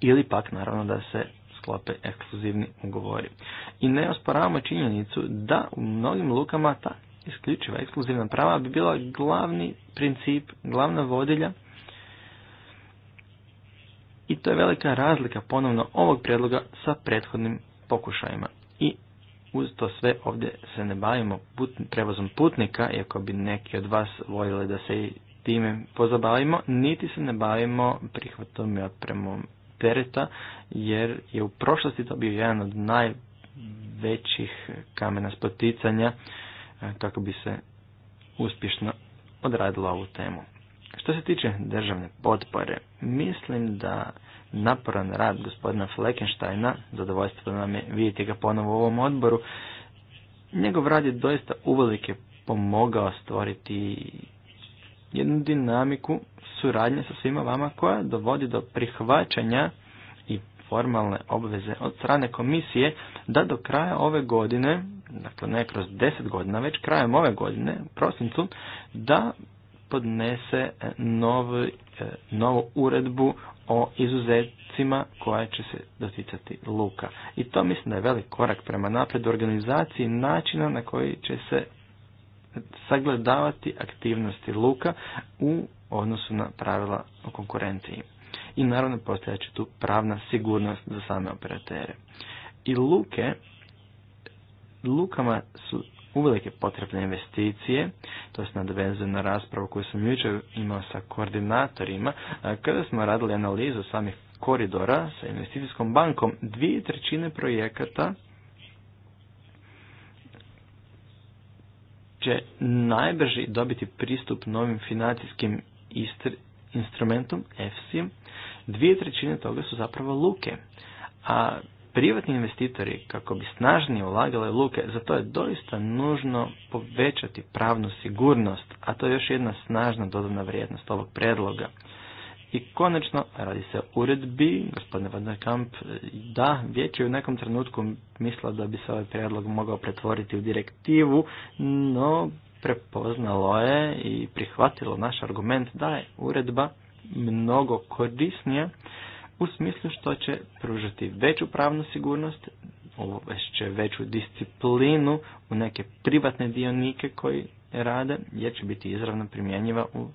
ili pak naravno da se sklope ekskluzivni ugovori. I ne osporavamo činjenicu da u mnogim lukama ta isključiva ekskluzivna prava bi bila glavni princip, glavna vodilja i to je velika razlika ponovno ovog prijedloga sa prethodnim pokušajima. I uz to sve ovdje se ne bavimo prevozom putnika, iako bi neki od vas voljeli da se i time pozabavimo, niti se ne bavimo prihvatom i otpremom tereta, jer je u prošlosti to bio jedan od najvećih kamena spoticanja kako e, bi se uspješno odradila ovu temu. Što se tiče državne potpore, mislim da naporan rad gospodina Fleckensteina, zadovoljstvo nam je vidjeti ga ponovo u ovom odboru, njegov rad je doista uvelike pomogao stvoriti jednu dinamiku suradnje sa svima vama koja dovodi do prihvaćanja i formalne obveze od strane komisije da do kraja ove godine dakle ne kroz deset godina, već krajem ove godine, prosincu, da podnese e, e, novu uredbu o izuzetcima koja će se doticati luka. I to mislim da je velik korak prema napred organizaciji načina na koji će se sagledavati aktivnosti luka u odnosu na pravila o konkurenciji. I naravno postojaće tu pravna sigurnost za same operatere. I luke lukama su uvelike potrebne investicije, to se nadvezuje na raspravu koju sam jučer imao sa koordinatorima, kada smo radili analizu samih koridora sa investicijskom bankom, dvije trećine projekata će najbrži dobiti pristup novim financijskim instrumentom EFSI, dvije trećine toga su zapravo luke. A privatni investitori kako bi snažnije ulagale luke, za to je doista nužno povećati pravnu sigurnost, a to je još jedna snažna dodana vrijednost ovog predloga. I konačno, radi se o uredbi, gospodine Van da, vijeće je u nekom trenutku mislila da bi se ovaj predlog mogao pretvoriti u direktivu, no prepoznalo je i prihvatilo naš argument da je uredba mnogo korisnija u smislu što će pružati veću pravnu sigurnost, će veću disciplinu u neke privatne dionike koji rade, jer će biti izravno primjenjiva u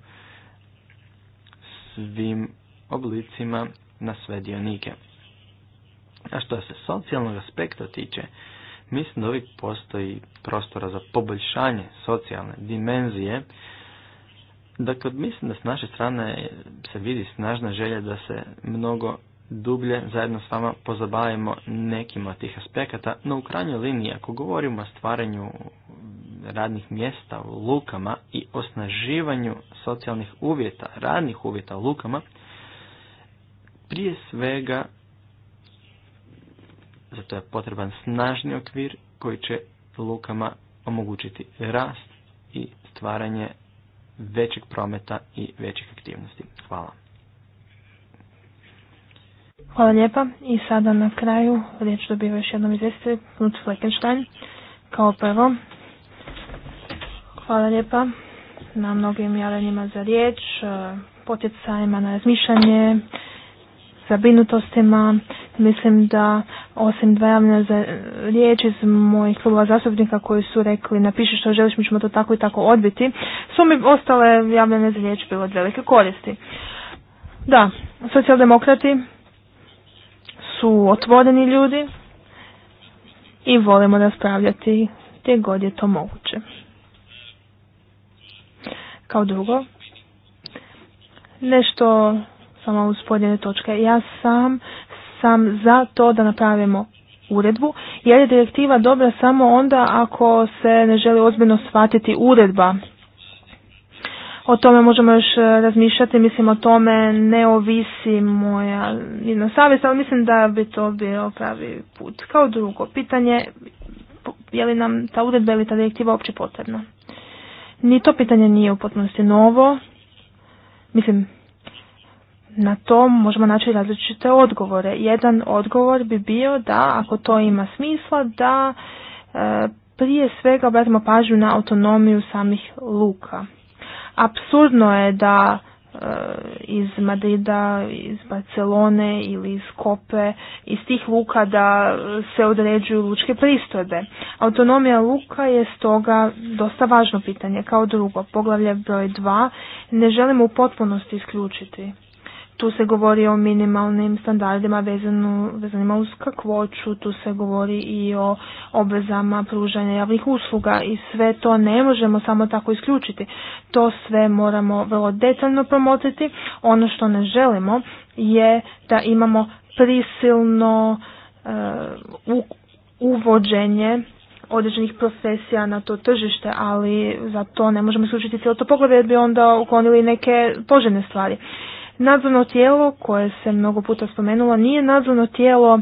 svim oblicima na sve dionike. A što se socijalnog aspekta tiče, mislim da uvijek postoji prostora za poboljšanje socijalne dimenzije, Dakle, mislim da s naše strane se vidi snažna želja da se mnogo dublje zajedno s vama pozabavimo nekim od tih aspekata, no u krajnjoj liniji ako govorimo o stvaranju radnih mjesta u lukama i osnaživanju socijalnih uvjeta, radnih uvjeta u lukama, prije svega zato je potreban snažni okvir koji će lukama omogućiti rast i stvaranje većeg prometa i većih aktivnosti. Hvala. Hvala lijepa. I sada na kraju riječ dobiva još jednom izvjestitelj Knut Fleckenstein. Kao prvo, hvala lijepa na mnogim javljanjima za riječ, poticajima na razmišljanje, zabrinutostima. Mislim da osim dva javljena za riječ iz mojih klubova zastupnika koji su rekli napiši što želiš, mi ćemo to tako i tako odbiti, su mi ostale javljene za riječ bilo od velike koristi. Da, socijaldemokrati su otvoreni ljudi i volimo raspravljati gdje god je to moguće. Kao drugo, nešto samo uz točke. Ja sam sam za to da napravimo uredbu, jer je direktiva dobra samo onda ako se ne želi ozbiljno shvatiti uredba. O tome možemo još e, razmišljati, mislim o tome ne ovisi moja jedna savjest, ali mislim da bi to bio pravi put. Kao drugo, pitanje je li nam ta uredba ili ta direktiva uopće potrebna. Ni to pitanje nije u potpunosti novo. Mislim, na to možemo naći različite odgovore. Jedan odgovor bi bio da, ako to ima smisla, da e, prije svega obratimo pažnju na autonomiju samih luka. Absurdno je da e, iz Madrida, iz Barcelone ili iz Kope, iz tih luka da se određuju lučke pristojbe. Autonomija luka je stoga dosta važno pitanje. Kao drugo, poglavlje broj 2 ne želimo u potpunosti isključiti tu se govori o minimalnim standardima vezanu, vezanima uz kakvoću, tu se govori i o obvezama pružanja javnih usluga i sve to ne možemo samo tako isključiti. To sve moramo vrlo detaljno promotriti. Ono što ne želimo je da imamo prisilno e, uvođenje određenih profesija na to tržište, ali za to ne možemo isključiti cijelo to pogled jer bi onda uklonili neke poželjne stvari. Nadzorno tijelo koje se mnogo puta spomenulo nije nadzorno tijelo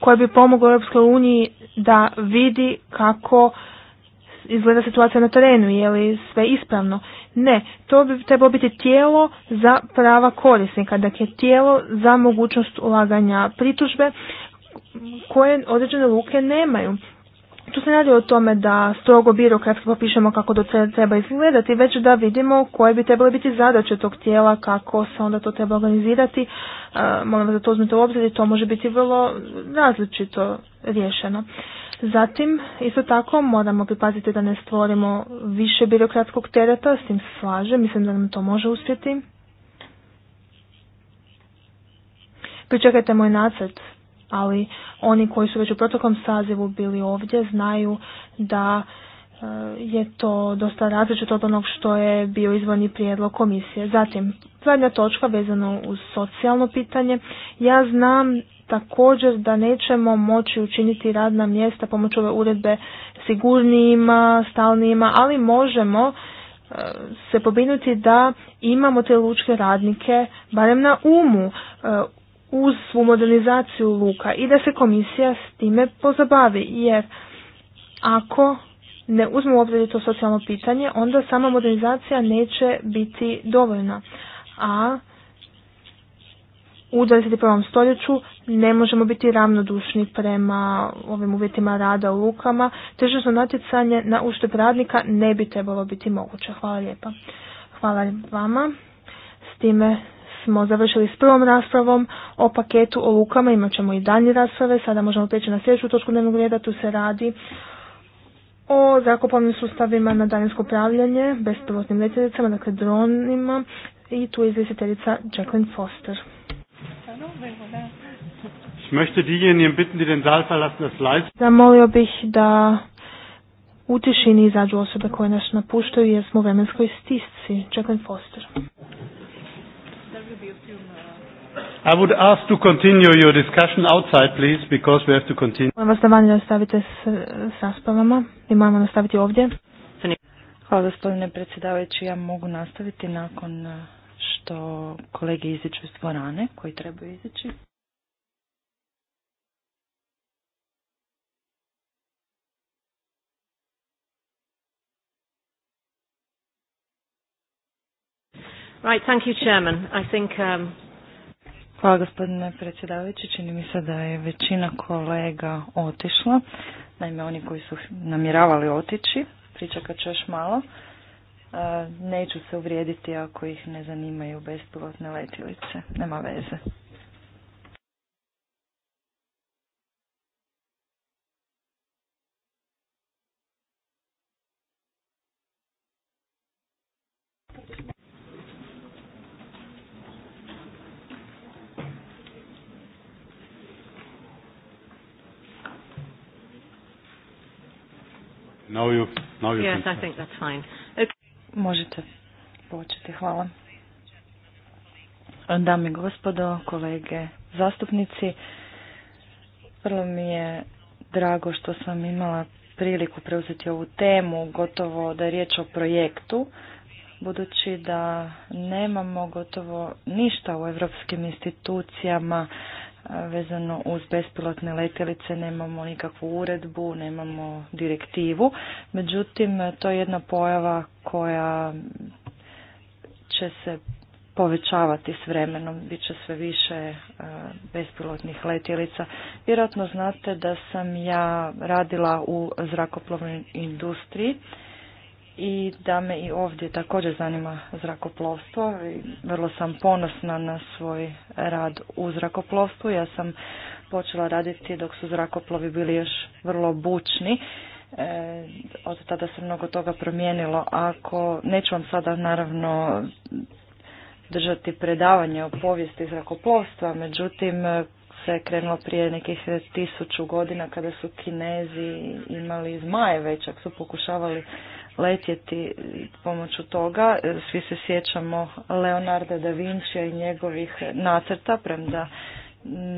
koje bi pomoglo Europskoj uniji da vidi kako izgleda situacija na terenu, je li sve ispravno. Ne, to bi trebalo biti tijelo za prava korisnika, dakle tijelo za mogućnost ulaganja pritužbe koje određene luke nemaju tu se radi o tome da strogo birokratski popišemo kako to treba izgledati, već da vidimo koje bi trebale biti zadaće tog tijela, kako se onda to treba organizirati. E, molim vas da to uzmete u obzir i to može biti vrlo različito riješeno. Zatim, isto tako, moramo pripaziti da ne stvorimo više birokratskog tereta, s tim slažem, mislim da nam to može uspjeti. Pričekajte moj nacrt ali oni koji su već u protokom sazivu bili ovdje znaju da e, je to dosta različito od onog što je bio izvorni prijedlog komisije. Zatim, zadnja točka vezano uz socijalno pitanje. Ja znam također da nećemo moći učiniti radna mjesta pomoću ove uredbe sigurnijima, stalnijima, ali možemo e, se pobinuti da imamo te lučke radnike barem na umu e, uz svu modernizaciju luka i da se komisija s time pozabavi jer ako ne uzmemo u obzir to socijalno pitanje, onda sama modernizacija neće biti dovoljna. A u 21. stoljeću ne možemo biti ravnodušni prema ovim uvjetima rada u lukama. su natjecanje na uštep radnika ne bi trebalo biti moguće. Hvala lijepa. Hvala vama. S time smo završili s prvom raspravom o paketu o lukama, imat ćemo i dalje rasprave, sada možemo prijeći na sljedeću točku dnevnog reda, tu se radi o zrakoplovnim sustavima na daljinsko upravljanje, bespilotnim letjelicama, dakle dronima i tu je izvjestiteljica Jacqueline Foster. Zamolio bih da u tišini izađu osobe koje nas napuštaju jer smo u vremenskoj stisci. Jacqueline Foster. I would ask to continue your discussion outside, please, because we have to continue. Molim vas da vanje nastavite s raspravama i moramo nastaviti ovdje. Hvala gospodine predsjedavajući, ja mogu nastaviti nakon eh, što kolege iziču iz dvorane koji trebaju izići. Right, thank you, Chairman. I think um, Hvala gospodine predsjedavajući. Čini mi se da je većina kolega otišla. Naime, oni koji su namjeravali otići, pričekat ću još malo. E, neću se uvrijediti ako ih ne zanimaju bespilotne letjelice. Nema veze. yes, I Možete početi, hvala. Dame i gospodo, kolege zastupnici, prvo mi je drago što sam imala priliku preuzeti ovu temu, gotovo da je riječ o projektu, budući da nemamo gotovo ništa u europskim institucijama vezano uz bespilotne letjelice nemamo nikakvu uredbu, nemamo direktivu. Međutim, to je jedna pojava koja će se povećavati s vremenom, bit će sve više e, bespilotnih letjelica. Vjerojatno znate da sam ja radila u zrakoplovnoj industriji i da me i ovdje također zanima zrakoplovstvo. Vrlo sam ponosna na svoj rad u zrakoplovstvu. Ja sam počela raditi dok su zrakoplovi bili još vrlo bučni. E, od tada se mnogo toga promijenilo. Ako, neću vam sada naravno držati predavanje o povijesti zrakoplovstva, međutim se krenulo prije nekih tisuću godina kada su kinezi imali zmaje već, ako su pokušavali letjeti pomoću toga. E, Svi se sjećamo Leonarda da Vinci i njegovih nacrta, premda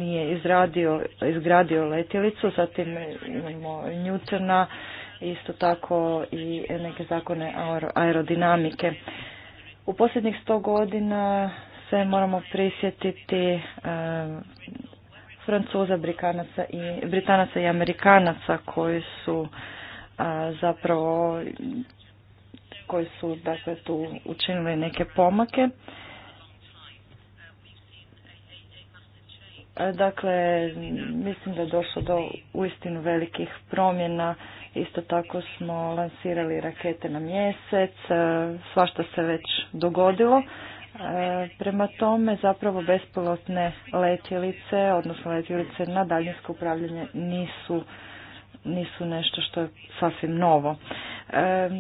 nije izradio, izgradio letjelicu, zatim imamo Newtona, isto tako i neke zakone aerodinamike. U posljednjih sto godina se moramo prisjetiti e, Francuza, Britanaca i, Britanaca i Amerikanaca koji su zapravo koji su dakle tu učinili neke pomake. Dakle, mislim da je došlo do uistinu velikih promjena. Isto tako smo lansirali rakete na mjesec, svašta se već dogodilo. Prema tome zapravo bespilotne letjelice, odnosno letjelice na daljinsko upravljanje nisu nisu nešto što je sasvim novo. E,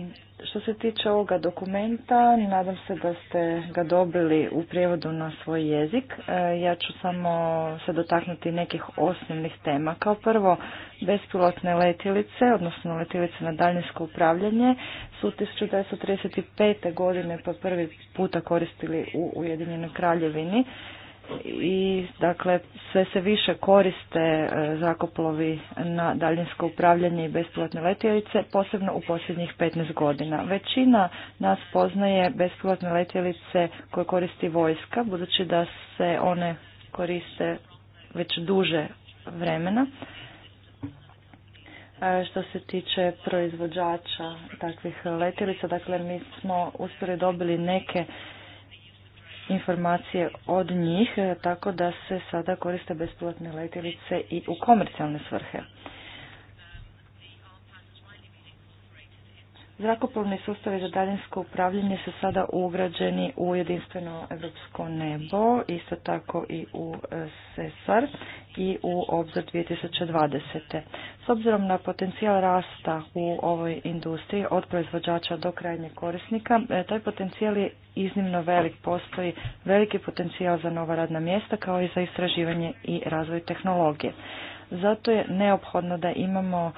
što se tiče ovoga dokumenta, nadam se da ste ga dobili u prijevodu na svoj jezik. E, ja ću samo se dotaknuti nekih osnovnih tema. Kao prvo, bespilotne letilice, odnosno letilice na daljinsko upravljanje, su 1935. godine po prvi puta koristili u Ujedinjenoj kraljevini i dakle sve se više koriste e, zakoplovi na daljinsko upravljanje i bespilotne letjelice, posebno u posljednjih 15 godina. Većina nas poznaje bespilotne letjelice koje koristi vojska, budući da se one koriste već duže vremena. E, što se tiče proizvođača takvih letjelica, dakle mi smo uspjeli dobili neke informacije od njih, e, tako da se sada koriste besplatne letjelice i u komercijalne svrhe. Zrakoplovni sustavi za daljinsko upravljanje su sada ugrađeni u jedinstveno evropsko nebo, isto tako i u e, SESAR i u obzor 2020. S obzirom na potencijal rasta u ovoj industriji od proizvođača do krajnjeg korisnika, e, taj potencijal je iznimno velik. Postoji veliki potencijal za nova radna mjesta kao i za istraživanje i razvoj tehnologije. Zato je neophodno da imamo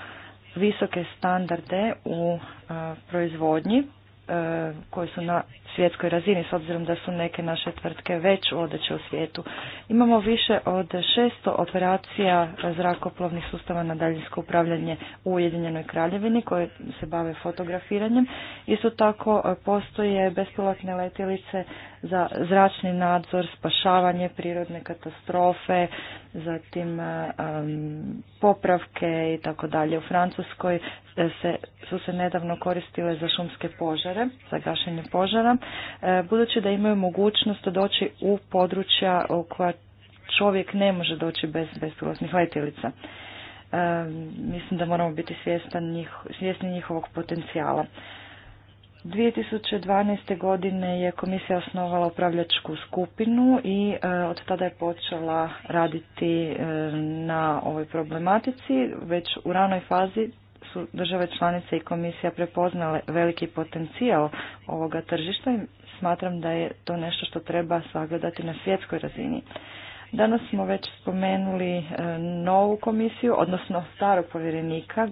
visoke standarde u proizvodnji e, koji su na svjetskoj razini, s obzirom da su neke naše tvrtke već vodeće u svijetu. Imamo više od 600 operacija zrakoplovnih sustava na daljinsko upravljanje u Ujedinjenoj kraljevini koje se bave fotografiranjem. Isto tako e, postoje bespilotne letjelice za zračni nadzor, spašavanje prirodne katastrofe, zatim e, popravke i tako dalje. U Francuskoj e, se, su se nedavno koristile za šumske požare, za gašenje požara. E, budući da imaju mogućnost doći u područja u koja čovjek ne može doći bez bespilotnih letjelica. E, mislim da moramo biti svjesni njihovog potencijala. 2012. godine je komisija osnovala upravljačku skupinu i e, od tada je počela raditi na ovoj problematici. Već u ranoj fazi države članice i komisija prepoznale veliki potencijal ovoga tržišta i smatram da je to nešto što treba sagledati na svjetskoj razini. Danas smo već spomenuli e, novu komisiju, odnosno starog povjerenika,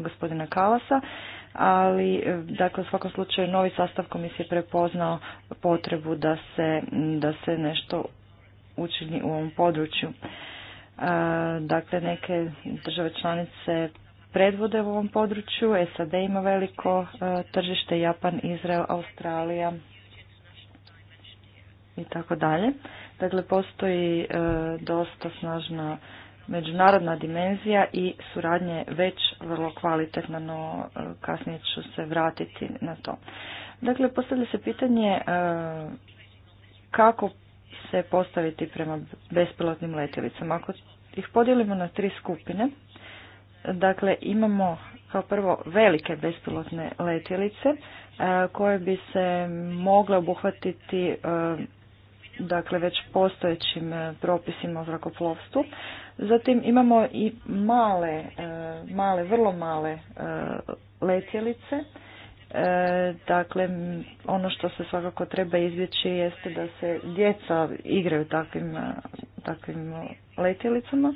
gospodina Kalasa, ali e, dakle u svakom slučaju novi sastav komisije prepoznao potrebu da se, da se nešto učini u ovom području. E, dakle, neke države članice predvode u ovom području. SAD ima veliko e, tržište, Japan, Izrael, Australija i tako dalje. Dakle, postoji e, dosta snažna međunarodna dimenzija i suradnje već vrlo kvalitetna, no e, kasnije ću se vratiti na to. Dakle, postavlja se pitanje kako se postaviti prema bespilotnim letjelicama. Ako ih podijelimo na tri skupine, Dakle, imamo kao prvo velike bespilotne letjelice e, koje bi se mogle obuhvatiti e, dakle već postojećim e, propisima o zrakoplovstvu. Zatim imamo i male, male, vrlo male letjelice. Dakle, ono što se svakako treba izbjeći jeste da se djeca igraju takvim, takvim letjelicama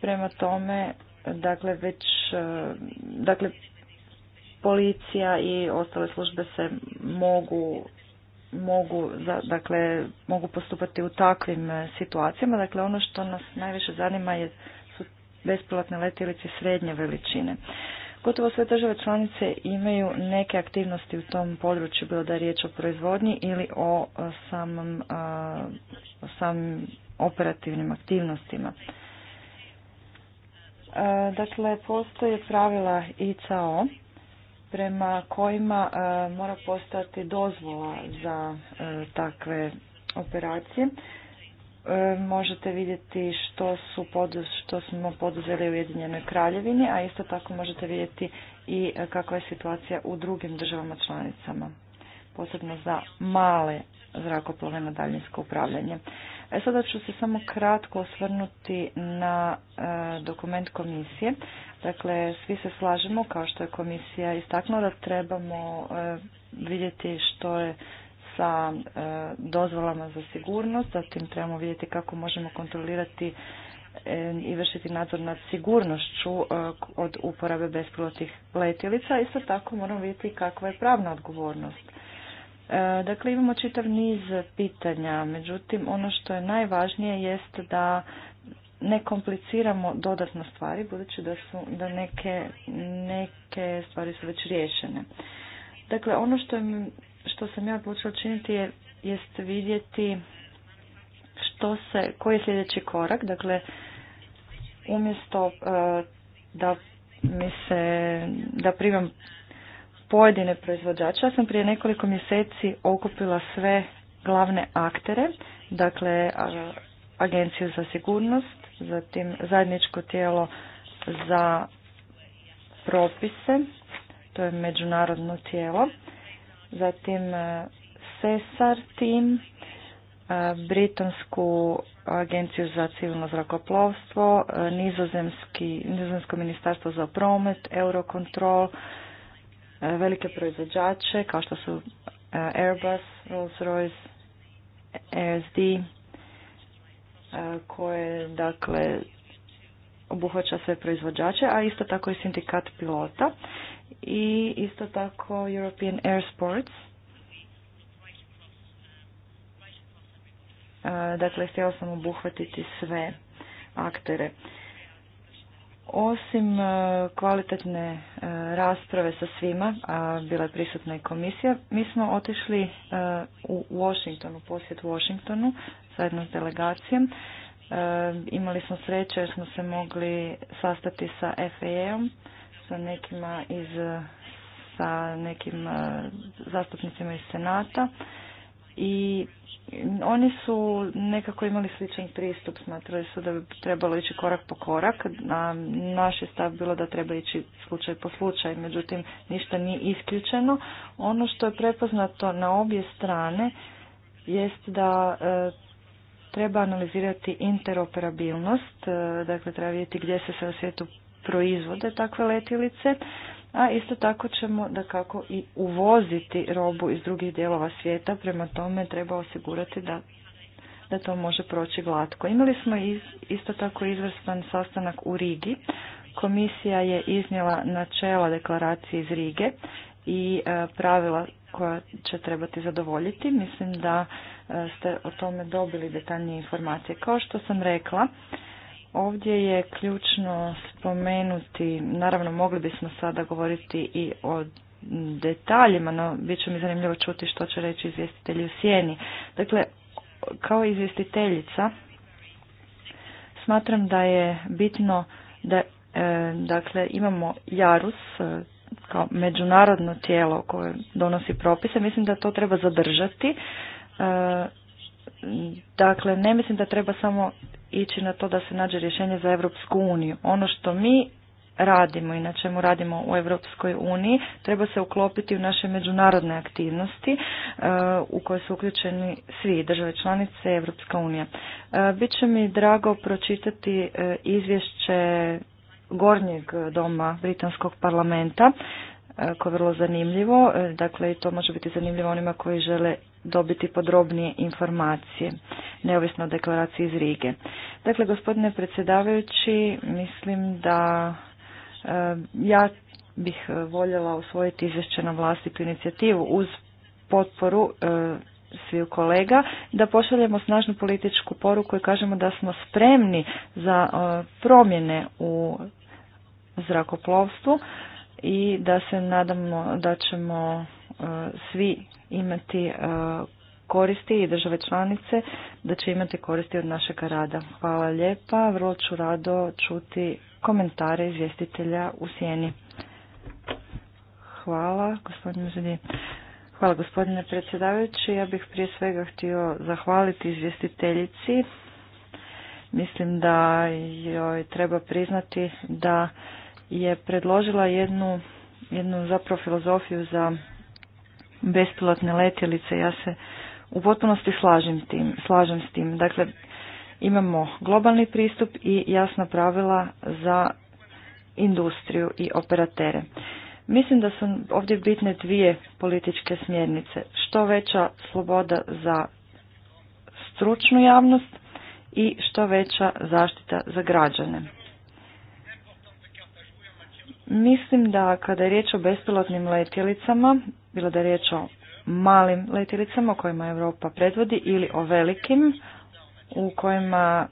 prema tome dakle već e, dakle policija i ostale službe se mogu mogu dakle mogu postupati u takvim e, situacijama dakle ono što nas najviše zanima je su bespilotne letjelice srednje veličine Gotovo sve države članice imaju neke aktivnosti u tom području, bilo da je riječ o proizvodnji ili o e, samom, o samim operativnim aktivnostima. E, dakle, postoje pravila ICAO prema kojima e, mora postati dozvola za e, takve operacije. Možete vidjeti što, su što smo poduzeli u Ujedinjenoj kraljevini, a isto tako možete vidjeti i kakva je situacija u drugim državama članicama, posebno za male zrakoplove daljinsko upravljanje. E sada ću se samo kratko osvrnuti na e, dokument komisije. Dakle, svi se slažemo, kao što je komisija istaknula, da trebamo e, vidjeti što je sa e, dozvolama za sigurnost, zatim trebamo vidjeti kako možemo kontrolirati i vršiti nadzor nad sigurnošću od uporabe bespilotnih letjelica. Isto tako moramo vidjeti kakva je pravna odgovornost E, dakle, imamo čitav niz pitanja, međutim, ono što je najvažnije jest da ne kompliciramo dodatno stvari, budući da su da neke, neke stvari su već riješene. Dakle, ono što, što sam ja odlučila činiti je, jest vidjeti što se, koji je sljedeći korak, dakle, umjesto e, da mi se, da primam pojedine proizvođače. Ja sam prije nekoliko mjeseci okupila sve glavne aktere, dakle Agenciju za sigurnost, zatim zajedničko tijelo za propise, to je međunarodno tijelo, zatim e, Cesar tim, e, Britansku agenciju za civilno zrakoplovstvo, e, Nizozemsko ministarstvo za promet, Eurocontrol, E, velike proizvođače kao što su e, Airbus, Rolls-Royce, ASD e koje dakle obuhvaća sve proizvođače, a isto tako i sindikat pilota i isto tako European Air Sports. Dakle, htjela sam obuhvatiti sve aktere. Osim e, kvalitetne e, rasprave sa svima, a bila je prisutna i komisija, mi smo otišli e, u Washington, u posjet Washingtonu, zajedno s delegacijom. Imali smo sreće jer smo se mogli sastati sa FAA-om, sa nekima iz sa nekim zastupnicima iz Senata i oni su nekako imali sličan pristup, smatrali su da bi trebalo ići korak po korak, a naš je stav bilo da treba ići slučaj po slučaj, međutim ništa nije isključeno. Ono što je prepoznato na obje strane jest da e, treba analizirati interoperabilnost, e, dakle treba vidjeti gdje se u svijetu proizvode takve letilice a isto tako ćemo da kako i uvoziti robu iz drugih dijelova svijeta, prema tome treba osigurati da, da to može proći glatko. Imali smo isto tako izvrstan sastanak u Rigi. Komisija je iznijela načela deklaracije iz Rige i e, pravila koja će trebati zadovoljiti. Mislim da e, ste o tome dobili detaljnije informacije. Kao što sam rekla, Ovdje je ključno spomenuti, naravno mogli bismo sada govoriti i o detaljima, no bit će mi zanimljivo čuti što će reći izvjestitelji u sjeni. Dakle, kao izvjestiteljica smatram da je bitno da e, dakle imamo Jarus e, kao međunarodno tijelo koje donosi propise, mislim da to treba zadržati e, Dakle, ne mislim da treba samo ići na to da se nađe rješenje za Europsku uniju. Ono što mi radimo i na čemu radimo u Europskoj uniji treba se uklopiti u naše međunarodne aktivnosti e, u koje su uključeni svi države članice Evropska unija. E, Biće mi drago pročitati e, izvješće gornjeg doma Britanskog parlamenta koje je vrlo zanimljivo, dakle i to može biti zanimljivo onima koji žele dobiti podrobnije informacije, neovisno o deklaraciji iz Rige. Dakle, gospodine predsjedavajući, mislim da e, ja bih e, voljela usvojiti izvješće na vlastitu inicijativu uz potporu e, sviju kolega, da pošaljemo snažnu političku poruku i kažemo da smo spremni za promjene u zrakoplovstvu i da se nadamo da ćemo svi imati e, koristi i države članice da će imati koristi od našeg rada. Hvala lijepa, vrlo ću rado čuti komentare izvjestitelja u sjeni. Hvala, gospodine Hvala gospodine predsjedavajući. Ja bih prije svega htio zahvaliti izvjestiteljici. Mislim da joj treba priznati da je predložila jednu, jednu zapravo filozofiju za bespilotne letjelice. Ja se u potpunosti slažem, tim, slažem s tim. Dakle, imamo globalni pristup i jasna pravila za industriju i operatere. Mislim da su ovdje bitne dvije političke smjernice. Što veća sloboda za stručnu javnost i što veća zaštita za građane. Mislim da kada je riječ o bespilotnim letjelicama, bilo da je riječ o malim letjelicama kojima Europa predvodi ili o velikim u kojima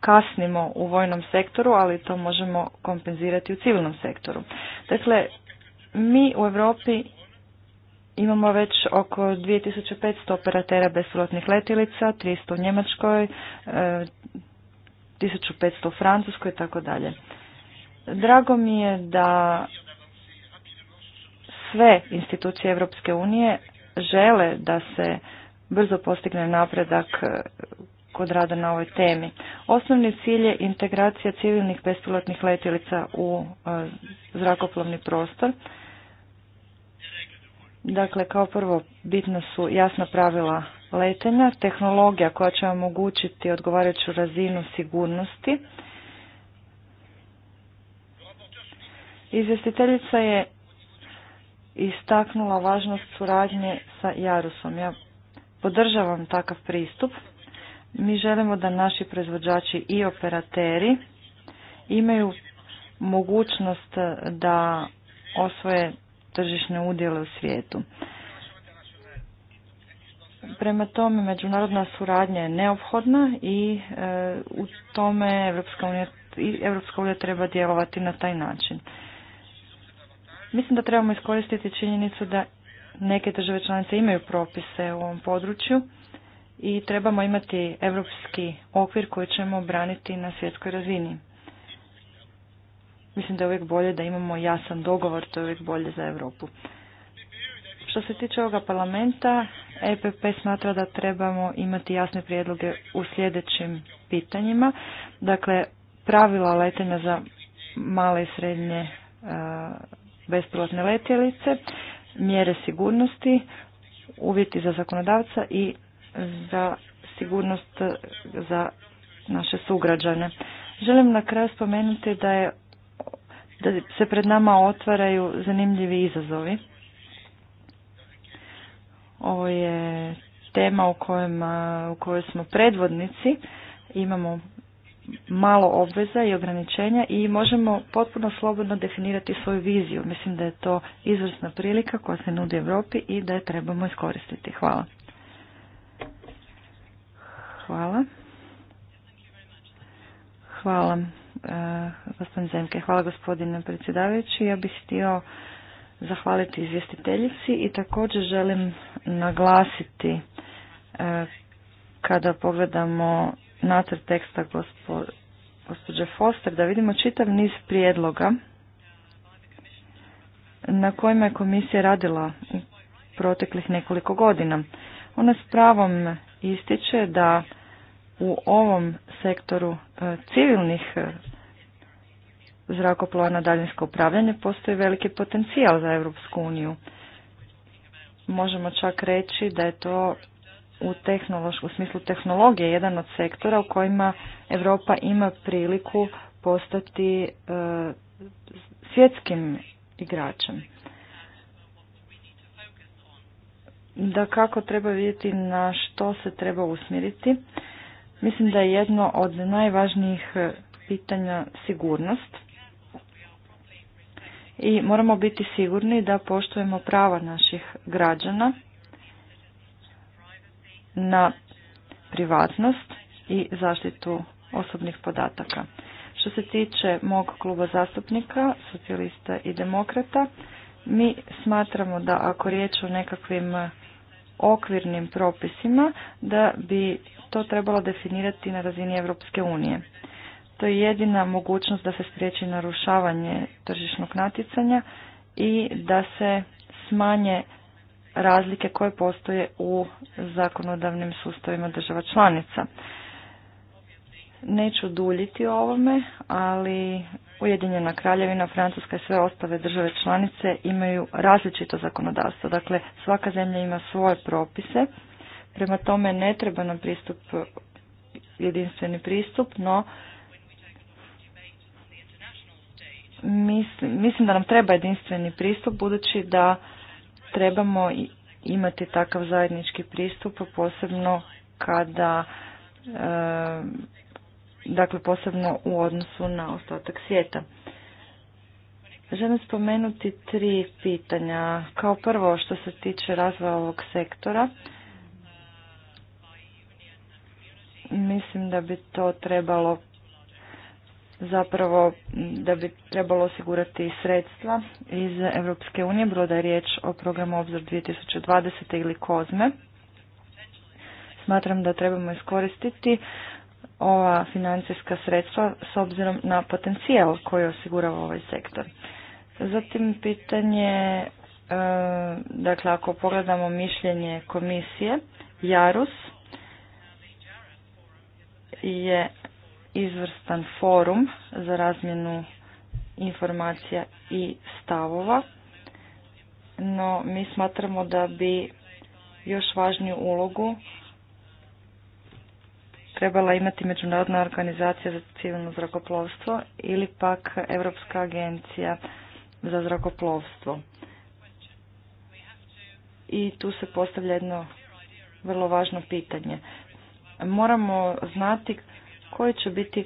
kasnimo u vojnom sektoru, ali to možemo kompenzirati u civilnom sektoru. Dakle, mi u Europi imamo već oko 2500 operatera bespilotnih letjelica, 300 u Njemačkoj, 1500 e, u Francuskoj i tako dalje. Drago mi je da sve institucije Europske unije žele da se brzo postigne napredak eh, kod rada na ovoj temi. Osnovni cilj je integracija civilnih bespilotnih letjelica u eh, zrakoplovni prostor. Dakle, kao prvo, bitna su jasna pravila letenja, tehnologija koja će omogućiti odgovarajuću razinu sigurnosti Izvjestiteljica je istaknula važnost suradnje sa Jarusom. Ja podržavam takav pristup. Mi želimo da naši proizvođači i operateri imaju mogućnost da osvoje tržišne udjele u svijetu. Prema tome, međunarodna suradnja je neophodna i e, u tome Evropska unija treba djelovati na taj način. Mislim da trebamo iskoristiti činjenicu da neke države članice imaju propise u ovom području i trebamo imati europski okvir koji ćemo braniti na svjetskoj razini. Mislim da je uvijek bolje da imamo jasan dogovor, to je uvijek bolje za Europu. Što se tiče ovoga parlamenta, EPP smatra da trebamo imati jasne prijedloge u sljedećim pitanjima. Dakle, pravila letenja za male i srednje bespilotne letjelice, mjere sigurnosti, uvjeti za zakonodavca i za sigurnost za naše sugrađane. Želim na kraju spomenuti da, je, da se pred nama otvaraju zanimljivi izazovi. Ovo je tema u, kojima, u kojoj smo predvodnici, imamo malo obveza i ograničenja i možemo potpuno slobodno definirati svoju viziju. Mislim da je to izvrsna prilika koja se nudi Europi i da je trebamo iskoristiti. Hvala. Hvala. Hvala eh, gospodin Zemke. Hvala gospodine predsjedavajući. Ja bih htio zahvaliti izvjestiteljici i također želim naglasiti eh, kada pogledamo nacrt teksta gospođe Foster da vidimo čitav niz prijedloga na kojima je komisija radila u proteklih nekoliko godina. Ona s pravom ističe da u ovom sektoru e, civilnih e, zrakoplova na daljinsko upravljanje postoji veliki potencijal za Europsku uniju. Možemo čak reći da je to u tehnološkom smislu tehnologije jedan od sektora u kojima Europa ima priliku postati e, svjetskim igračem. Da kako treba vidjeti na što se treba usmjeriti. Mislim da je jedno od najvažnijih pitanja sigurnost. I moramo biti sigurni da poštujemo prava naših građana na privatnost i zaštitu osobnih podataka. Što se tiče mog kluba zastupnika, socijalista i demokrata, mi smatramo da ako riječ o nekakvim okvirnim propisima, da bi to trebalo definirati na razini Europske unije. To je jedina mogućnost da se spriječi narušavanje tržišnog natjecanja i da se smanje razlike koje postoje u zakonodavnim sustavima država članica. Neću duljiti o ovome, ali Ujedinjena kraljevina, Francuska i sve ostale države članice imaju različito zakonodavstvo. Dakle, svaka zemlja ima svoje propise. Prema tome ne treba nam pristup, jedinstveni pristup, no mislim, mislim da nam treba jedinstveni pristup budući da trebamo imati takav zajednički pristup, posebno kada, eh, dakle posebno u odnosu na ostatak svijeta. Želim spomenuti tri pitanja. Kao prvo što se tiče razvoja ovog sektora, mislim da bi to trebalo zapravo da bi trebalo osigurati sredstva iz Europske unije, bilo da je riječ o programu Obzor 2020. ili Kozme. Smatram da trebamo iskoristiti ova financijska sredstva s obzirom na potencijal koji osigurava ovaj sektor. Zatim pitanje, e, dakle ako pogledamo mišljenje komisije, Jarus je izvrstan forum za razmjenu informacija i stavova, no mi smatramo da bi još važniju ulogu trebala imati Međunarodna organizacija za civilno zrakoplovstvo ili pak Europska agencija za zrakoplovstvo. I tu se postavlja jedno vrlo važno pitanje. Moramo znati koji će biti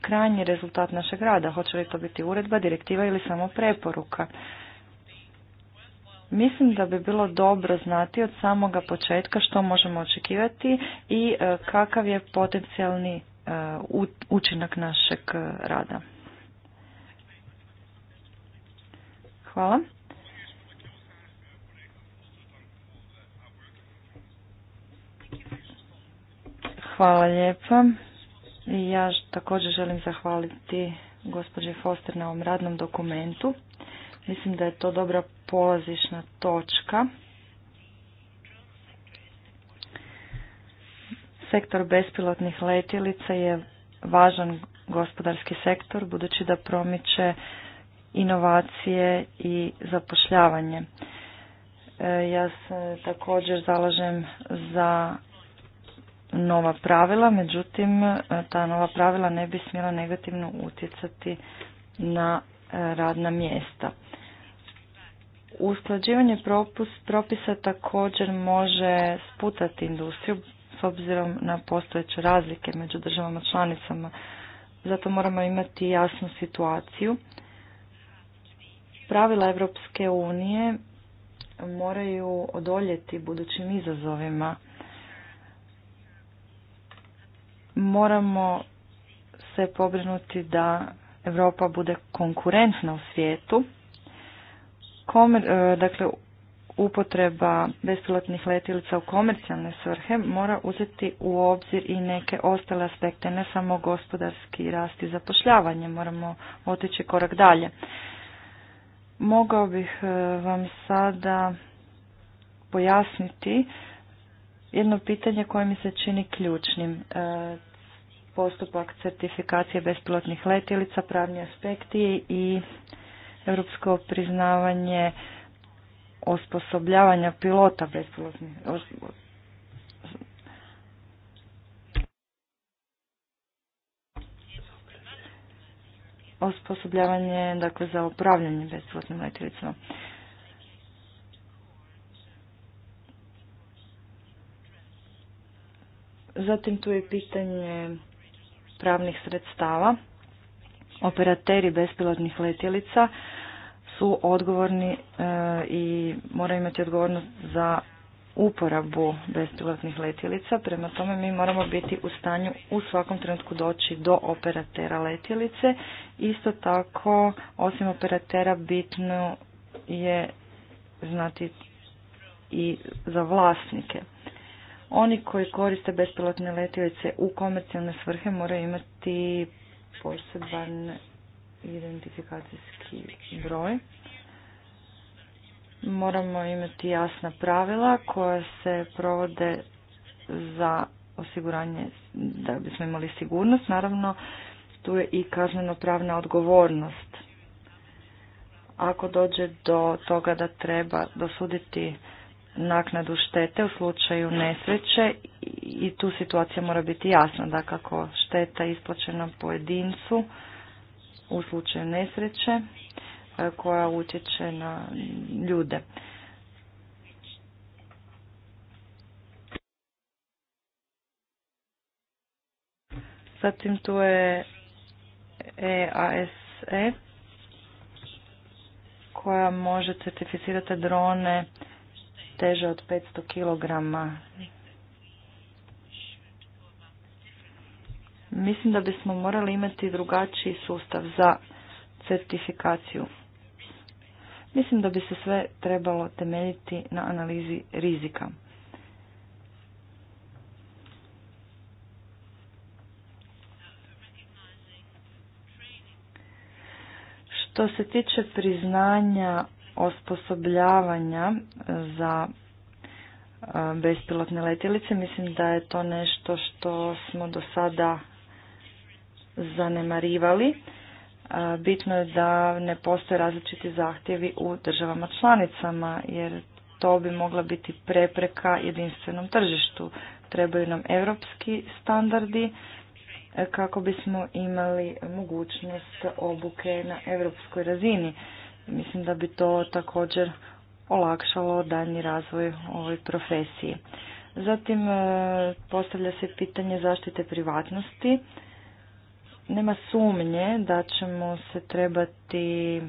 krajnji rezultat našeg rada, hoće li to biti uredba, direktiva ili samo preporuka. Mislim da bi bilo dobro znati od samoga početka što možemo očekivati i e, kakav je potencijalni e, učinak našeg e, rada. Hvala. Hvala lijepa. I ja također želim zahvaliti gospođe Foster na ovom radnom dokumentu. Mislim da je to dobra polazišna točka. Sektor bespilotnih letjelica je važan gospodarski sektor budući da promiče inovacije i zapošljavanje. E, ja se također zalažem za nova pravila, međutim e, ta nova pravila ne bi smjela negativno utjecati na e, radna mjesta. Usklađivanje propisa također može sputati industriju s obzirom na postojeće razlike među državama članicama. Zato moramo imati jasnu situaciju. Pravila Europske unije moraju odoljeti budućim izazovima moramo se pobrinuti da Europa bude konkurentna u svijetu. Komer, e, dakle, upotreba bespilotnih letilica u komercijalne svrhe mora uzeti u obzir i neke ostale aspekte, ne samo gospodarski rast i zapošljavanje, moramo otići korak dalje. Mogao bih e, vam sada pojasniti jedno pitanje koje mi se čini ključnim. E, postupak certifikacije bespilotnih letjelica, pravni aspekti i europsko priznavanje osposobljavanja pilota bespilotnih osposobljavanje dakle, za upravljanje bespilotnim letjelicama. Zatim tu je pitanje pravnih sredstava. Operateri bespilotnih letjelica su odgovorni e, i moraju imati odgovornost za uporabu bespilotnih letjelica. Prema tome mi moramo biti u stanju u svakom trenutku doći do operatera letjelice. Isto tako, osim operatera, bitno je znati i za vlasnike. Oni koji koriste bespilotne letjelice u komercijalne svrhe moraju imati poseban identifikacijski broj. Moramo imati jasna pravila koja se provode za osiguranje da bismo imali sigurnost. Naravno, tu je i kazneno-pravna odgovornost. Ako dođe do toga da treba dosuditi naknadu štete u slučaju nesreće i tu situacija mora biti jasna da dakle, kako šteta isplaćena pojedincu u slučaju nesreće e, koja utječe na ljude. Zatim tu je EASE e, koja može certificirati drone teže od 500 kg. Mislim da bismo morali imati drugačiji sustav za certifikaciju. Mislim da bi se sve trebalo temeljiti na analizi rizika. Što se tiče priznanja osposobljavanja za e, bespilotne letjelice. Mislim da je to nešto što smo do sada zanemarivali. E, bitno je da ne postoje različiti zahtjevi u državama članicama, jer to bi mogla biti prepreka jedinstvenom tržištu. Trebaju nam europski standardi e, kako bismo imali mogućnost obuke na europskoj razini Mislim da bi to također olakšalo daljnji razvoj ovoj profesiji. Zatim e, postavlja se pitanje zaštite privatnosti. Nema sumnje da ćemo se trebati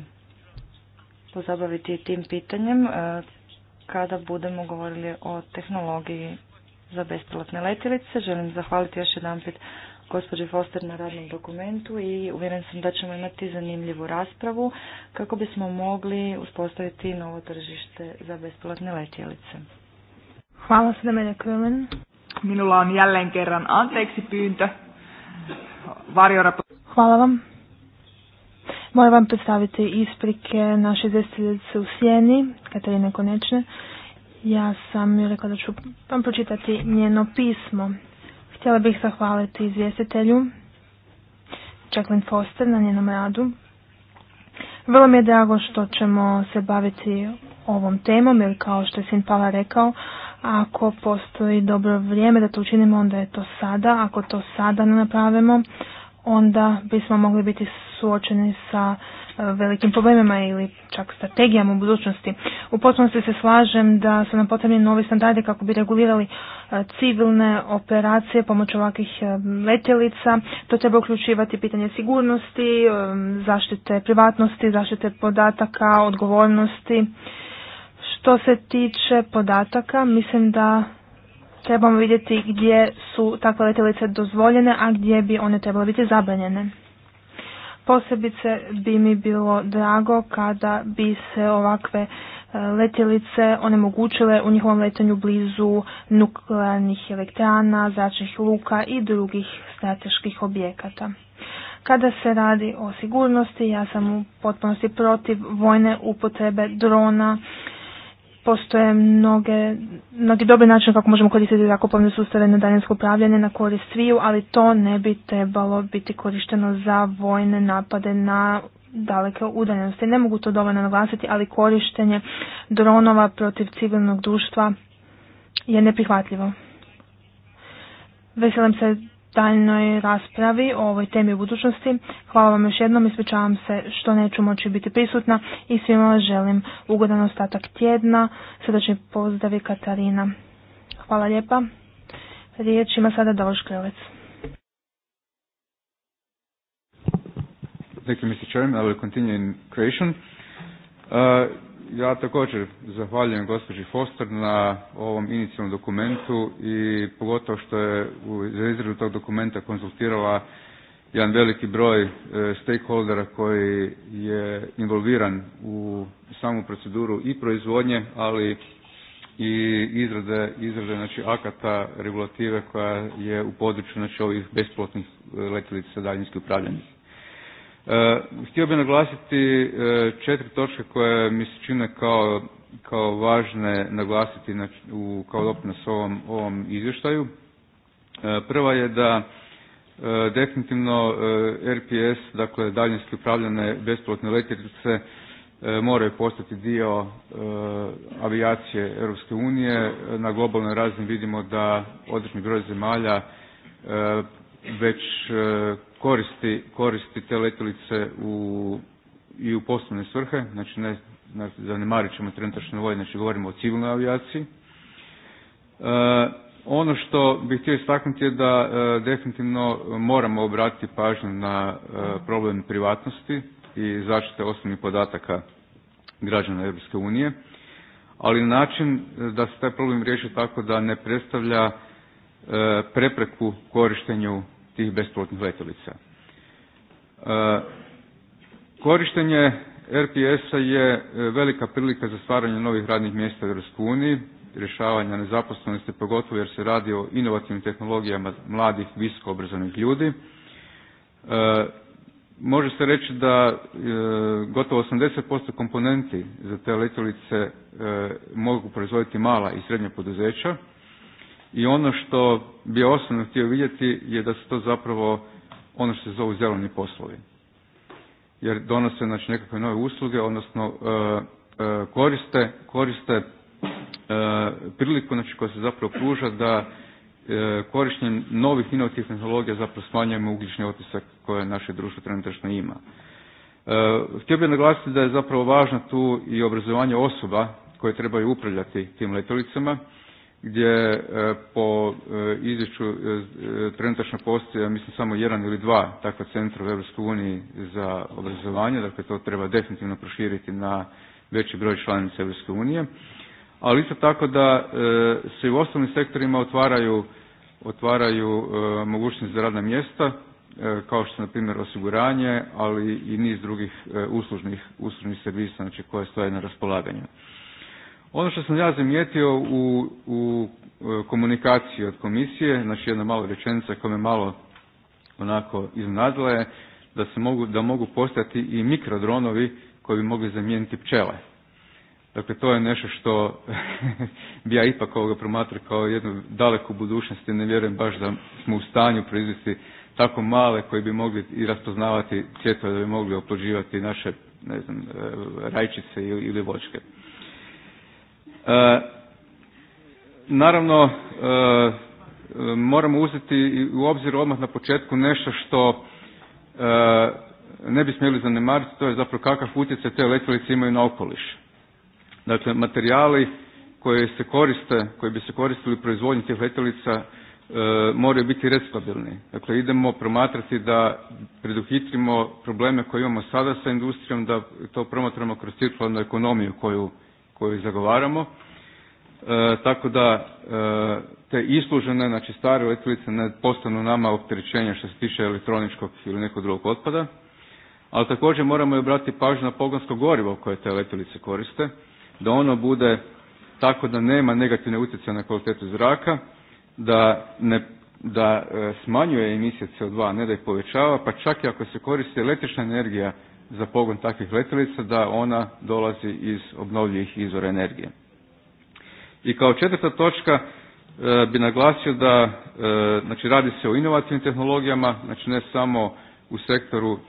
pozabaviti tim pitanjem e, kada budemo govorili o tehnologiji za bespilotne letjelice. Želim zahvaliti još jedan pit gospođe Foster na radnom dokumentu i uvjeren sam da ćemo imati zanimljivu raspravu kako bismo mogli uspostaviti novo tržište za besplatne letjelice. Hvala se da mene Krömen. Minula on Hvala vam. Moram vam predstaviti isprike naše zestiljice u Sjeni, Katarine Konečne. Ja sam joj rekla da ću vam pročitati njeno pismo. Htjela bih zahvaliti izvjestitelju Jacqueline Foster na njenom radu. Vrlo mi je drago što ćemo se baviti ovom temom, jer kao što je Sin Pala rekao, ako postoji dobro vrijeme da to učinimo, onda je to sada. Ako to sada ne napravimo, onda bismo mogli biti suočeni sa velikim problemima ili čak strategijama u budućnosti. U potpunosti se slažem da su nam potrebni novi standardi kako bi regulirali e, civilne operacije pomoću ovakvih e, letjelica. To treba uključivati pitanje sigurnosti, e, zaštite privatnosti, zaštite podataka, odgovornosti. Što se tiče podataka, mislim da trebamo vidjeti gdje su takve letjelice dozvoljene, a gdje bi one trebale biti zabranjene. Posebice bi mi bilo drago kada bi se ovakve e, letjelice onemogućile u njihovom letanju blizu nuklearnih elektrana, zračnih luka i drugih strateških objekata. Kada se radi o sigurnosti, ja sam u potpunosti protiv vojne upotrebe drona postoje mnoge, mnogi dobri način kako možemo koristiti zrakoplovne sustave na daljinsko upravljanje na korist sviju, ali to ne bi trebalo biti korišteno za vojne napade na daleke udaljenosti. Ne mogu to dovoljno naglasiti, ali korištenje dronova protiv civilnog društva je neprihvatljivo. Veselim se daljnoj raspravi o ovoj temi u budućnosti. Hvala vam još jednom, ispričavam se što neću moći biti prisutna i svima želim ugodan ostatak tjedna. Srdačni pozdravi Katarina. Hvala lijepa. Riječ ima sada Dološ Krelec. Thank I will continue in creation. Uh, ja također zahvaljujem gospođi Foster na ovom inicijalnom dokumentu i pogotovo što je za izradu tog dokumenta konzultirala jedan veliki broj e, stakeholdera koji je involviran u samu proceduru i proizvodnje, ali i izrade, izrade znači, akata regulative koja je u području znači, ovih besplatnih e, letjelica daljinski upravljanje. E, htio bih naglasiti e, četiri točke koje mi se čine kao, važne naglasiti kao doprinos ovom, ovom izvještaju. E, prva je da definitivno RPS, dakle daljinski upravljane besplatne letjelice moraju postati dio avijacije Europske unije. Na globalnoj razini vidimo da određeni broj zemalja već koristi, koristi te letilice u, i u poslovne svrhe, znači ne, zanemarit ćemo trenutačno vojne, znači govorimo o civilnoj avijaciji. E, ono što bih htio istaknuti je da e, definitivno moramo obratiti pažnju na e, problem privatnosti i zaštite osnovnih podataka građana Europske unije, ali na način e, da se taj problem riješi tako da ne predstavlja prepreku korištenju tih besplatnih letjelica. E, korištenje RPS-a je e, velika prilika za stvaranje novih radnih mjesta u EU, rješavanja nezaposlenosti, pogotovo jer se radi o inovativnim tehnologijama mladih, visoko ljudi. E, može se reći da gotovo 80% komponenti za te letjelice mogu proizvoditi mala i srednja poduzeća, i ono što bi osnovno osobno htio vidjeti je da su to zapravo ono što se zovu zeleni poslovi. Jer donose znači, nekakve nove usluge, odnosno e, e, koriste, koriste e, priliku znači, koja se zapravo pruža da korištenjem novih inovativnih tehnologija zapravo smanjujemo ugljični otisak koje naše društvo trenutno ima. Htio bih naglasiti da je zapravo važno tu i obrazovanje osoba koje trebaju upravljati tim letolicama gdje e, po e, izvješću e, trenutačno postoji, ja mislim, samo jedan ili dva takva centra u EU za obrazovanje, dakle to treba definitivno proširiti na veći broj članica EU, ali isto tako da se i u osnovnim sektorima otvaraju, otvaraju mogućnosti za radna mjesta, kao što je na primjer osiguranje, ali i niz drugih uslužnih, uslužnih servisa znači, koje stoje na raspolaganju. Ono što sam ja zamijetio u, u e, komunikaciji od komisije, znači jedna malo rečenica koja me malo onako iznadila je da, se mogu, da mogu postati i mikrodronovi koji bi mogli zamijeniti pčele. Dakle, to je nešto što (laughs) bi ja ipak ovoga promatrao kao jednu daleku budućnost i ne vjerujem baš da smo u stanju proizvesti tako male koji bi mogli i raspoznavati cvjetove da bi mogli oplođivati naše ne znam, e, rajčice ili vočke. E, naravno, e, moramo uzeti u obzir odmah na početku nešto što e, ne bi smjeli zanemariti, to je zapravo kakav utjecaj te letjelice imaju na okoliš. Dakle, materijali koji se koriste, koji bi se koristili u proizvodnji tih letjelica moraju biti restabilni. Dakle, idemo promatrati da preduhitrimo probleme koje imamo sada sa industrijom, da to promatramo kroz cirkularnu ekonomiju koju koju zagovaramo. E, tako da e, te islužene, znači stare letilice ne postanu nama opterećenje što se tiče elektroničkog ili nekog drugog otpada. Ali također moramo i obratiti pažnju na pogonsko gorivo koje te letilice koriste, da ono bude tako da nema negativne utjecaje na kvalitetu zraka, da, ne, da e, smanjuje emisije CO2, ne da ih povećava, pa čak i ako se koristi električna energija za pogon takvih letjelica da ona dolazi iz obnovljivih izvora energije. I kao četvrta točka e, bi naglasio da e, znači radi se o inovativnim tehnologijama, znači ne samo u sektoru e,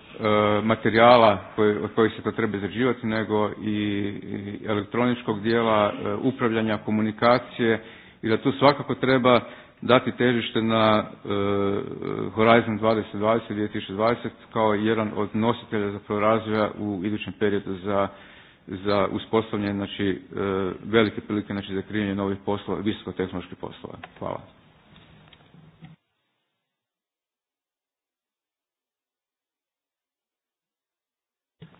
materijala od kojih se to treba izrađivati, nego i elektroničkog dijela upravljanja komunikacije i da tu svakako treba dati težište na e, Horizon 2020, 2020 kao jedan od nositelja za prorazvoja u idućem periodu za za uspostavljanje znači, e, velike prilike znači, za krivanje novih poslova, visokotehnoloških poslova. Hvala.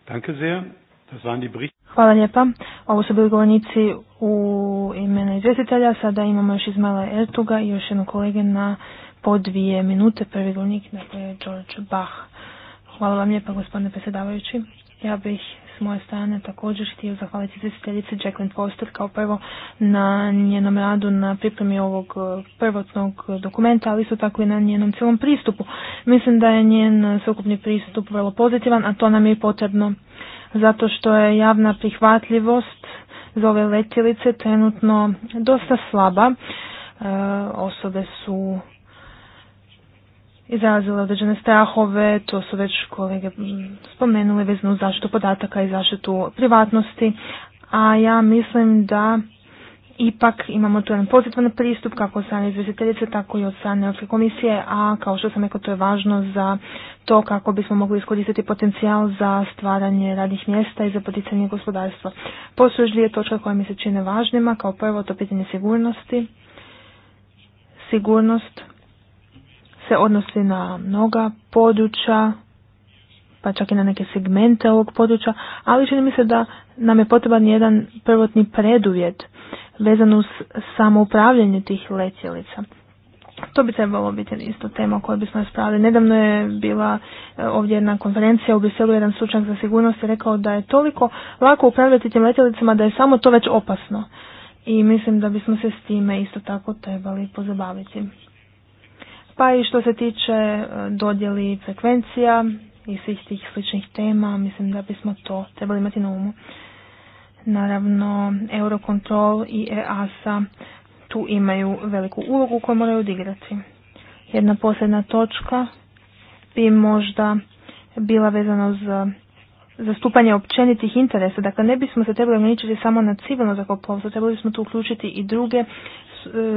Danke sehr. Hvala lijepa. Ovo su bili govornici u imena izvjestitelja. Sada imamo još Mala Ertuga i još jednu kolege na po dvije minute. Prvi govornik dakle, George Bach. Hvala vam lijepa gospodine predsjedavajući. Ja bih s moje strane također htio zahvaliti izvjestiteljici Jacqueline Foster kao prvo na njenom radu na pripremi ovog e, prvotnog dokumenta, ali isto tako i na njenom cijelom pristupu. Mislim da je njen sveukupni pristup vrlo pozitivan, a to nam je potrebno zato što je javna prihvatljivost za ove letjelice trenutno dosta slaba. E, osobe su izrazile određene strahove, to su već kolege spomenuli vezno zaštitu podataka i zaštitu privatnosti, a ja mislim da Ipak imamo tu jedan pozitivan pristup kako od strane izvjestiteljice, tako i od strane Europske komisije, a kao što sam rekao to je važno za to kako bismo mogli iskoristiti potencijal za stvaranje radnih mjesta i za poticanje gospodarstva. Postoje još dvije točke koje mi se čine važnima, kao prvo to pitanje sigurnosti. Sigurnost se odnosi na mnoga područja pa čak i na neke segmente ovog područja, ali čini mi se da nam je potreban jedan prvotni preduvjet vezan uz samoupravljanje tih letjelica. To bi trebalo biti isto tema o kojoj bismo raspravili. Nedavno je bila e, ovdje jedna konferencija u Briselu, jedan stručnjak za sigurnost rekao da je toliko lako upravljati tim letjelicama da je samo to već opasno. I mislim da bismo se s time isto tako trebali pozabaviti. Pa i što se tiče e, dodjeli frekvencija, i svih tih sličnih tema, mislim da bismo to trebali imati na umu. Naravno, Eurocontrol i EASA tu imaju veliku ulogu koju moraju odigrati. Jedna posljedna točka bi možda bila vezana uz eh, zastupanje općenitih interesa. Dakle, ne bismo se trebali ograničiti samo na civilno zakoplovstvo, trebali bismo tu uključiti i druge eh,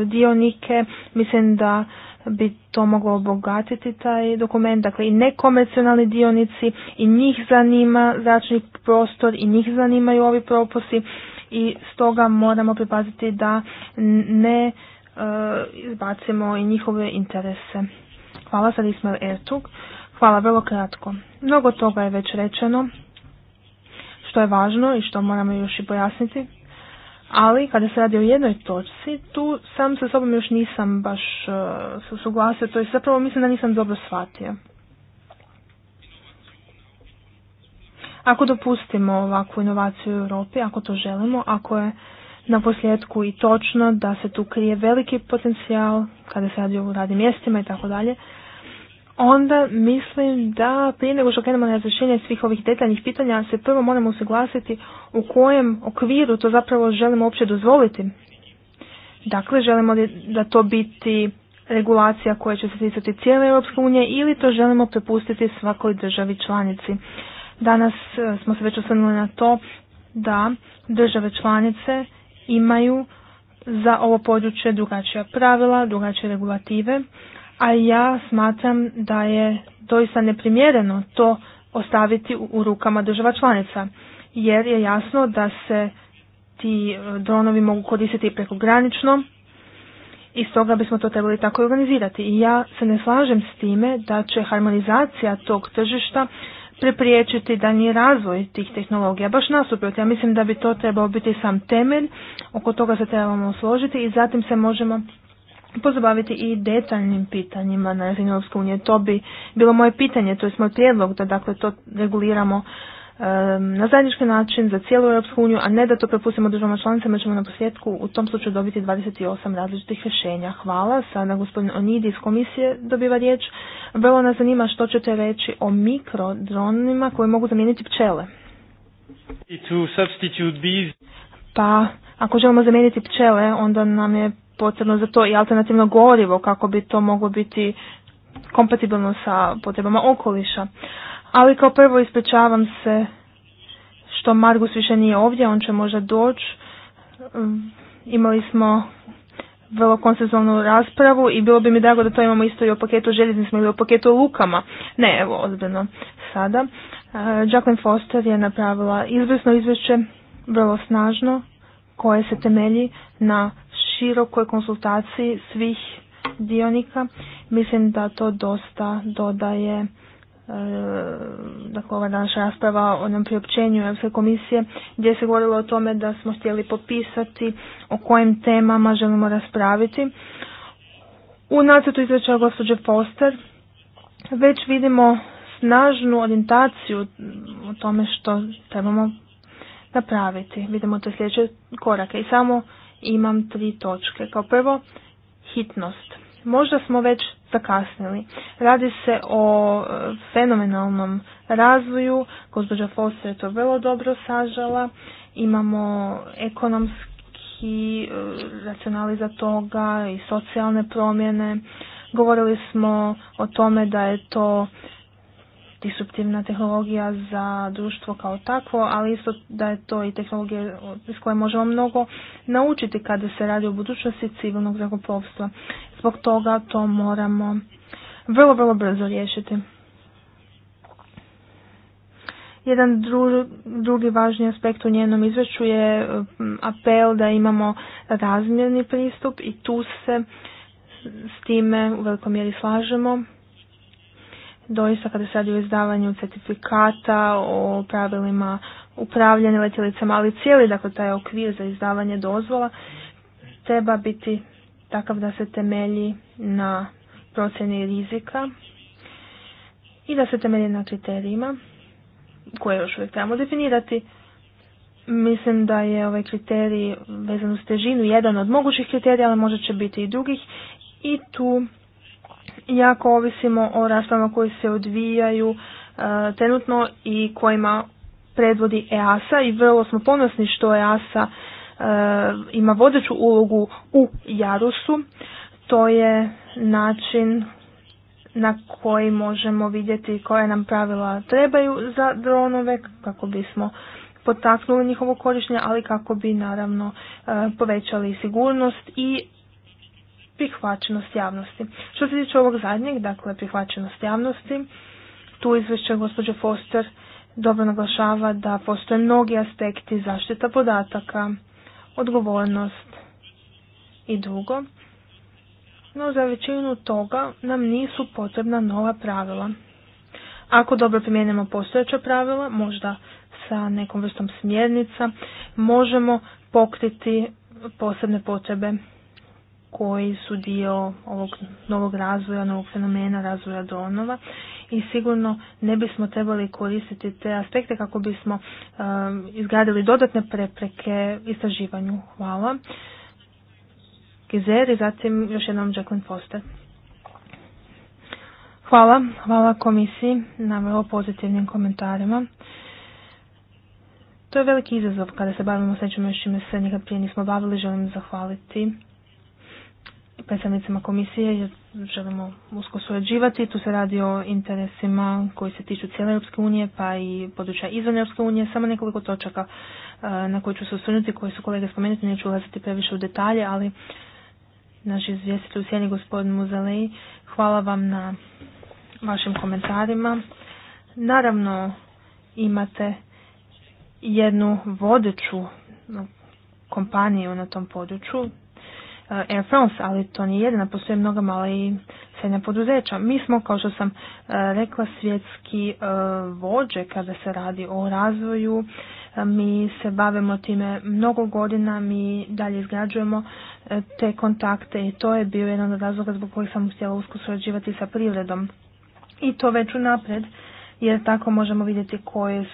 dionike. Mislim da bi to moglo obogatiti taj dokument, dakle i nekomercionalni dionici i njih zanima zračni prostor i njih zanimaju ovi propusti i stoga moramo pripaziti da ne e, izbacimo i njihove interese. Hvala sad Ismail Ertug. Hvala, vrlo kratko. Mnogo toga je već rečeno, što je važno i što moramo još i pojasniti ali kada se radi o jednoj točci, tu sam sa sobom još nisam baš uh, suglasio, to je zapravo mislim da nisam dobro shvatio. Ako dopustimo ovakvu inovaciju u Europi, ako to želimo, ako je na posljedku i točno da se tu krije veliki potencijal kada se radi o radnim mjestima i tako dalje, onda mislim da prije nego što krenemo na razrešenje svih ovih detaljnih pitanja se prvo moramo usuglasiti u kojem okviru to zapravo želimo uopće dozvoliti. Dakle, želimo da to biti regulacija koja će se ticati cijele Europske unije ili to želimo prepustiti svakoj državi članici. Danas e, smo se već osvrnuli na to da države članice imaju za ovo područje drugačija pravila, drugačije regulative, a ja smatram da je doista neprimjereno to ostaviti u rukama država članica, jer je jasno da se ti e, dronovi mogu koristiti prekogranično i stoga bismo to trebali tako organizirati. I ja se ne slažem s time da će harmonizacija tog tržišta prepriječiti nije razvoj tih tehnologija. Baš nasuprot, ja mislim da bi to trebao biti sam temelj, oko toga se trebamo složiti i zatim se možemo pozabaviti i detaljnim pitanjima na razini Europske unije. To bi bilo moje pitanje, to je moj prijedlog da dakle to reguliramo na zajednički način za cijelu Europsku uniju, a ne da to prepustimo državama članicama, ćemo na posljedku u tom slučaju dobiti 28 različitih rješenja. Hvala. Sada gospodin Onidi iz komisije dobiva riječ. Vrlo nas zanima što ćete reći o mikrodronima koji mogu zamijeniti pčele. Pa, ako želimo zamijeniti pčele, onda nam je potrebno za to i alternativno gorivo kako bi to moglo biti kompatibilno sa potrebama okoliša. Ali kao prvo ispričavam se što Margus više nije ovdje, on će možda doći. Mm, imali smo vrlo konsenzualnu raspravu i bilo bi mi drago da to imamo isto i o paketu željeznicima ili o paketu lukama. Ne, evo, ozbiljno sada. E, Jacqueline Foster je napravila izvrsno izvješće, vrlo snažno, koje se temelji na širokoj konsultaciji svih dionika. Mislim da to dosta dodaje e, dakle ova današnja rasprava o onom priopćenju Europske komisije gdje se govorilo o tome da smo htjeli popisati o kojim temama želimo raspraviti. U nacrtu izveća gospođe Foster već vidimo snažnu orientaciju o tome što trebamo napraviti. Vidimo te sljedeće korake i samo imam tri točke. Kao prvo, hitnost. Možda smo već zakasnili. Radi se o e, fenomenalnom razvoju. Gospođa Foster je to vrlo dobro sažala. Imamo ekonomski e, racionaliza toga i socijalne promjene. Govorili smo o tome da je to disruptivna tehnologija za društvo kao takvo, ali isto da je to i tehnologija s koje možemo mnogo naučiti kada se radi o budućnosti civilnog zrakoplovstva. Zbog toga to moramo vrlo, vrlo brzo riješiti. Jedan drugi važni aspekt u njenom izvješću je apel da imamo razmjerni pristup i tu se s time u velikoj mjeri slažemo doista kada se radi o izdavanju certifikata, o pravilima upravljanja letjelicama, ali cijeli dakle, taj okvir za izdavanje dozvola treba biti takav da se temelji na procjeni rizika i da se temelji na kriterijima koje još uvijek trebamo definirati. Mislim da je ovaj kriterij vezan uz težinu jedan od mogućih kriterija, ali možda će biti i drugih. I tu jako ovisimo o raspravama koji se odvijaju e, trenutno i kojima predvodi EASA i vrlo smo ponosni što EASA e, ima vodeću ulogu u Jarusu. To je način na koji možemo vidjeti koje nam pravila trebaju za dronove kako bismo potaknuli njihovo korištenje, ali kako bi naravno e, povećali sigurnost i prihvaćenost javnosti. Što se tiče ovog zadnjeg, dakle prihvaćenost javnosti, tu izvješće gospođe Foster dobro naglašava da postoje mnogi aspekti zaštita podataka, odgovornost i drugo. No za većinu toga nam nisu potrebna nova pravila. Ako dobro primijenimo postojeća pravila, možda sa nekom vrstom smjernica, možemo pokriti posebne potrebe koji su dio ovog novog razvoja, novog fenomena razvoja dronova i sigurno ne bismo trebali koristiti te aspekte kako bismo um, izgradili dodatne prepreke istraživanju. Hvala. Gizer i zatim još jednom Jacqueline Foster. Hvala, hvala komisiji na vrlo pozitivnim komentarima. To je veliki izazov kada se bavimo s nečim još čime se nikad prije nismo bavili. Želim zahvaliti predstavnicima komisije jer želimo usko surađivati. Tu se radi o interesima koji se tiču cijele Europske unije pa i područja izvan Europske unije. Samo nekoliko točaka e, na koje ću se osvrnuti koje su kolege spomenuti. Neću ulaziti previše u detalje, ali naš izvjestitelj u sjeni gospodin Muzalej, hvala vam na vašim komentarima. Naravno imate jednu vodeću kompaniju na tom području, Eh, Air France, ali to nije jedina, postoje mnoga mala i srednja poduzeća. Mi smo, kao što sam eh, rekla, svjetski eh, vođe kada se radi o razvoju. Mi se bavimo time mnogo godina, mi dalje izgrađujemo te kontakte i to je bio jedan od razloga zbog kojih sam htjela usko surađivati sa privredom. I to već napred, jer tako možemo vidjeti koje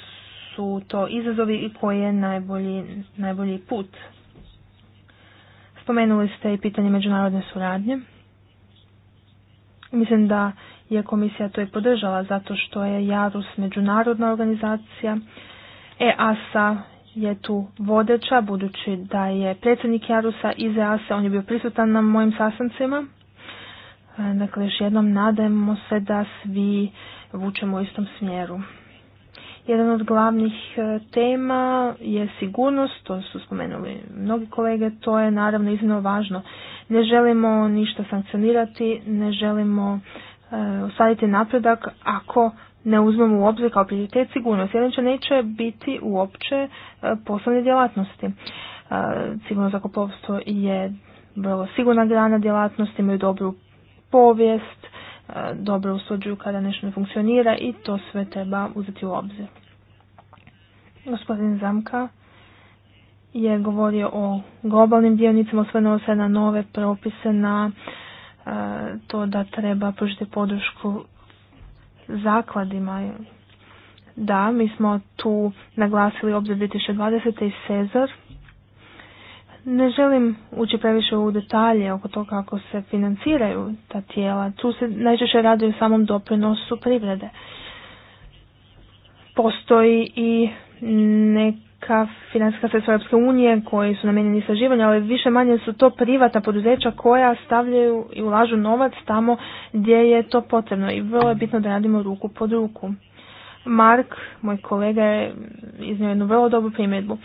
su to izazovi i koji je najbolji, najbolji put Spomenuli ste i pitanje međunarodne suradnje. Mislim da je komisija to i podržala zato što je JARUS međunarodna organizacija. EASA je tu vodeća budući da je predsjednik Jarusa iz EASA, on je bio prisutan na mojim sastancima. E, dakle, još jednom nadajmo se da svi vučemo u istom smjeru. Jedan od glavnih e, tema je sigurnost, to su spomenuli mnogi kolege, to je naravno iznimno važno. Ne želimo ništa sankcionirati, ne želimo usaditi e, napredak ako ne uzmemo u obzir kao prioritet sigurnost. Jedan će neće biti uopće e, poslovne djelatnosti. Sigurno zrakoplovstvo je vrlo sigurna grana djelatnosti, imaju dobru povijest, E, dobro usuđuju kada nešto ne funkcionira i to sve treba uzeti u obzir. Gospodin Zamka je govorio o globalnim dionicama, osvrnuo se na nove propise, na e, to da treba pružiti podršku zakladima. Da, mi smo tu naglasili obzir 2020. i Cezar, ne želim ući previše u detalje oko toga kako se financiraju ta tijela. Tu se najčešće radi o samom doprinosu privrede. Postoji i neka financijska sredstva Europske unije koji su namijenjeni istraživanju, ali više manje su to privata poduzeća koja stavljaju i ulažu novac tamo gdje je to potrebno i vrlo je bitno da radimo ruku pod ruku. Mark, moj kolega, je iznio jednu vrlo dobru primjedbu.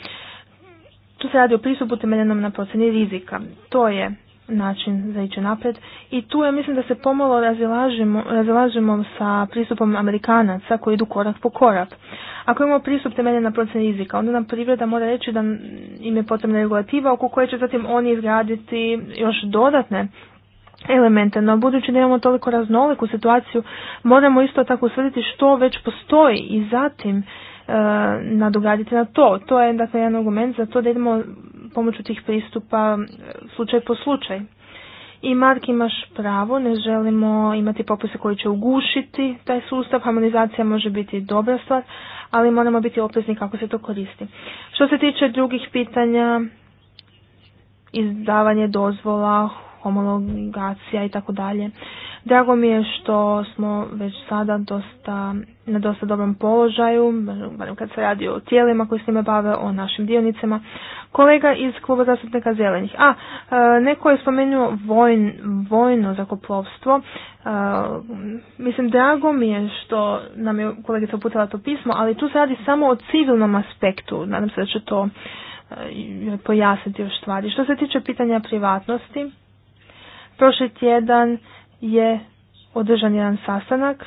Tu se radi o pristupu temeljenom na procjeni rizika. To je način za ići napred i tu ja mislim da se pomalo razilažimo, razilažimo sa pristupom Amerikanaca koji idu korak po korak. Ako imamo pristup temeljen na procjeni rizika, onda nam privreda mora reći da im je potrebna regulativa oko koje će zatim oni izgraditi još dodatne elemente, no budući da imamo toliko raznoliku situaciju, moramo isto tako usvrditi što već postoji i zatim E, nadograditi na to. To je dakle jedan argument za to da idemo pomoću tih pristupa e, slučaj po slučaj. I Mark imaš pravo, ne želimo imati popise koji će ugušiti taj sustav, harmonizacija može biti dobra stvar, ali moramo biti oprezni kako se to koristi. Što se tiče drugih pitanja, izdavanje dozvola, homologacija i tako dalje. Drago mi je što smo već sada dosta, na dosta dobrom položaju, barem kad se radi o tijelima koji se njima bave, o našim dionicama. Kolega iz kluba zastupnika Zelenih. A, e, neko je spomenuo vojn, vojno zakoplovstvo. E, mislim, drago mi je što nam je kolegica uputila to pismo, ali tu se radi samo o civilnom aspektu. Nadam se da će to e, pojasniti još stvari. Što se tiče pitanja privatnosti, prošli tjedan je održan jedan sastanak.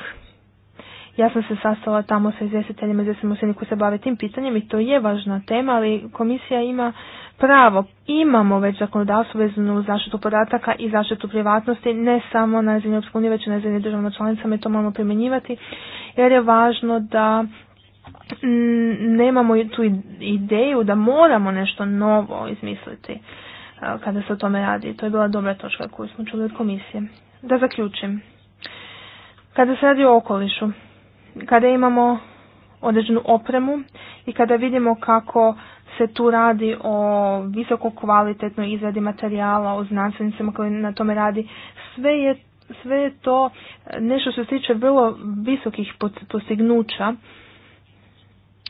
Ja sam se sastala tamo sa izvjestiteljima i koji se bave tim pitanjem i to je važna tema, ali komisija ima pravo. Imamo već zakonodavstvo vezano uz zaštitu podataka i zaštitu privatnosti, ne samo na razini Europske već i na razini državama članica i to moramo primjenjivati, jer je važno da nemamo tu ideju da moramo nešto novo izmisliti kada se o tome radi. To je bila dobra točka koju smo čuli od komisije. Da zaključim. Kada se radi o okolišu, kada imamo određenu opremu i kada vidimo kako se tu radi o visoko kvalitetnoj izradi materijala, o znanstvenicima koji na tome radi, sve je, sve to nešto što se tiče vrlo visokih postignuća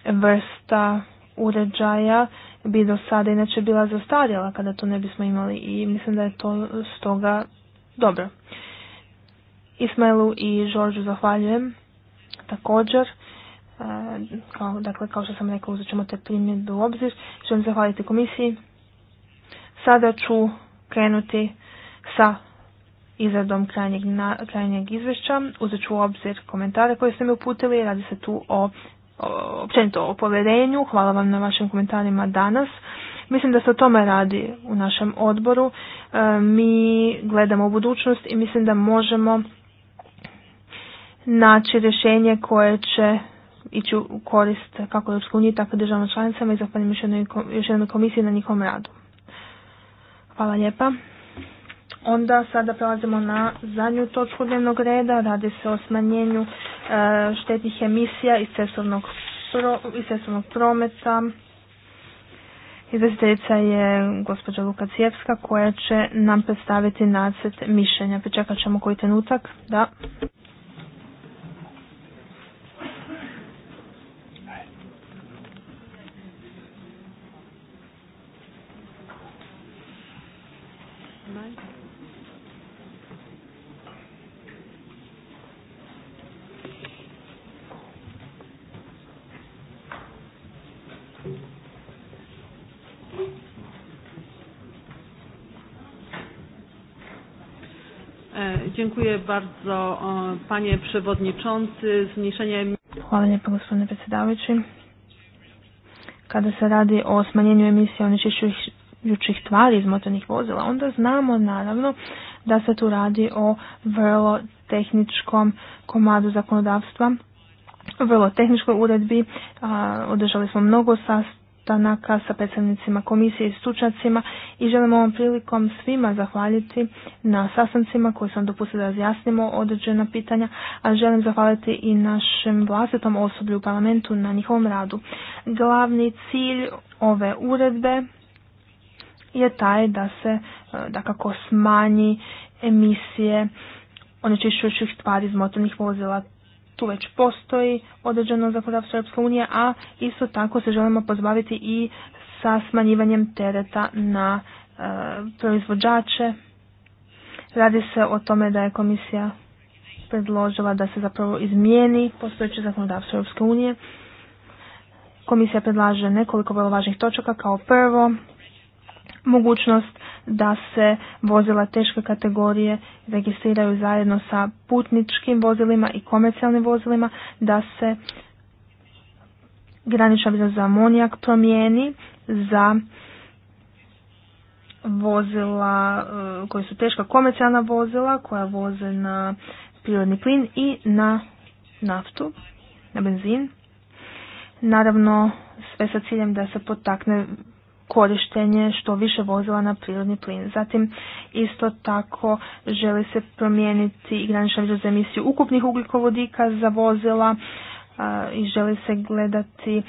vrsta uređaja bi do sada inače bila zastarjela kada to ne bismo imali i mislim da je to stoga dobro. Ismailu i Žoržu zahvaljujem također. E, kao, dakle, kao što sam rekla, uzet ćemo te primjedbe u obzir. Želim zahvaliti komisiji. Sada ću krenuti sa izradom krajnjeg, na, krajnjeg izvješća. Uzet ću u obzir komentare koje ste mi uputili. Radi se tu o, općenito o povjerenju. Hvala vam na vašim komentarima danas. Mislim da se o tome radi u našem odboru. E, mi gledamo u budućnost i mislim da možemo naći rješenje koje će ići u korist kako Europskoj uniji, tako i državama članicama i zahvaljujem još jednoj komisiji na njihovom radu. Hvala lijepa. Onda sada prelazimo na zadnju točku dnevnog reda. Radi se o smanjenju e, štetnih emisija iz cestovnog, pro, iz cestovnog prometa. Izvestiteljica je gospođa Luka Cijevska koja će nam predstaviti nacrt mišljenja. Pričekat ćemo koji trenutak. Da. Dziękuję bardzo, panie przewodniczący. Zmniejszenie Hvala lijepo, gospodine predsjedavajući. Kada se radi o smanjenju emisije onečišćujućih tvari iz motornih vozila, onda znamo naravno da se tu radi o vrlo tehničkom komadu zakonodavstva, vrlo tehničkoj uredbi. Održali smo mnogo sa sastanaka sa predstavnicima komisije i stručnjacima i želim ovom prilikom svima zahvaliti na sastancima koji sam dopustila da razjasnimo određena pitanja, a želim zahvaliti i našem vlastitom osoblju u parlamentu na njihovom radu. Glavni cilj ove uredbe je taj da se e, da kako smanji emisije onečišćujućih tvari iz motornih vozila već postoji određeno zakonodavstvo Europske unije, a isto tako se želimo pozbaviti i sa smanjivanjem tereta na e, proizvođače. Radi se o tome da je komisija predložila da se zapravo izmijeni postojeće zakonodavstvo Europske unije. Komisija predlaže nekoliko vrlo važnih točaka. Kao prvo, mogućnost da se vozila teške kategorije registriraju zajedno sa putničkim vozilima i komercijalnim vozilima, da se granična za amonijak promijeni za vozila e, koje su teška komercijalna vozila koja voze na prirodni plin i na naftu, na benzin. Naravno sve sa ciljem da se potakne korištenje što više vozila na prirodni plin. Zatim isto tako želi se promijeniti i granična za emisiju ukupnih ugljikovodika za vozila i želi se gledati e,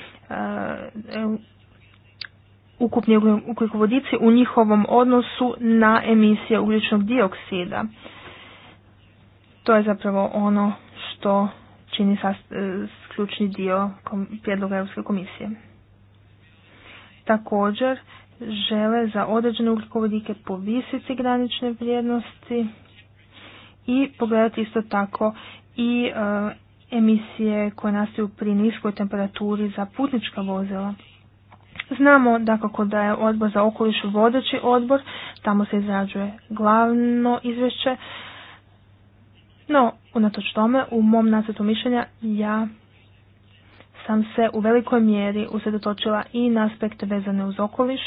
ukupni ugljikovodici u njihovom odnosu na emisije ugljičnog dioksida. To je zapravo ono što čini e, ključni dio prijedloga Europske komisije također žele za određene ugljikovodike povisiti granične vrijednosti i pogledati isto tako i e, emisije koje nastaju pri niskoj temperaturi za putnička vozila. Znamo dakako da je odbor za okoliš vodeći odbor, tamo se izrađuje glavno izvješće, no unatoč tome u mom nacrtu mišljenja ja sam se u velikoj mjeri usredotočila i na aspekte vezane uz okoliš,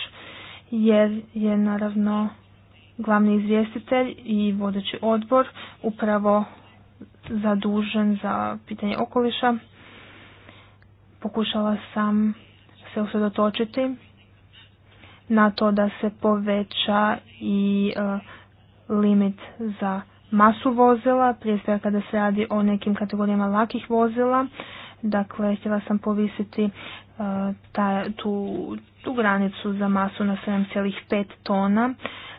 jer je naravno glavni izvjestitelj i vodeći odbor upravo zadužen za pitanje okoliša. Pokušala sam se usredotočiti na to da se poveća i e, limit za masu vozila, prije svega kada se radi o nekim kategorijama lakih vozila, Dakle, htjela sam povisiti e, tu, tu granicu za masu na 7,5 tona.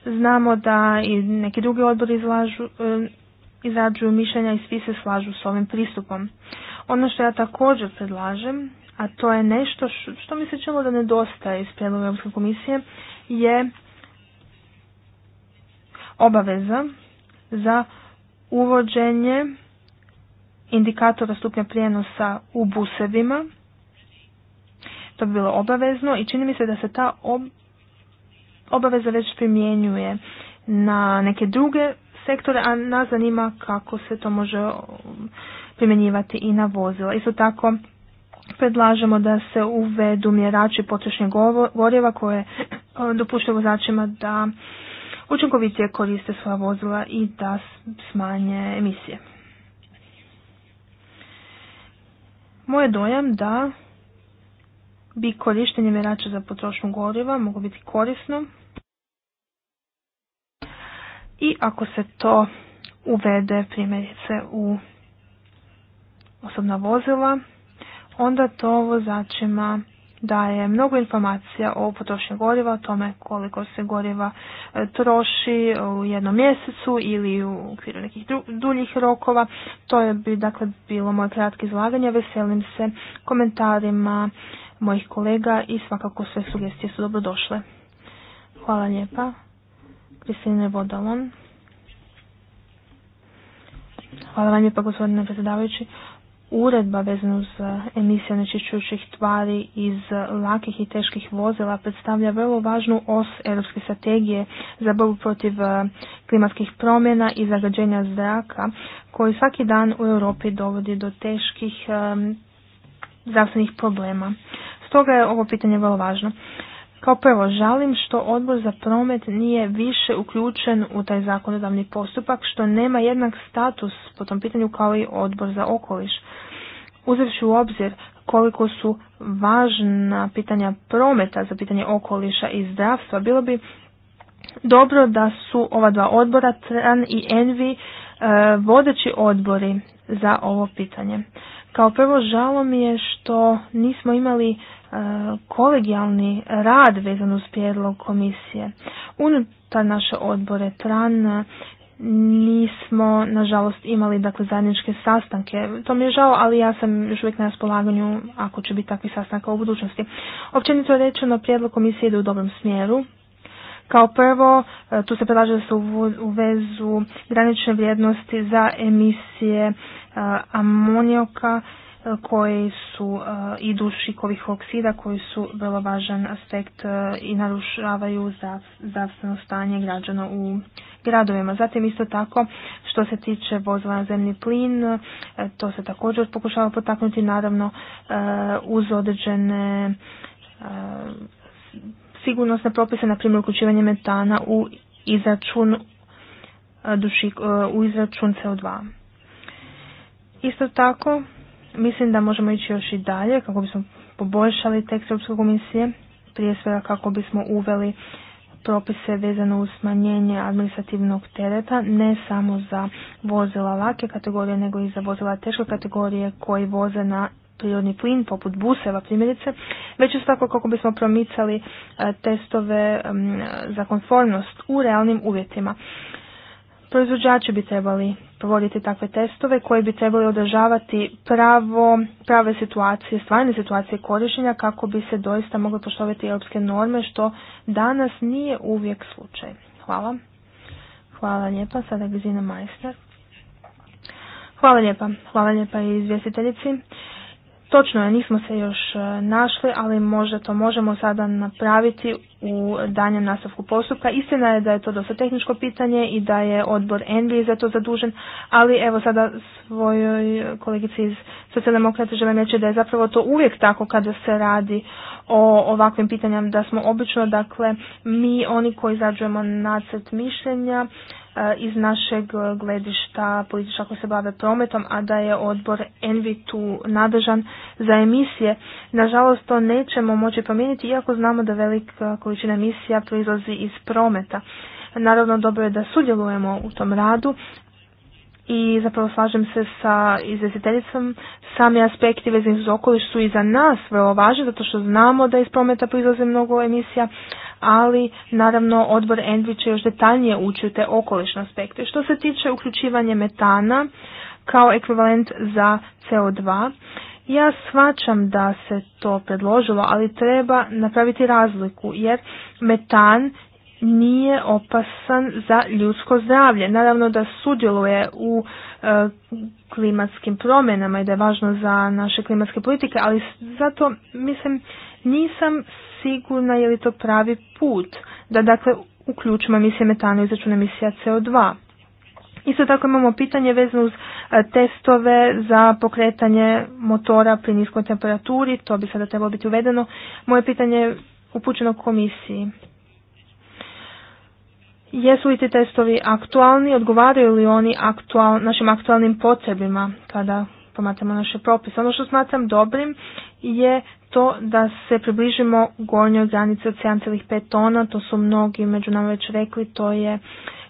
Znamo da i neki drugi odbori izlažu, e, izrađuju mišljenja i svi se slažu s ovim pristupom. Ono što ja također predlažem, a to je nešto što mi se čelo da nedostaje iz prijedloga Europske komisije, je obaveza za uvođenje indikatora stupnja prijenosa u busevima. To bi bilo obavezno i čini mi se da se ta obaveza već primjenjuje na neke druge sektore, a nas zanima kako se to može primjenjivati i na vozila. Isto tako predlažemo da se uvedu mjerači potrošnje goriva koje dopuštaju vozačima da učinkovitije koriste svoja vozila i da smanje emisije. Moj je dojam da bi korištenje mjerača za potrošnju goriva moglo biti korisno i ako se to uvede primjerice u osobna vozila, onda to vozačima daje mnogo informacija o potrošnji goriva, o tome koliko se goriva e, troši u jednom mjesecu ili u okviru nekih duljih rokova. To je bi dakle bilo moje kratko izlaganje. Veselim se komentarima mojih kolega i svakako sve sugestije su dobrodošle. Hvala lijepa. Kristine Vodalon. Hvala vam lijepa gospodine predsjedavajući uredba vezana uz e, emisije onečišćujućih tvari iz e, lakih i teških vozila predstavlja vrlo važnu os europske strategije za borbu protiv e, klimatskih promjena i zagađenja zraka koji svaki dan u Europi dovodi do teških zdravstvenih problema. Stoga je ovo pitanje vrlo važno. Kao prvo, žalim što odbor za promet nije više uključen u taj zakonodavni postupak, što nema jednak status po tom pitanju kao i odbor za okoliš. Uzevši u obzir koliko su važna pitanja prometa za pitanje okoliša i zdravstva, bilo bi dobro da su ova dva odbora, TRAN i ENVI, e, vodeći odbori za ovo pitanje. Kao prvo žalo mi je što nismo imali kolegijalni rad vezan uz prijedlog komisije. Unutar naše odbore TRAN e, nismo, nažalost, imali dakle, zajedničke sastanke. To mi je žao, ali ja sam još uvijek na raspolaganju ako će biti takvi sastanka u budućnosti. Općenito je rečeno, prijedlog komisije ide u dobrom smjeru. Kao prvo, e, tu se predlaže da se uvezu granične vrijednosti za emisije e, amonijoka koji su e, i dušikovih oksida koji su vrlo važan aspekt e, i narušavaju zdravstveno stanje građana u gradovima. Zatim isto tako što se tiče vozila na zemlji plin, e, to se također pokušava potaknuti naravno uz određene sigurnosne propise, na primjer uključivanje metana u izračun u izračun CO2. Isto tako, Mislim da možemo ići još i dalje kako bismo poboljšali tekst Europske komisije, prije svega kako bismo uveli propise vezano uz smanjenje administrativnog tereta, ne samo za vozila lake kategorije, nego i za vozila teške kategorije koji voze na prirodni plin, poput buseva primjerice, već isto kako bismo promicali e, testove za konformnost u realnim uvjetima. Proizvođači bi trebali provoditi takve testove koji bi trebali održavati pravo, prave situacije, stvarne situacije korištenja kako bi se doista moglo poštovati europske norme što danas nije uvijek slučaj. Hvala. Hvala lijepa. Sada Gizina majster. Hvala lijepa. Hvala lijepa i izvjestiteljici. Točno je, nismo se još e, našli, ali možda to možemo sada napraviti u danjem nastavku postupka. Istina je da je to dosta tehničko pitanje i da je odbor Envi za to zadužen, ali evo sada svojoj kolegici iz socijaldemokrata želim reći da je zapravo to uvijek tako kada se radi o ovakvim pitanjima, da smo obično, dakle, mi oni koji izrađujemo nacrt mišljenja, Eh, iz našeg eh, gledišta politička koja se bave prometom, a da je odbor Envi tu nadržan za emisije. Nažalost, to nećemo moći promijeniti, iako znamo da velika eh, količina emisija proizlazi iz prometa. Naravno, dobro je da sudjelujemo u tom radu, i zapravo slažem se sa izvjestiteljicom. Sami aspekti vezani uz okoliš su i za nas vrlo važni zato što znamo da iz prometa proizlaze mnogo emisija, ali naravno odbor Envi će još detaljnije ući u te okolišne aspekte. Što se tiče uključivanja metana kao ekvivalent za CO2, ja shvaćam da se to predložilo, ali treba napraviti razliku jer metan nije opasan za ljudsko zdravlje. Naravno da sudjeluje u e, klimatskim promjenama i da je važno za naše klimatske politike, ali zato mislim nisam sigurna je li to pravi put da dakle uključimo emisije metana i izračun emisija CO2. Isto tako imamo pitanje vezano uz e, testove za pokretanje motora pri niskoj temperaturi, to bi sada trebalo biti uvedeno. Moje pitanje je upućeno komisiji. Jesu li ti testovi aktualni, odgovaraju li oni našim aktualnim potrebima kada promatramo naše propise. Ono što smatram dobrim je to da se približimo gornjoj granici od 7,5 tona, to su mnogi među nama već rekli, to je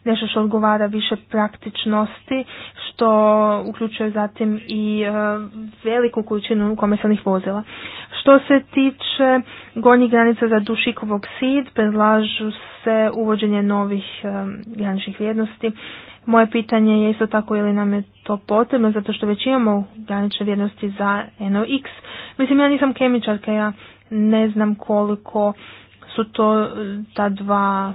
nešto što odgovara više praktičnosti, što uključuje zatim i e, veliku količinu komercijalnih vozila. Što se tiče gornjih granica za dušikov oksid, predlažu se uvođenje novih e, graničnih vrijednosti moje pitanje je isto tako ili nam je to potrebno, zato što već imamo granične vrijednosti za NOx. Mislim, ja nisam kemičarka, ja ne znam koliko su to e, ta dva,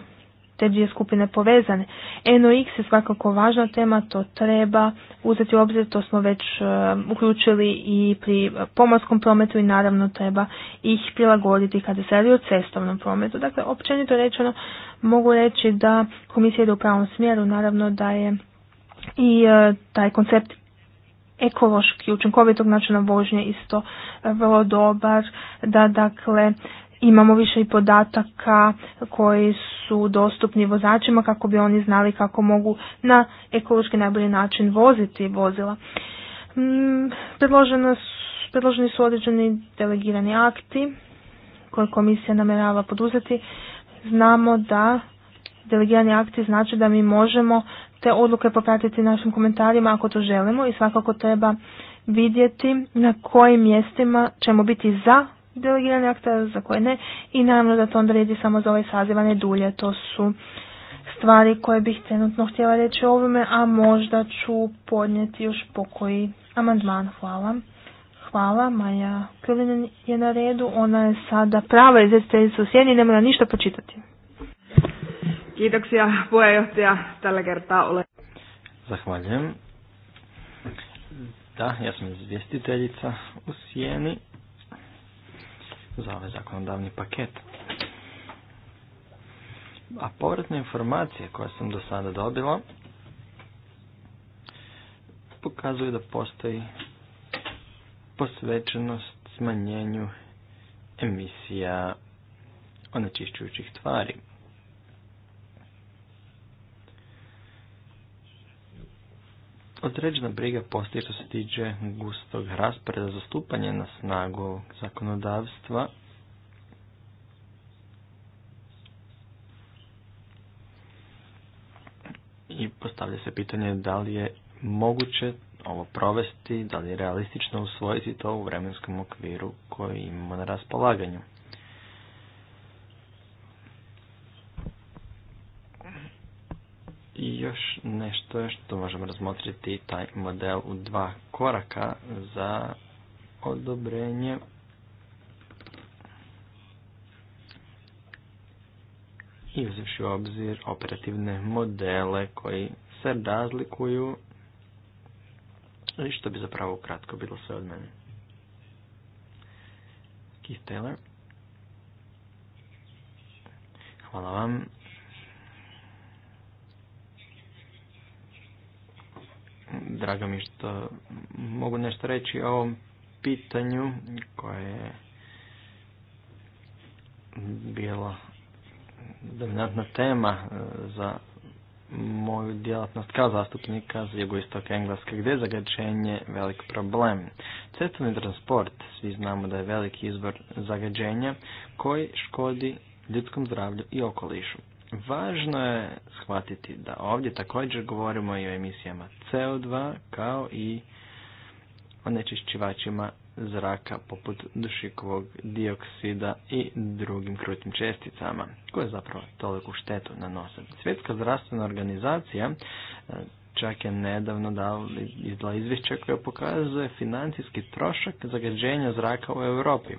te dvije skupine povezane. NOx je svakako važna tema, to treba uzeti u obzir, to smo već e, uključili i pri pomorskom prometu i naravno treba ih prilagoditi kada se radi o cestovnom prometu. Dakle, općenito rečeno, mogu reći da komisija ide u pravom smjeru, naravno da je i e, taj koncept ekološki učinkovitog načina vožnje isto e, vrlo dobar, da dakle imamo više i podataka koji su dostupni vozačima kako bi oni znali kako mogu na ekološki najbolji način voziti vozila. Mm, predloženi su određeni delegirani akti koje komisija namjerava poduzeti znamo da delegirani akti znači da mi možemo te odluke popratiti našim komentarima ako to želimo i svakako treba vidjeti na kojim mjestima ćemo biti za delegirani akte, za koje ne i naravno da to onda redi samo za ovaj saziv, dulje. To su stvari koje bih trenutno htjela reći ovome, a možda ću podnijeti još pokoji amandman. Hvala. Hvala, Maja je na redu. Ona je sada prava izvjestiteljica u sjeni i ne mora ništa počitati. Kiitoksia puheenjohtaja. Tällä kertaa ole. Zahvaljujem. Da, ja sam izvjestiteljica u sjeni za ovaj zakonodavni paket. A povratne informacije koje sam do sada dobila pokazuju da postoji posvećenost smanjenju emisija onečišćujućih tvari. Određena briga postoji što se tiče gustog rasporeda za stupanje na snagu zakonodavstva i postavlja se pitanje da li je moguće ovo provesti, da li je realistično usvojiti to u vremenskom okviru koji imamo na raspolaganju. I još nešto je što možemo razmotriti taj model u dva koraka za odobrenje i uzivši u obzir operativne modele koji se razlikuju i znači, što bi zapravo kratko bilo sve od mene. Keith Taylor. Hvala vam. Drago mi što mogu nešto reći o ovom pitanju koje je bila dominantna tema e, za moju djelatnost kao zastupnika za jugoistok Engleske, gdje je zagađenje velik problem. Cestovni transport, svi znamo da je veliki izvor zagađenja koji škodi ljudskom zdravlju i okolišu. Važno je shvatiti da ovdje također govorimo i o emisijama CO2 kao i nečišćivačima zraka poput dušikovog dioksida i drugim krutim česticama, koje zapravo toliku štetu nanose. Svjetska zdravstvena organizacija e, čak je nedavno izdala izvješće koje pokazuje financijski trošak zagađenja zraka u Europi.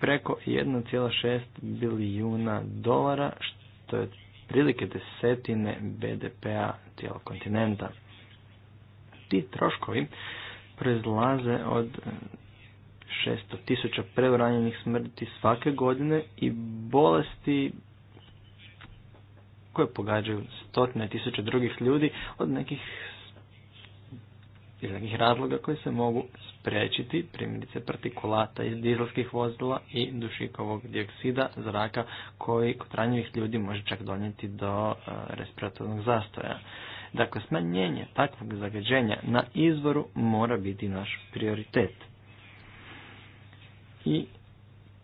Preko 1,6 bilijuna dolara, što je prilike desetine BDP-a cijelog kontinenta. Ti troškovi proizlaze od eh, šesto tisuća preuranjenih smrti svake godine i bolesti koje pogađaju stotine tisuća drugih ljudi od nekih iz nekih razloga koji se mogu spriječiti, primjerice partikulata iz dizelskih vozila i dušikovog dioksida zraka koji kod ranjivih ljudi može čak donijeti do eh, respiratornog zastoja. Dakle, smanjenje takvog zagađenja na izvoru mora biti naš prioritet. I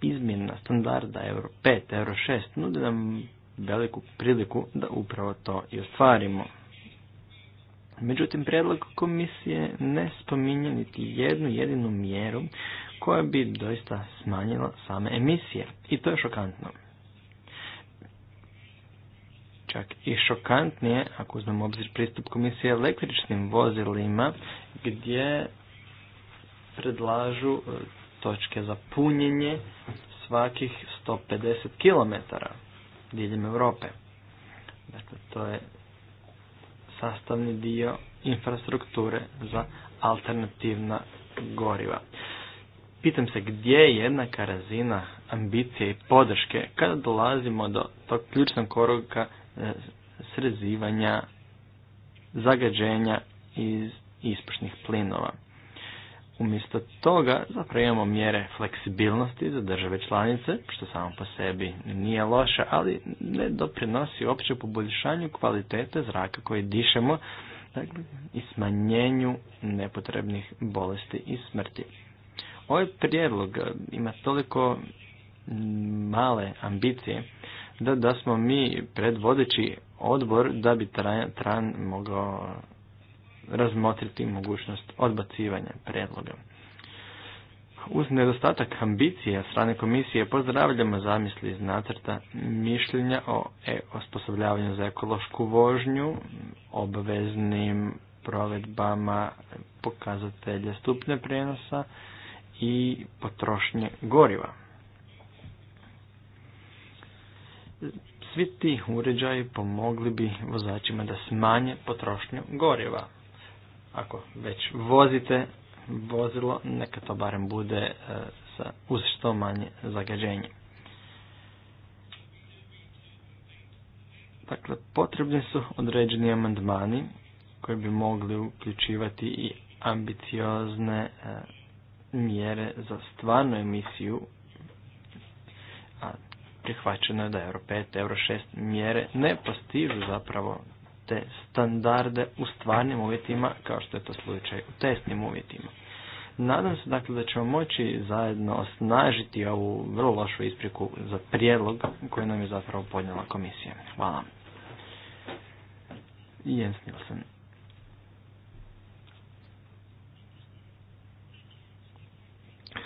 izmjena standarda Euro 5, Euro 6 nude nam veliku priliku da upravo to i ostvarimo. Međutim, predlog komisije ne spominje niti jednu jedinu mjeru koja bi doista smanjila same emisije. I to je šokantno čak i šokantnije ako uzmemo obzir pristup komisije električnim vozilima gdje predlažu e, točke za punjenje svakih 150 km diljem Europe. Dakle, to je sastavni dio infrastrukture za alternativna goriva. Pitam se gdje je jednaka razina ambicije i podrške kada dolazimo do tog ključnog koraka E, srezivanja zagađenja iz ispušnih plinova. Umjesto toga zapravo imamo mjere fleksibilnosti za države članice, što samo po sebi nije loše, ali ne doprinosi uopće poboljšanju kvalitete zraka koje dišemo dakle, i smanjenju nepotrebnih bolesti i smrti. Ovaj prijedlog ima toliko male ambicije da, da smo mi predvodeći odbor da bi tran, mogao razmotriti mogućnost odbacivanja predloga. Uz nedostatak ambicije strane komisije pozdravljamo zamisli iz nacrta mišljenja o e osposobljavanju za ekološku vožnju, obveznim provedbama pokazatelja stupnja prijenosa i potrošnje goriva. Svi ti uređaji pomogli bi vozačima da smanje potrošnju goriva. Ako već vozite vozilo, neka to barem bude e, sa, uz što manje zagađenje. Dakle, potrebni su određeni amandmani koji bi mogli uključivati i ambiciozne e, mjere za stvarnu emisiju, a prihvaćeno je da Euro 5, Euro 6 mjere ne postižu zapravo te standarde u stvarnim uvjetima kao što je to slučaj u testnim uvjetima. Nadam se dakle da ćemo moći zajedno osnažiti ovu vrlo lošu ispriku za prijedlog koji nam je zapravo podnijela komisija. Hvala. Jens Nilsen.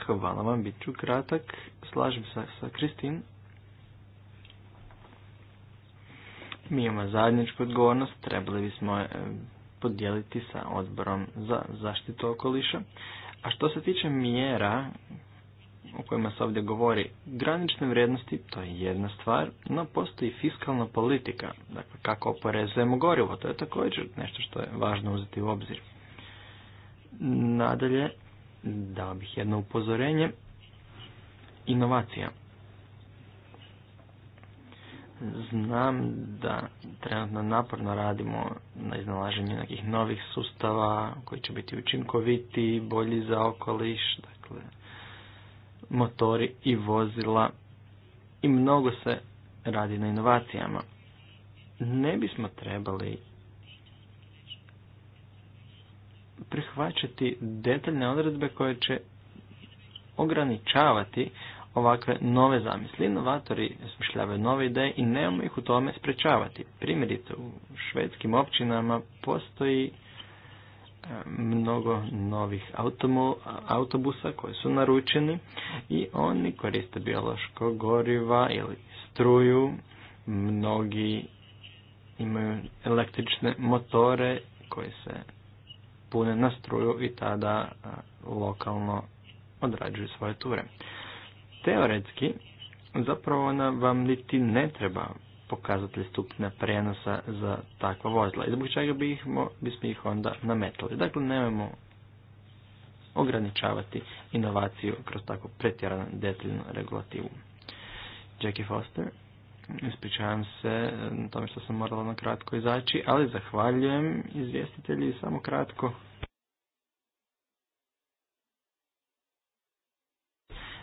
Hvala vam, bit ću kratak. Slažem se sa Kristin. Mi imamo zajedničku odgovornost, trebali bismo e, podijeliti sa odborom za zaštitu okoliša. A što se tiče mjera o kojima se ovdje govori, granične vrijednosti, to je jedna stvar, no postoji fiskalna politika, dakle kako oporezujemo gorivo, to je također nešto što je važno uzeti u obzir. Nadalje, dao bih jedno upozorenje, inovacija. Znam da trenutno naporno radimo na iznalaženju nekih novih sustava koji će biti učinkoviti, bolji za okoliš, dakle motori i vozila i mnogo se radi na inovacijama. Ne bismo trebali prihvaćati detaljne odredbe koje će ograničavati ovakve nove zamisli. Inovatori smišljavaju nove ideje i nemamo ih u tome sprečavati. Primjerice, u švedskim općinama postoji e, mnogo novih autobusa koji su naručeni i oni koriste biološko goriva ili struju. Mnogi imaju električne motore koji se pune na struju i tada e, lokalno odrađuju svoje ture teoretski zapravo ona vam niti ne treba pokazatelj stupnja prenosa za takva vozila. I zbog čega bi ih, bismo ih onda nametali. Dakle, nemojmo ograničavati inovaciju kroz tako pretjeranu detaljnu regulativu. Jackie Foster, ispričavam se na tome što sam morala na kratko izaći, ali zahvaljujem izvjestitelji samo kratko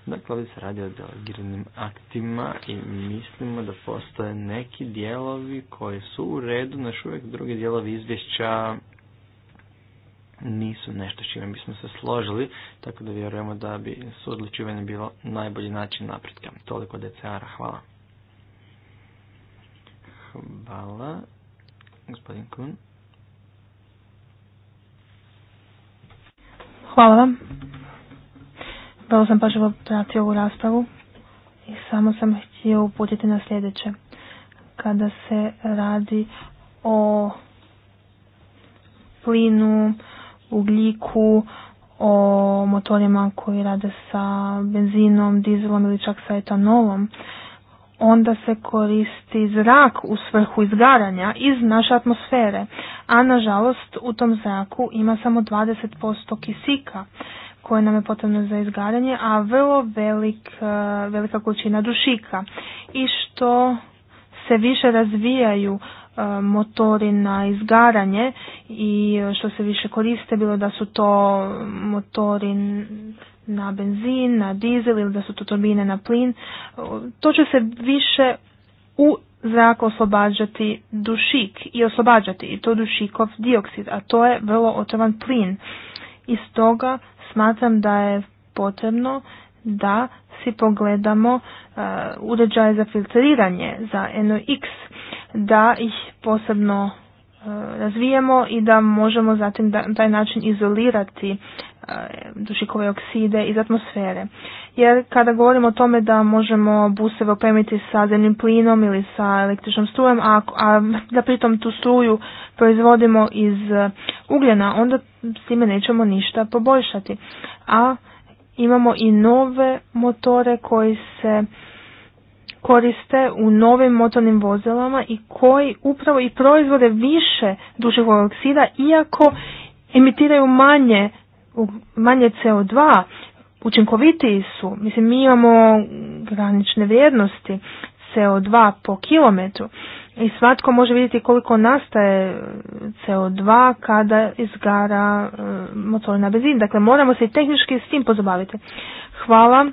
Dakle, ovdje se radi o delegiranim aktima i mislimo da postoje neki dijelovi koji su u redu, naš uvijek drugi dijelovi izvješća nisu nešto s čime bismo se složili, tako da vjerujemo da bi suodlučivanje bilo najbolji način napretka. Toliko DCR-a, hvala. Hvala, gospodin Kun. Hvala vam. Vrlo sam pažljivo pratio ovu raspravu i samo sam htio uputiti na sljedeće. Kada se radi o plinu, ugljiku, o motorima koji rade sa benzinom, dizelom ili čak sa etanolom, onda se koristi zrak u svrhu izgaranja iz naše atmosfere, a nažalost u tom zraku ima samo 20% kisika koje nam je potrebno za izgaranje, a vrlo velik, e, velika količina dušika. I što se više razvijaju e, motori na izgaranje i e, što se više koriste, bilo da su to motori na benzin, na dizel ili da su to turbine na plin, to će se više u zrak oslobađati dušik i oslobađati i to dušikov dioksid, a to je vrlo otrovan plin. I stoga smatram da je potrebno da si pogledamo uh, uređaje za filtriranje za NOx, da ih posebno e, razvijemo i da možemo zatim na taj način izolirati uh, dušikove okside iz atmosfere jer kada govorimo o tome da možemo buseve opremiti sa zemljim plinom ili sa električnom strujem, a, a da pritom tu struju proizvodimo iz uh, ugljena, onda s time nećemo ništa poboljšati. A imamo i nove motore koji se koriste u novim motornim vozilama i koji upravo i proizvode više dušikovog oksida iako emitiraju manje manje CO2 učinkovitiji su. Mislim, mi imamo granične vrijednosti CO2 po kilometru i svatko može vidjeti koliko nastaje CO2 kada izgara e, motor na benzin. Dakle, moramo se i tehnički s tim pozabaviti. Hvala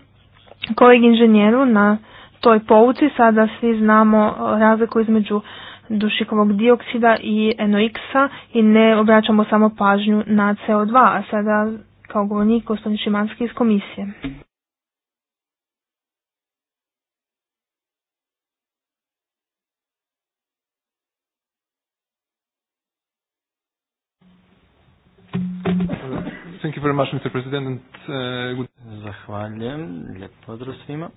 kolegi inženjeru na toj pouci. Sada svi znamo razliku između dušikovog dioksida i NOx-a i ne obraćamo samo pažnju na CO2. A sada kao govornik gospodin Šimanski iz komisije. Thank you very much, Mr. President. Uh, zahvaljujem. Lijep pozdrav svima.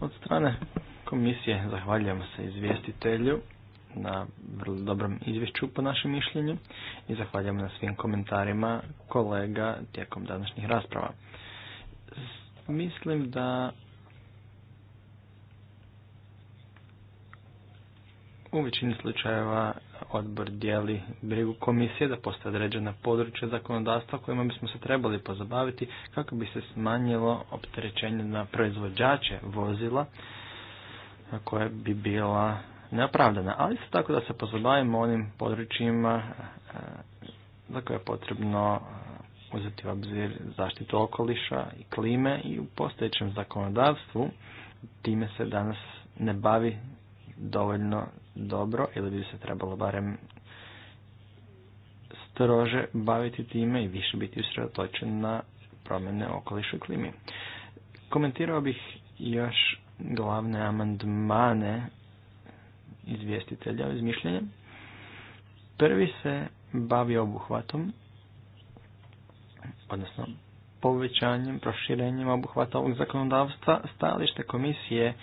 Od strane komisije zahvaljujem se izvjestitelju na vrlo dobrom izvješću po našem mišljenju i zahvaljujemo na svim komentarima kolega tijekom današnjih rasprava. Mislim da u većini slučajeva odbor dijeli brigu komisije da postoje određena područja zakonodavstva kojima bismo se trebali pozabaviti kako bi se smanjilo opterećenje na proizvođače vozila koja bi bila neopravdana, ali isto tako da se pozabavimo onim područjima e, za koje je potrebno e, uzeti u obzir zaštitu okoliša i klime i u postojećem zakonodavstvu time se danas ne bavi dovoljno dobro ili bi se trebalo barem strože baviti time i više biti usredotočen na promjene okoliša i klimi. Komentirao bih još glavne amandmane izvjestitelja iz Prvi se bavi obuhvatom, odnosno povećanjem, proširenjem obuhvata ovog zakonodavstva, stajalište komisije e,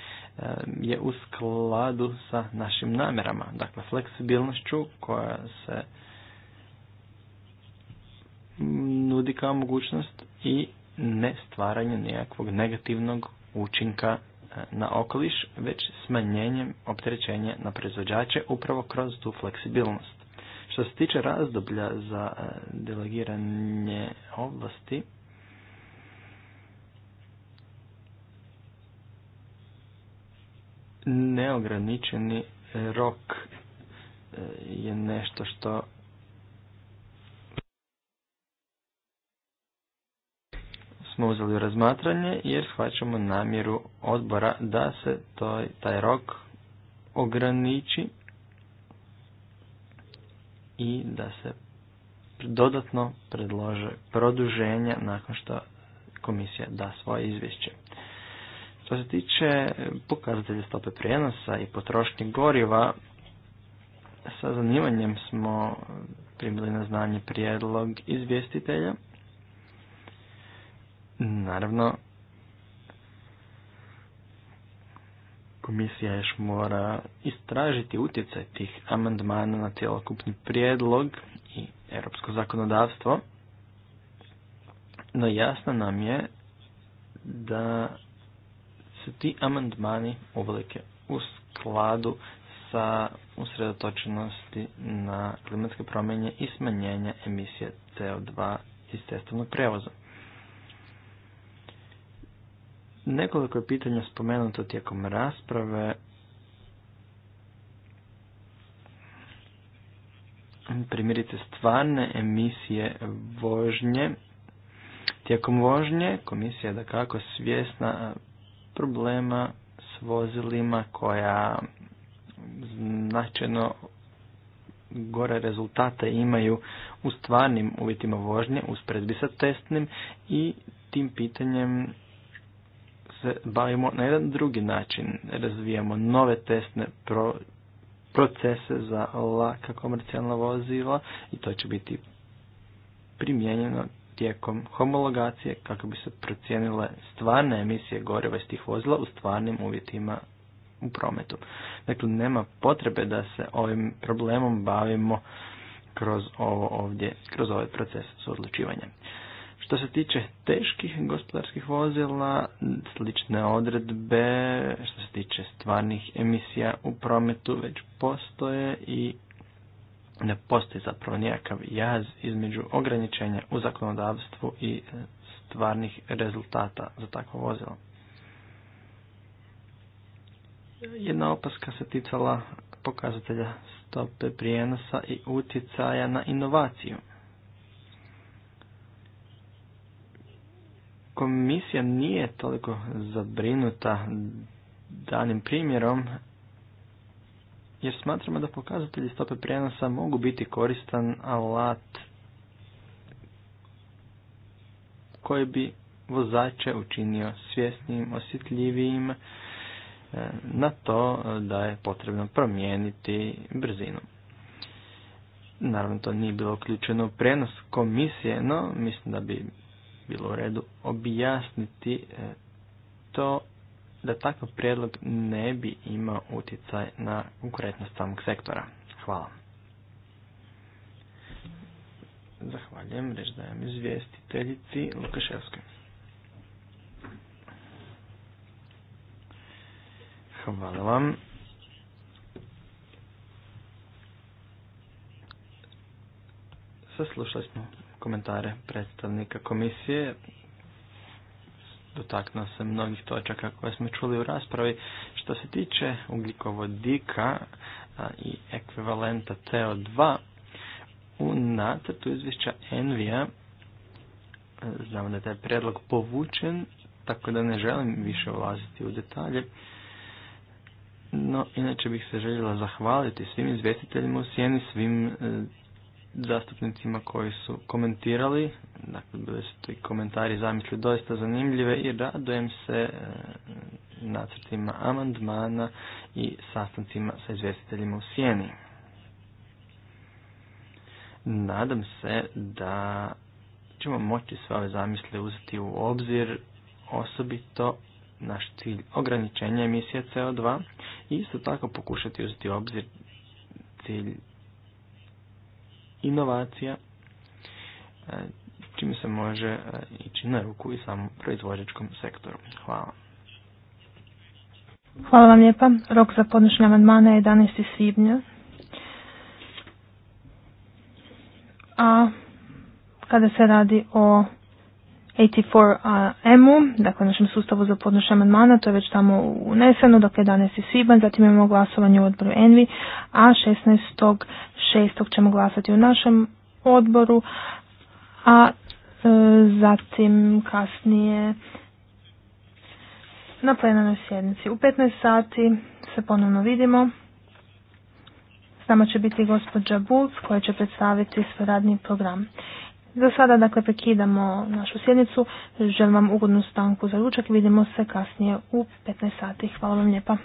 je u skladu sa našim namjerama, dakle fleksibilnošću koja se nudi kao mogućnost i ne stvaranje nekakvog negativnog učinka na okoliš, već smanjenjem opterećenja na proizvođače upravo kroz tu fleksibilnost. Što se tiče razdoblja za e, delegiranje oblasti, neograničeni rok e, je nešto što smo uzeli razmatranje jer shvaćamo namjeru odbora da se toj, taj rok ograniči i da se dodatno predlože produženja nakon što komisija da svoje izvješće. Što se tiče pokazatelja stope prijenosa i potrošnje goriva, sa zanimanjem smo primili na znanje prijedlog izvjestitelja Naravno, komisija još mora istražiti utjecaj tih amandmana na cjelokupni prijedlog i europsko zakonodavstvo, no jasno nam je da se ti amandmani uvelike u skladu sa usredotočenosti na klimatske promjenje i smanjenje emisije CO2 iz cestovnog prijevoza. Nekoliko je pitanja spomenuto tijekom rasprave. Primjerice stvarne emisije vožnje. Tijekom vožnje komisija je da kako svjesna problema s vozilima koja značajno gore rezultate imaju u stvarnim uvjetima vožnje usporedbi sa testnim i tim pitanjem se bavimo na jedan drugi način. Razvijamo nove testne procese za laka komercijalna vozila i to će biti primijenjeno tijekom homologacije kako bi se procijenile stvarne emisije goriva iz tih vozila u stvarnim uvjetima u prometu. Dakle, nema potrebe da se ovim problemom bavimo kroz ovo ovdje, kroz ovaj proces suodlučivanja. Što se tiče teških gospodarskih vozila, slične odredbe što se tiče stvarnih emisija u prometu već postoje i ne postoji zapravo nijakav jaz između ograničenja u zakonodavstvu i stvarnih rezultata za takvo vozilo. Jedna opaska se ticala pokazatelja stope prijenosa i utjecaja na inovaciju. komisija nije toliko zabrinuta danim primjerom, jer smatramo da pokazatelji stope prijenosa mogu biti koristan alat koji bi vozače učinio svjesnim, osjetljivijim e, na to e, da je potrebno promijeniti brzinu. Naravno, to nije bilo uključeno u prenos komisije, no mislim da bi bilo u redu objasniti e, to da takav prijedlog ne bi imao utjecaj na konkurentnost samog sektora. Hvala. Zahvaljujem, reč dajem izvjestiteljici Lukaševskoj. Hvala vam. Saslušali smo komentare predstavnika komisije. Dotaknuo se mnogih točaka koje smo čuli u raspravi. Što se tiče ugljikovodika i ekvivalenta CO2, u nacrtu izvješća Envija znamo da je taj predlog povučen, tako da ne želim više ulaziti u detalje. No, inače bih se željela zahvaliti svim izvjestiteljima u sjeni, svim e, zastupnicima koji su komentirali. Dakle, bili su ti komentari zamisli doista zanimljive i radujem se e, nacrtima amandmana i sastancima sa izvjestiteljima u sjeni. Nadam se da ćemo moći sve ove zamisle uzeti u obzir, osobito naš cilj ograničenja emisije CO2 i isto tako pokušati uzeti u obzir cilj inovacija, e, čime se može e, ići na ruku i samom proizvođačkom sektoru. Hvala. Hvala vam lijepa. Rok za podnošenje amandmana je 11. svibnja. A kada se radi o 84 u uh, dakle našem sustavu za podnošenje amandmana, to je već tamo uneseno, dakle 11. svibanj, zatim imamo glasovanje u odboru Envi, a 16.6. ćemo glasati u našem odboru, a e, zatim kasnije na plenarnoj sjednici. U 15 sati se ponovno vidimo. S nama će biti gospođa Bulc koja će predstaviti svoj radni program. Za sada dakle prekidamo našu sjednicu. Želim vam ugodnu stanku za ručak vidimo se kasnije u 15 sati. Hvala vam lijepa.